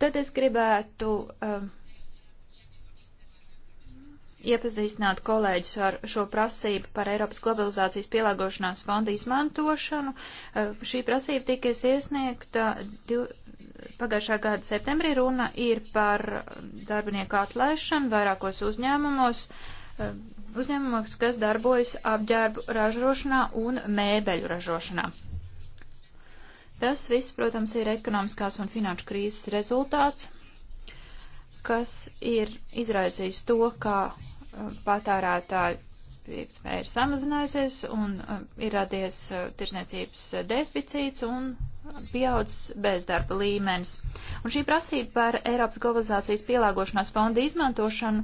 Tad es gribētu um, iepazīstināt kolēģis ar šo prasību par Eiropas globalizācijas pielāgošanās fonda izmantošanu. Eh, šī prasība tika iesniegta pagājušā gada septembrī. Runa ir par darbinieku atlaišanu vairākos uzņēmumos, eh, uzņēmumos, kas darbojas apģērbu ražošanā un mēbeļu ražošanā. Tas viss, protams, ir ekonomiskās un finanšu krīzes rezultāts, kas ir izraisījis to, ka uh, patērētāju pirksmē ir samazinājusies un uh, ir radies uh, tirsniecības deficīts un pieaudzis bezdarba līmenis. Un šī prasība par Eiropas globalizācijas pielāgošanās fonda izmantošanu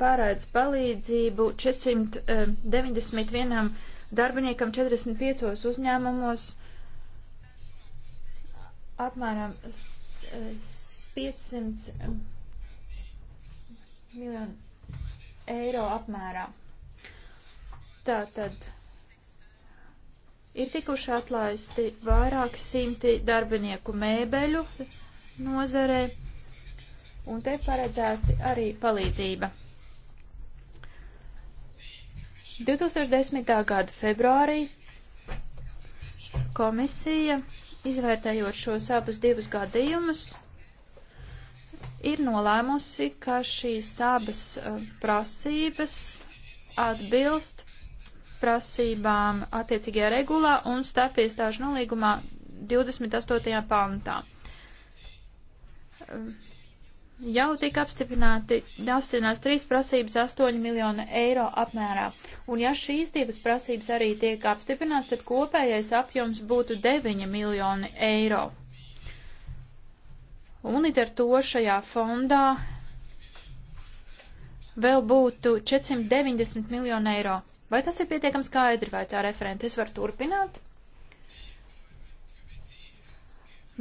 pārēdz palīdzību 491 darbiniekam 45 uzņēmumos apmēram 500 miljonu eiro apmērā. Tātad ir tikuši atlaisti vairāki simti darbinieku mēbeļu nozarē, un te paredzēti arī palīdzība. 2010. gada februārī komisija, izvērtējot šos abus divus gadījumus, ir nolēmusi, ka šīs abas eh, prasības atbilst prasībām attiecīgajā regulā un starpiestāžu nolīgumā 28. pantā. Eh, jau tika apstiprināti, apstiprināts trīs prasības 8 miljonu eiro apmērā, un ja šīs divas prasības arī tiek apstiprināts, tad kopējais apjoms būtu 9 miljoni eiro. Un līdz ar to šajā fondā vēl būtu 490 miljonu eiro. Vai tas ir pietiekami skaidri, vai tā referenti? Es varu turpināt.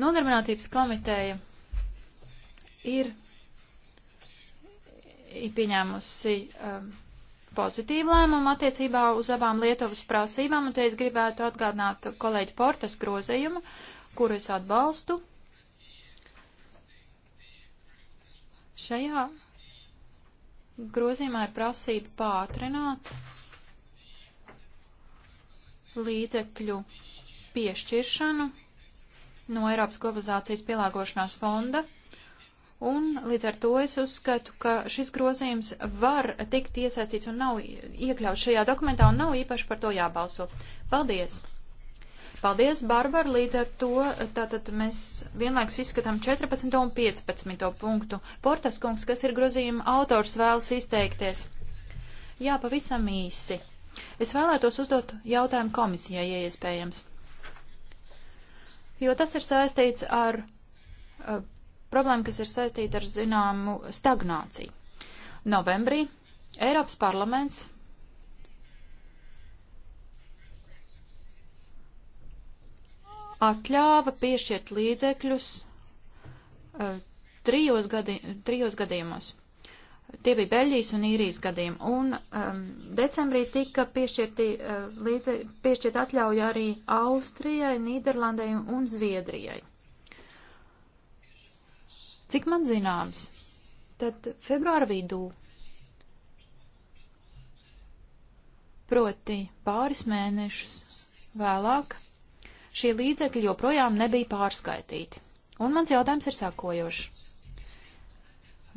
Nodarbinātības komiteja ir pieņēmusi um, pozitīvu lēmumu attiecībā uz abām Lietuvas prasībām, un te es gribētu atgādināt kolēģi Portas grozējumu, kuru es atbalstu. Šajā grozījumā ir prasība pātrināt līdzekļu piešķiršanu no Eiropas globalizācijas pielāgošanās fonda. Un līdz ar to es uzskatu, ka šis grozījums var tikt iesaistīts un nav iekļauts šajā dokumentā un nav īpaši par to jābalso. Paldies! Paldies, Barbara, līdz ar to tātad mēs vienlaikus izskatām 14. un 15. punktu. Portas kungs, kas ir grozījuma autors, vēlas izteikties. Jā, pavisam īsi. Es vēlētos uzdot jautājumu komisijai, ja iespējams. Jo tas ir saistīts ar uh, problēmu, kas ir saistīta ar zināmu stagnāciju. Novembrī Eiropas parlaments atļāva piešķirt līdzekļus uh, trijos, gadi, trijos gadījumos. Tie bija Beļģijas un īrijas gadījumi. Un um, decembrī tika piešķirti, uh, līdze, piešķirt atļauja arī Austrijai, Nīderlandai un Zviedrijai. Cik man zināms, tad februāra vidū, proti pāris mēnešus vēlāk, šie līdzekļi joprojām nebija pārskaitīti. Un mans jautājums ir sakojošs.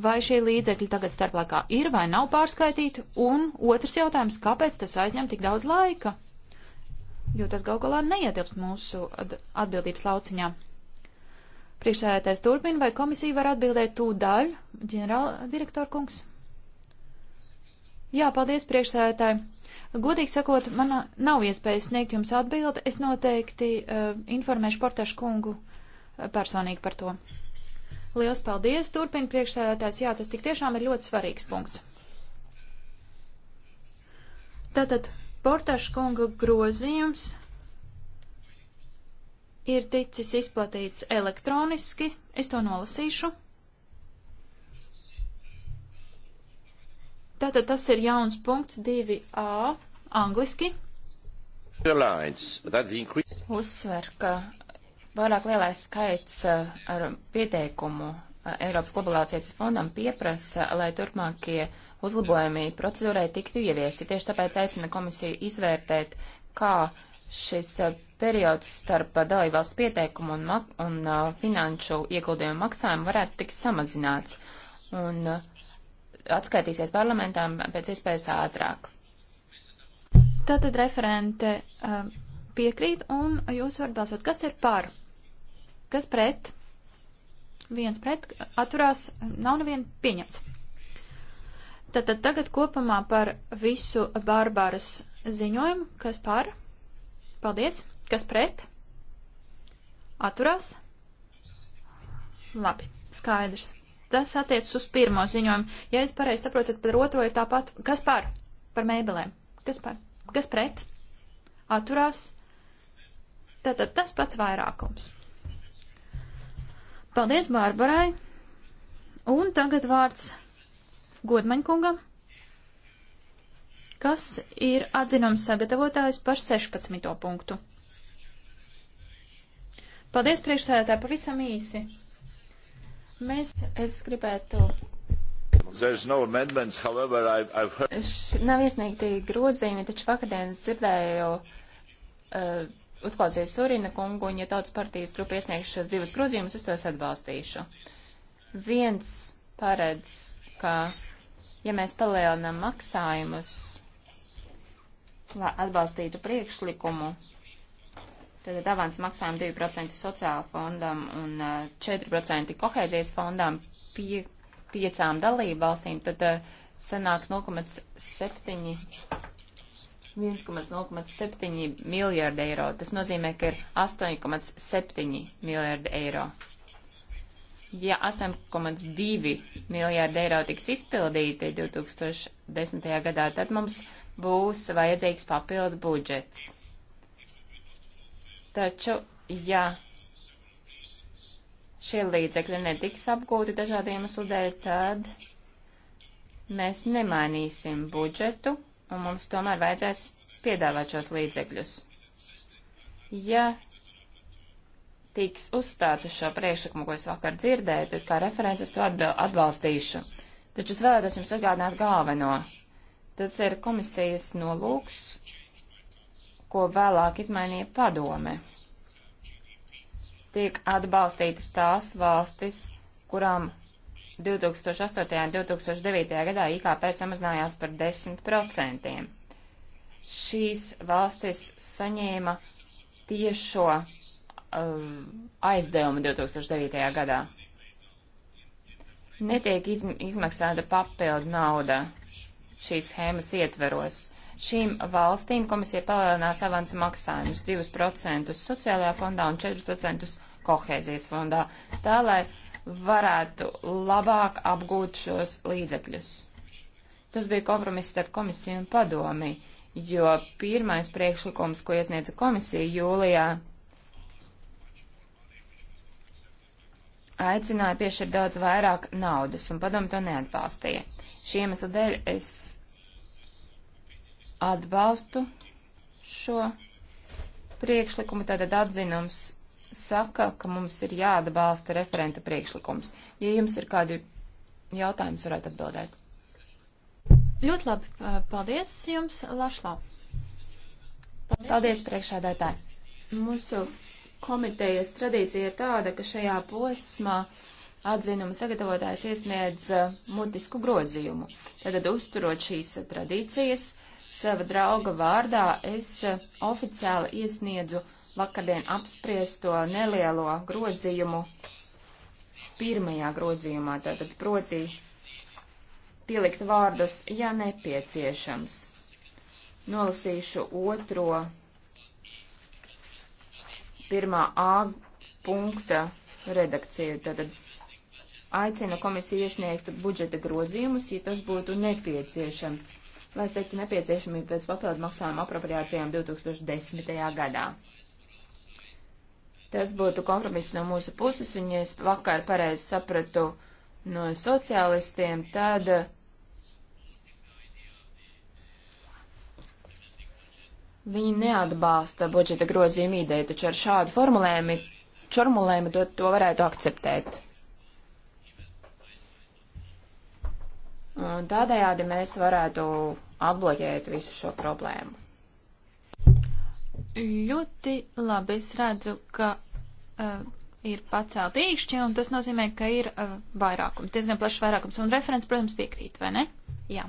Vai šie līdzekļi tagad starplaikā ir vai nav pārskaitīti? Un otrs jautājums, kāpēc tas aizņem tik daudz laika? Jo tas gal galā neietilpst mūsu atbildības lauciņā. Priekšsēdētājs turpina, vai komisija var atbildēt tūdaļ, ģenerāldirektor kungs? Jā, paldies priekšsēdētāji. Godīgi sakot, man nav iespējas sniegt jums atbildi. Es noteikti uh, informēšu portašu kungu eh, personīgi par to. Liels paldies! Turpina priekšsēdētājs. Jā, tas tik tiešām ir ļoti svarīgs punkts. Tātad portašu kunga grozījums ir ticis izplatīts elektroniski. Es to nolasīšu. Tātad tas ir jauns punkts 2a angliski.
Uzsver, ka pārāk lielais skaits uh, ar pieteikumu uh, Eiropas globalizācijas fondam pieprasa, lai turpmākie uzlabojumi procedūrai tiktu ieviesti. Tieši tāpēc aicina komisiju izvērtēt, kā šis uh, periods starp dalībvalsts pieteikumu un, un uh, finanšu ieguldījumu maksājumu varētu tikt samazināts. Un uh, atskaitīsies parlamentām pēc iespējas ātrāk. Tātad referente um, piekrīt, un jūs varat balsot, kas ir par,
kas pret, viens pret, atturās, nav neviena pieņemts. Tātad tagad kopumā par visu Bārbaras ziņojumu, kas par, paldies, kas pret, atturās, labi, skaidrs. Tas attiecas uz pirmo ziņojumu. Ja es pareizi saprotu, tad par otro ir tāpat. Kas par? Par mēbelēm. Kas par? Kas pret? Atturās. Tātad tas pats vairākums. Paldies Bārbarai. Un tagad vārds Godmaņkungam, kas ir atzinums sagatavotājs par 16. punktu. Paldies
priekšsēdētāji pavisam īsi. Mēs, es gribētu.
No however, I've, I've heard... Š,
nav iesniegti grozījumi, taču vakardienas dzirdēju, uh, uzklausīju Surina kungu, un ja tautas partijas grupa iesniegšas divas grozījumus, es tos atbalstīšu. Viens paredz, ka, ja mēs palielinam maksājumus, lai atbalstītu priekšlikumu, Tad avans maksājumi 2% sociāla fondam un 4% kohēzijas fondam pie, piecām dalību valstīm, tad sanāk 0,7. 1,07 miljārdi eiro. Tas nozīmē, ka ir 8,7 miljārdi eiro. Ja 8,2 miljārdi eiro tiks izpildīti 2010. gadā, tad mums būs vajadzīgs papildu budžets. Taču, ja šie līdzekļi netiks apgūti dažādiem iemeslu dēļ, tad mēs nemainīsim budžetu un mums tomēr vajadzēs piedāvāt šos līdzekļus. Ja tiks uzstāts uz šo priekšlikumu, ko es vakar dzirdēju, tad kā referents es to atbalstīšu. Taču es vēlētos jums atgādināt galveno. Tas ir komisijas nolūks ko vēlāk izmainīja padome. Tiek atbalstītas tās valstis, kurām 2008. un 2009. gadā IKP samazinājās par 10%. Šīs valstis saņēma tiešo um, aizdevumu 2009. gadā. Netiek izmaksāta papildu nauda šīs schēmas ietveros. Šīm valstīm komisija palielinās avansa maksājumus 2% sociālajā fondā un 4% kohēzijas fondā, tā lai varētu labāk apgūt šos līdzekļus. Tas bija kompromiss starp komisiju un padomi, jo pirmais priekšlikums, ko iesniedza komisija jūlijā, aicināja piešķirt daudz vairāk naudas, un padomu to neatbalstīja. Šī iemesla dēļ es atbalstu šo priekšlikumu, tātad atzinums saka, ka mums ir jāatbalsta referenta priekšlikums. Ja jums ir kādi jautājumi, varētu atbildēt. Ļoti labi. Paldies jums, Lašlā. Paldies, Paldies priekšādātāji. Mūsu komitejas tradīcija ir tāda, ka šajā posmā atzinuma sagatavotājs iesniedz uh, mutisku grozījumu. Tagad uzturot šīs tradīcijas. Uh, sava drauga vārdā es eh, oficiāli iesniedzu vakardien apspriesto nelielo grozījumu pirmajā grozījumā, tātad proti pielikt vārdus, ja nepieciešams. Nolasīšu otro pirmā A punkta redakciju, tātad aicina komisiju iesniegt budžeta grozījumus, ja tas būtu nepieciešams lai sektu nepieciešamību pēc papildu maksājuma apropriācijām 2010. gadā. Tas būtu kompromiss no mūsu puses, un ja es vakar pareizi sapratu no sociālistiem, tad viņi neatbalsta budžeta grozījuma ideju, taču ar šādu formulējumu, čormulējumu to, to varētu akceptēt. Un tādējādi mēs varētu atbloķēt visu šo problēmu.
Ļoti labi. Es redzu, ka uh, ir pacelt īkšķi, un tas nozīmē, ka ir uh, vairākums, diezgan plašs vairākums. Un referents, protams, piekrīt, vai ne? Jā.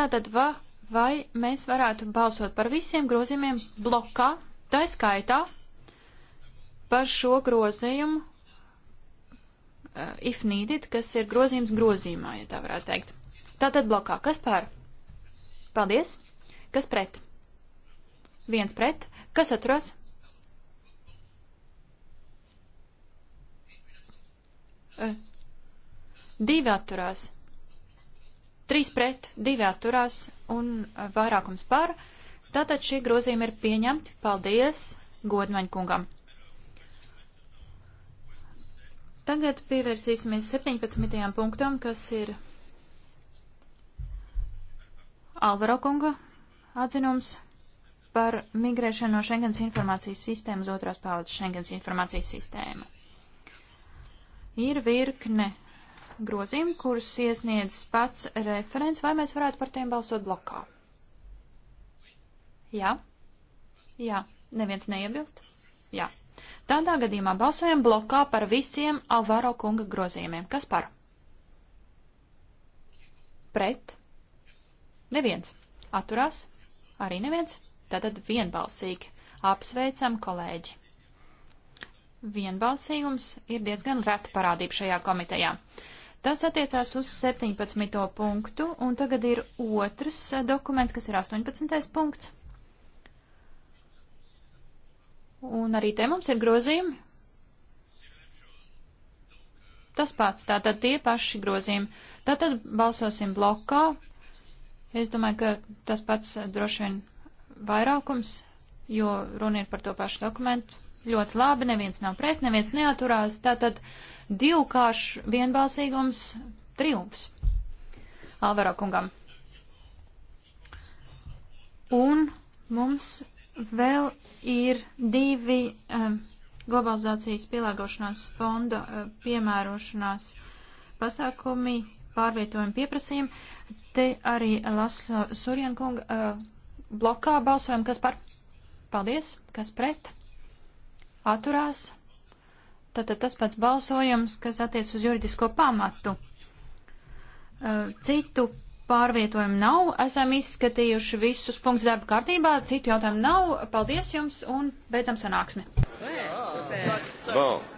Tātad, va, vai mēs varētu balsot par visiem grozījumiem blokā, tā skaitā par šo grozījumu, uh, if needed, kas ir grozījums grozījumā, ja tā varētu teikt. Tātad blokā, kas pār? Paldies. Kas pret? Viens pret. Kas atturas? Uh, divi atturās. Trīs pret, divi atturās un uh, vairākums par. Tātad šī grozījuma ir pieņemti. Paldies godmaņkungam. Tagad pievērsīsimies 17. punktam, kas ir Alvaro kunga atzinums par migrēšanu no Schengens informācijas sistēmas otrās paudzes Schengens informācijas sistēma. Ir virkne grozījumu, kurus iesniedz pats referents, vai mēs varētu par tiem balsot blokā? Jā? Jā, neviens neiebilst? Jā. Tādā gadījumā balsojam blokā par visiem Alvaro kunga grozījumiem. Kas par? Pret? Neviens. Atturās? Arī neviens. Tātad vienbalsīgi. Apsveicam kolēģi. Vienbalsīgums ir diezgan reta parādība šajā komitejā. Tas attiecās uz 17. punktu, un tagad ir otrs dokuments, kas ir 18. punkts. Un arī te mums ir grozījumi. Tas pats, tātad tie paši grozījumi. Tātad balsosim blokā. Es domāju, ka tas pats droši vien vairākums, jo runa ir par to pašu dokumentu. Ļoti labi, neviens nav pret, neviens neaturās. Tātad divkārš vienbalsīgums triumfs Alvaro kungam. Un mums Vēl ir divi um, globalizācijas pielāgošanās fonda uh, piemērošanās pasākumi pārvietojumu pieprasījumu. Te arī Laslo Surjankunga uh, blokā balsojam, kas par paldies, kas pret, atturās. Tātad tas pats balsojums, kas attiec uz juridisko pamatu. Uh, citu pārvietojumu nav. Esam izskatījuši visus punktus darba kārtībā, citu jautājumu nav. Paldies jums un beidzam sanāksmi.
Yes,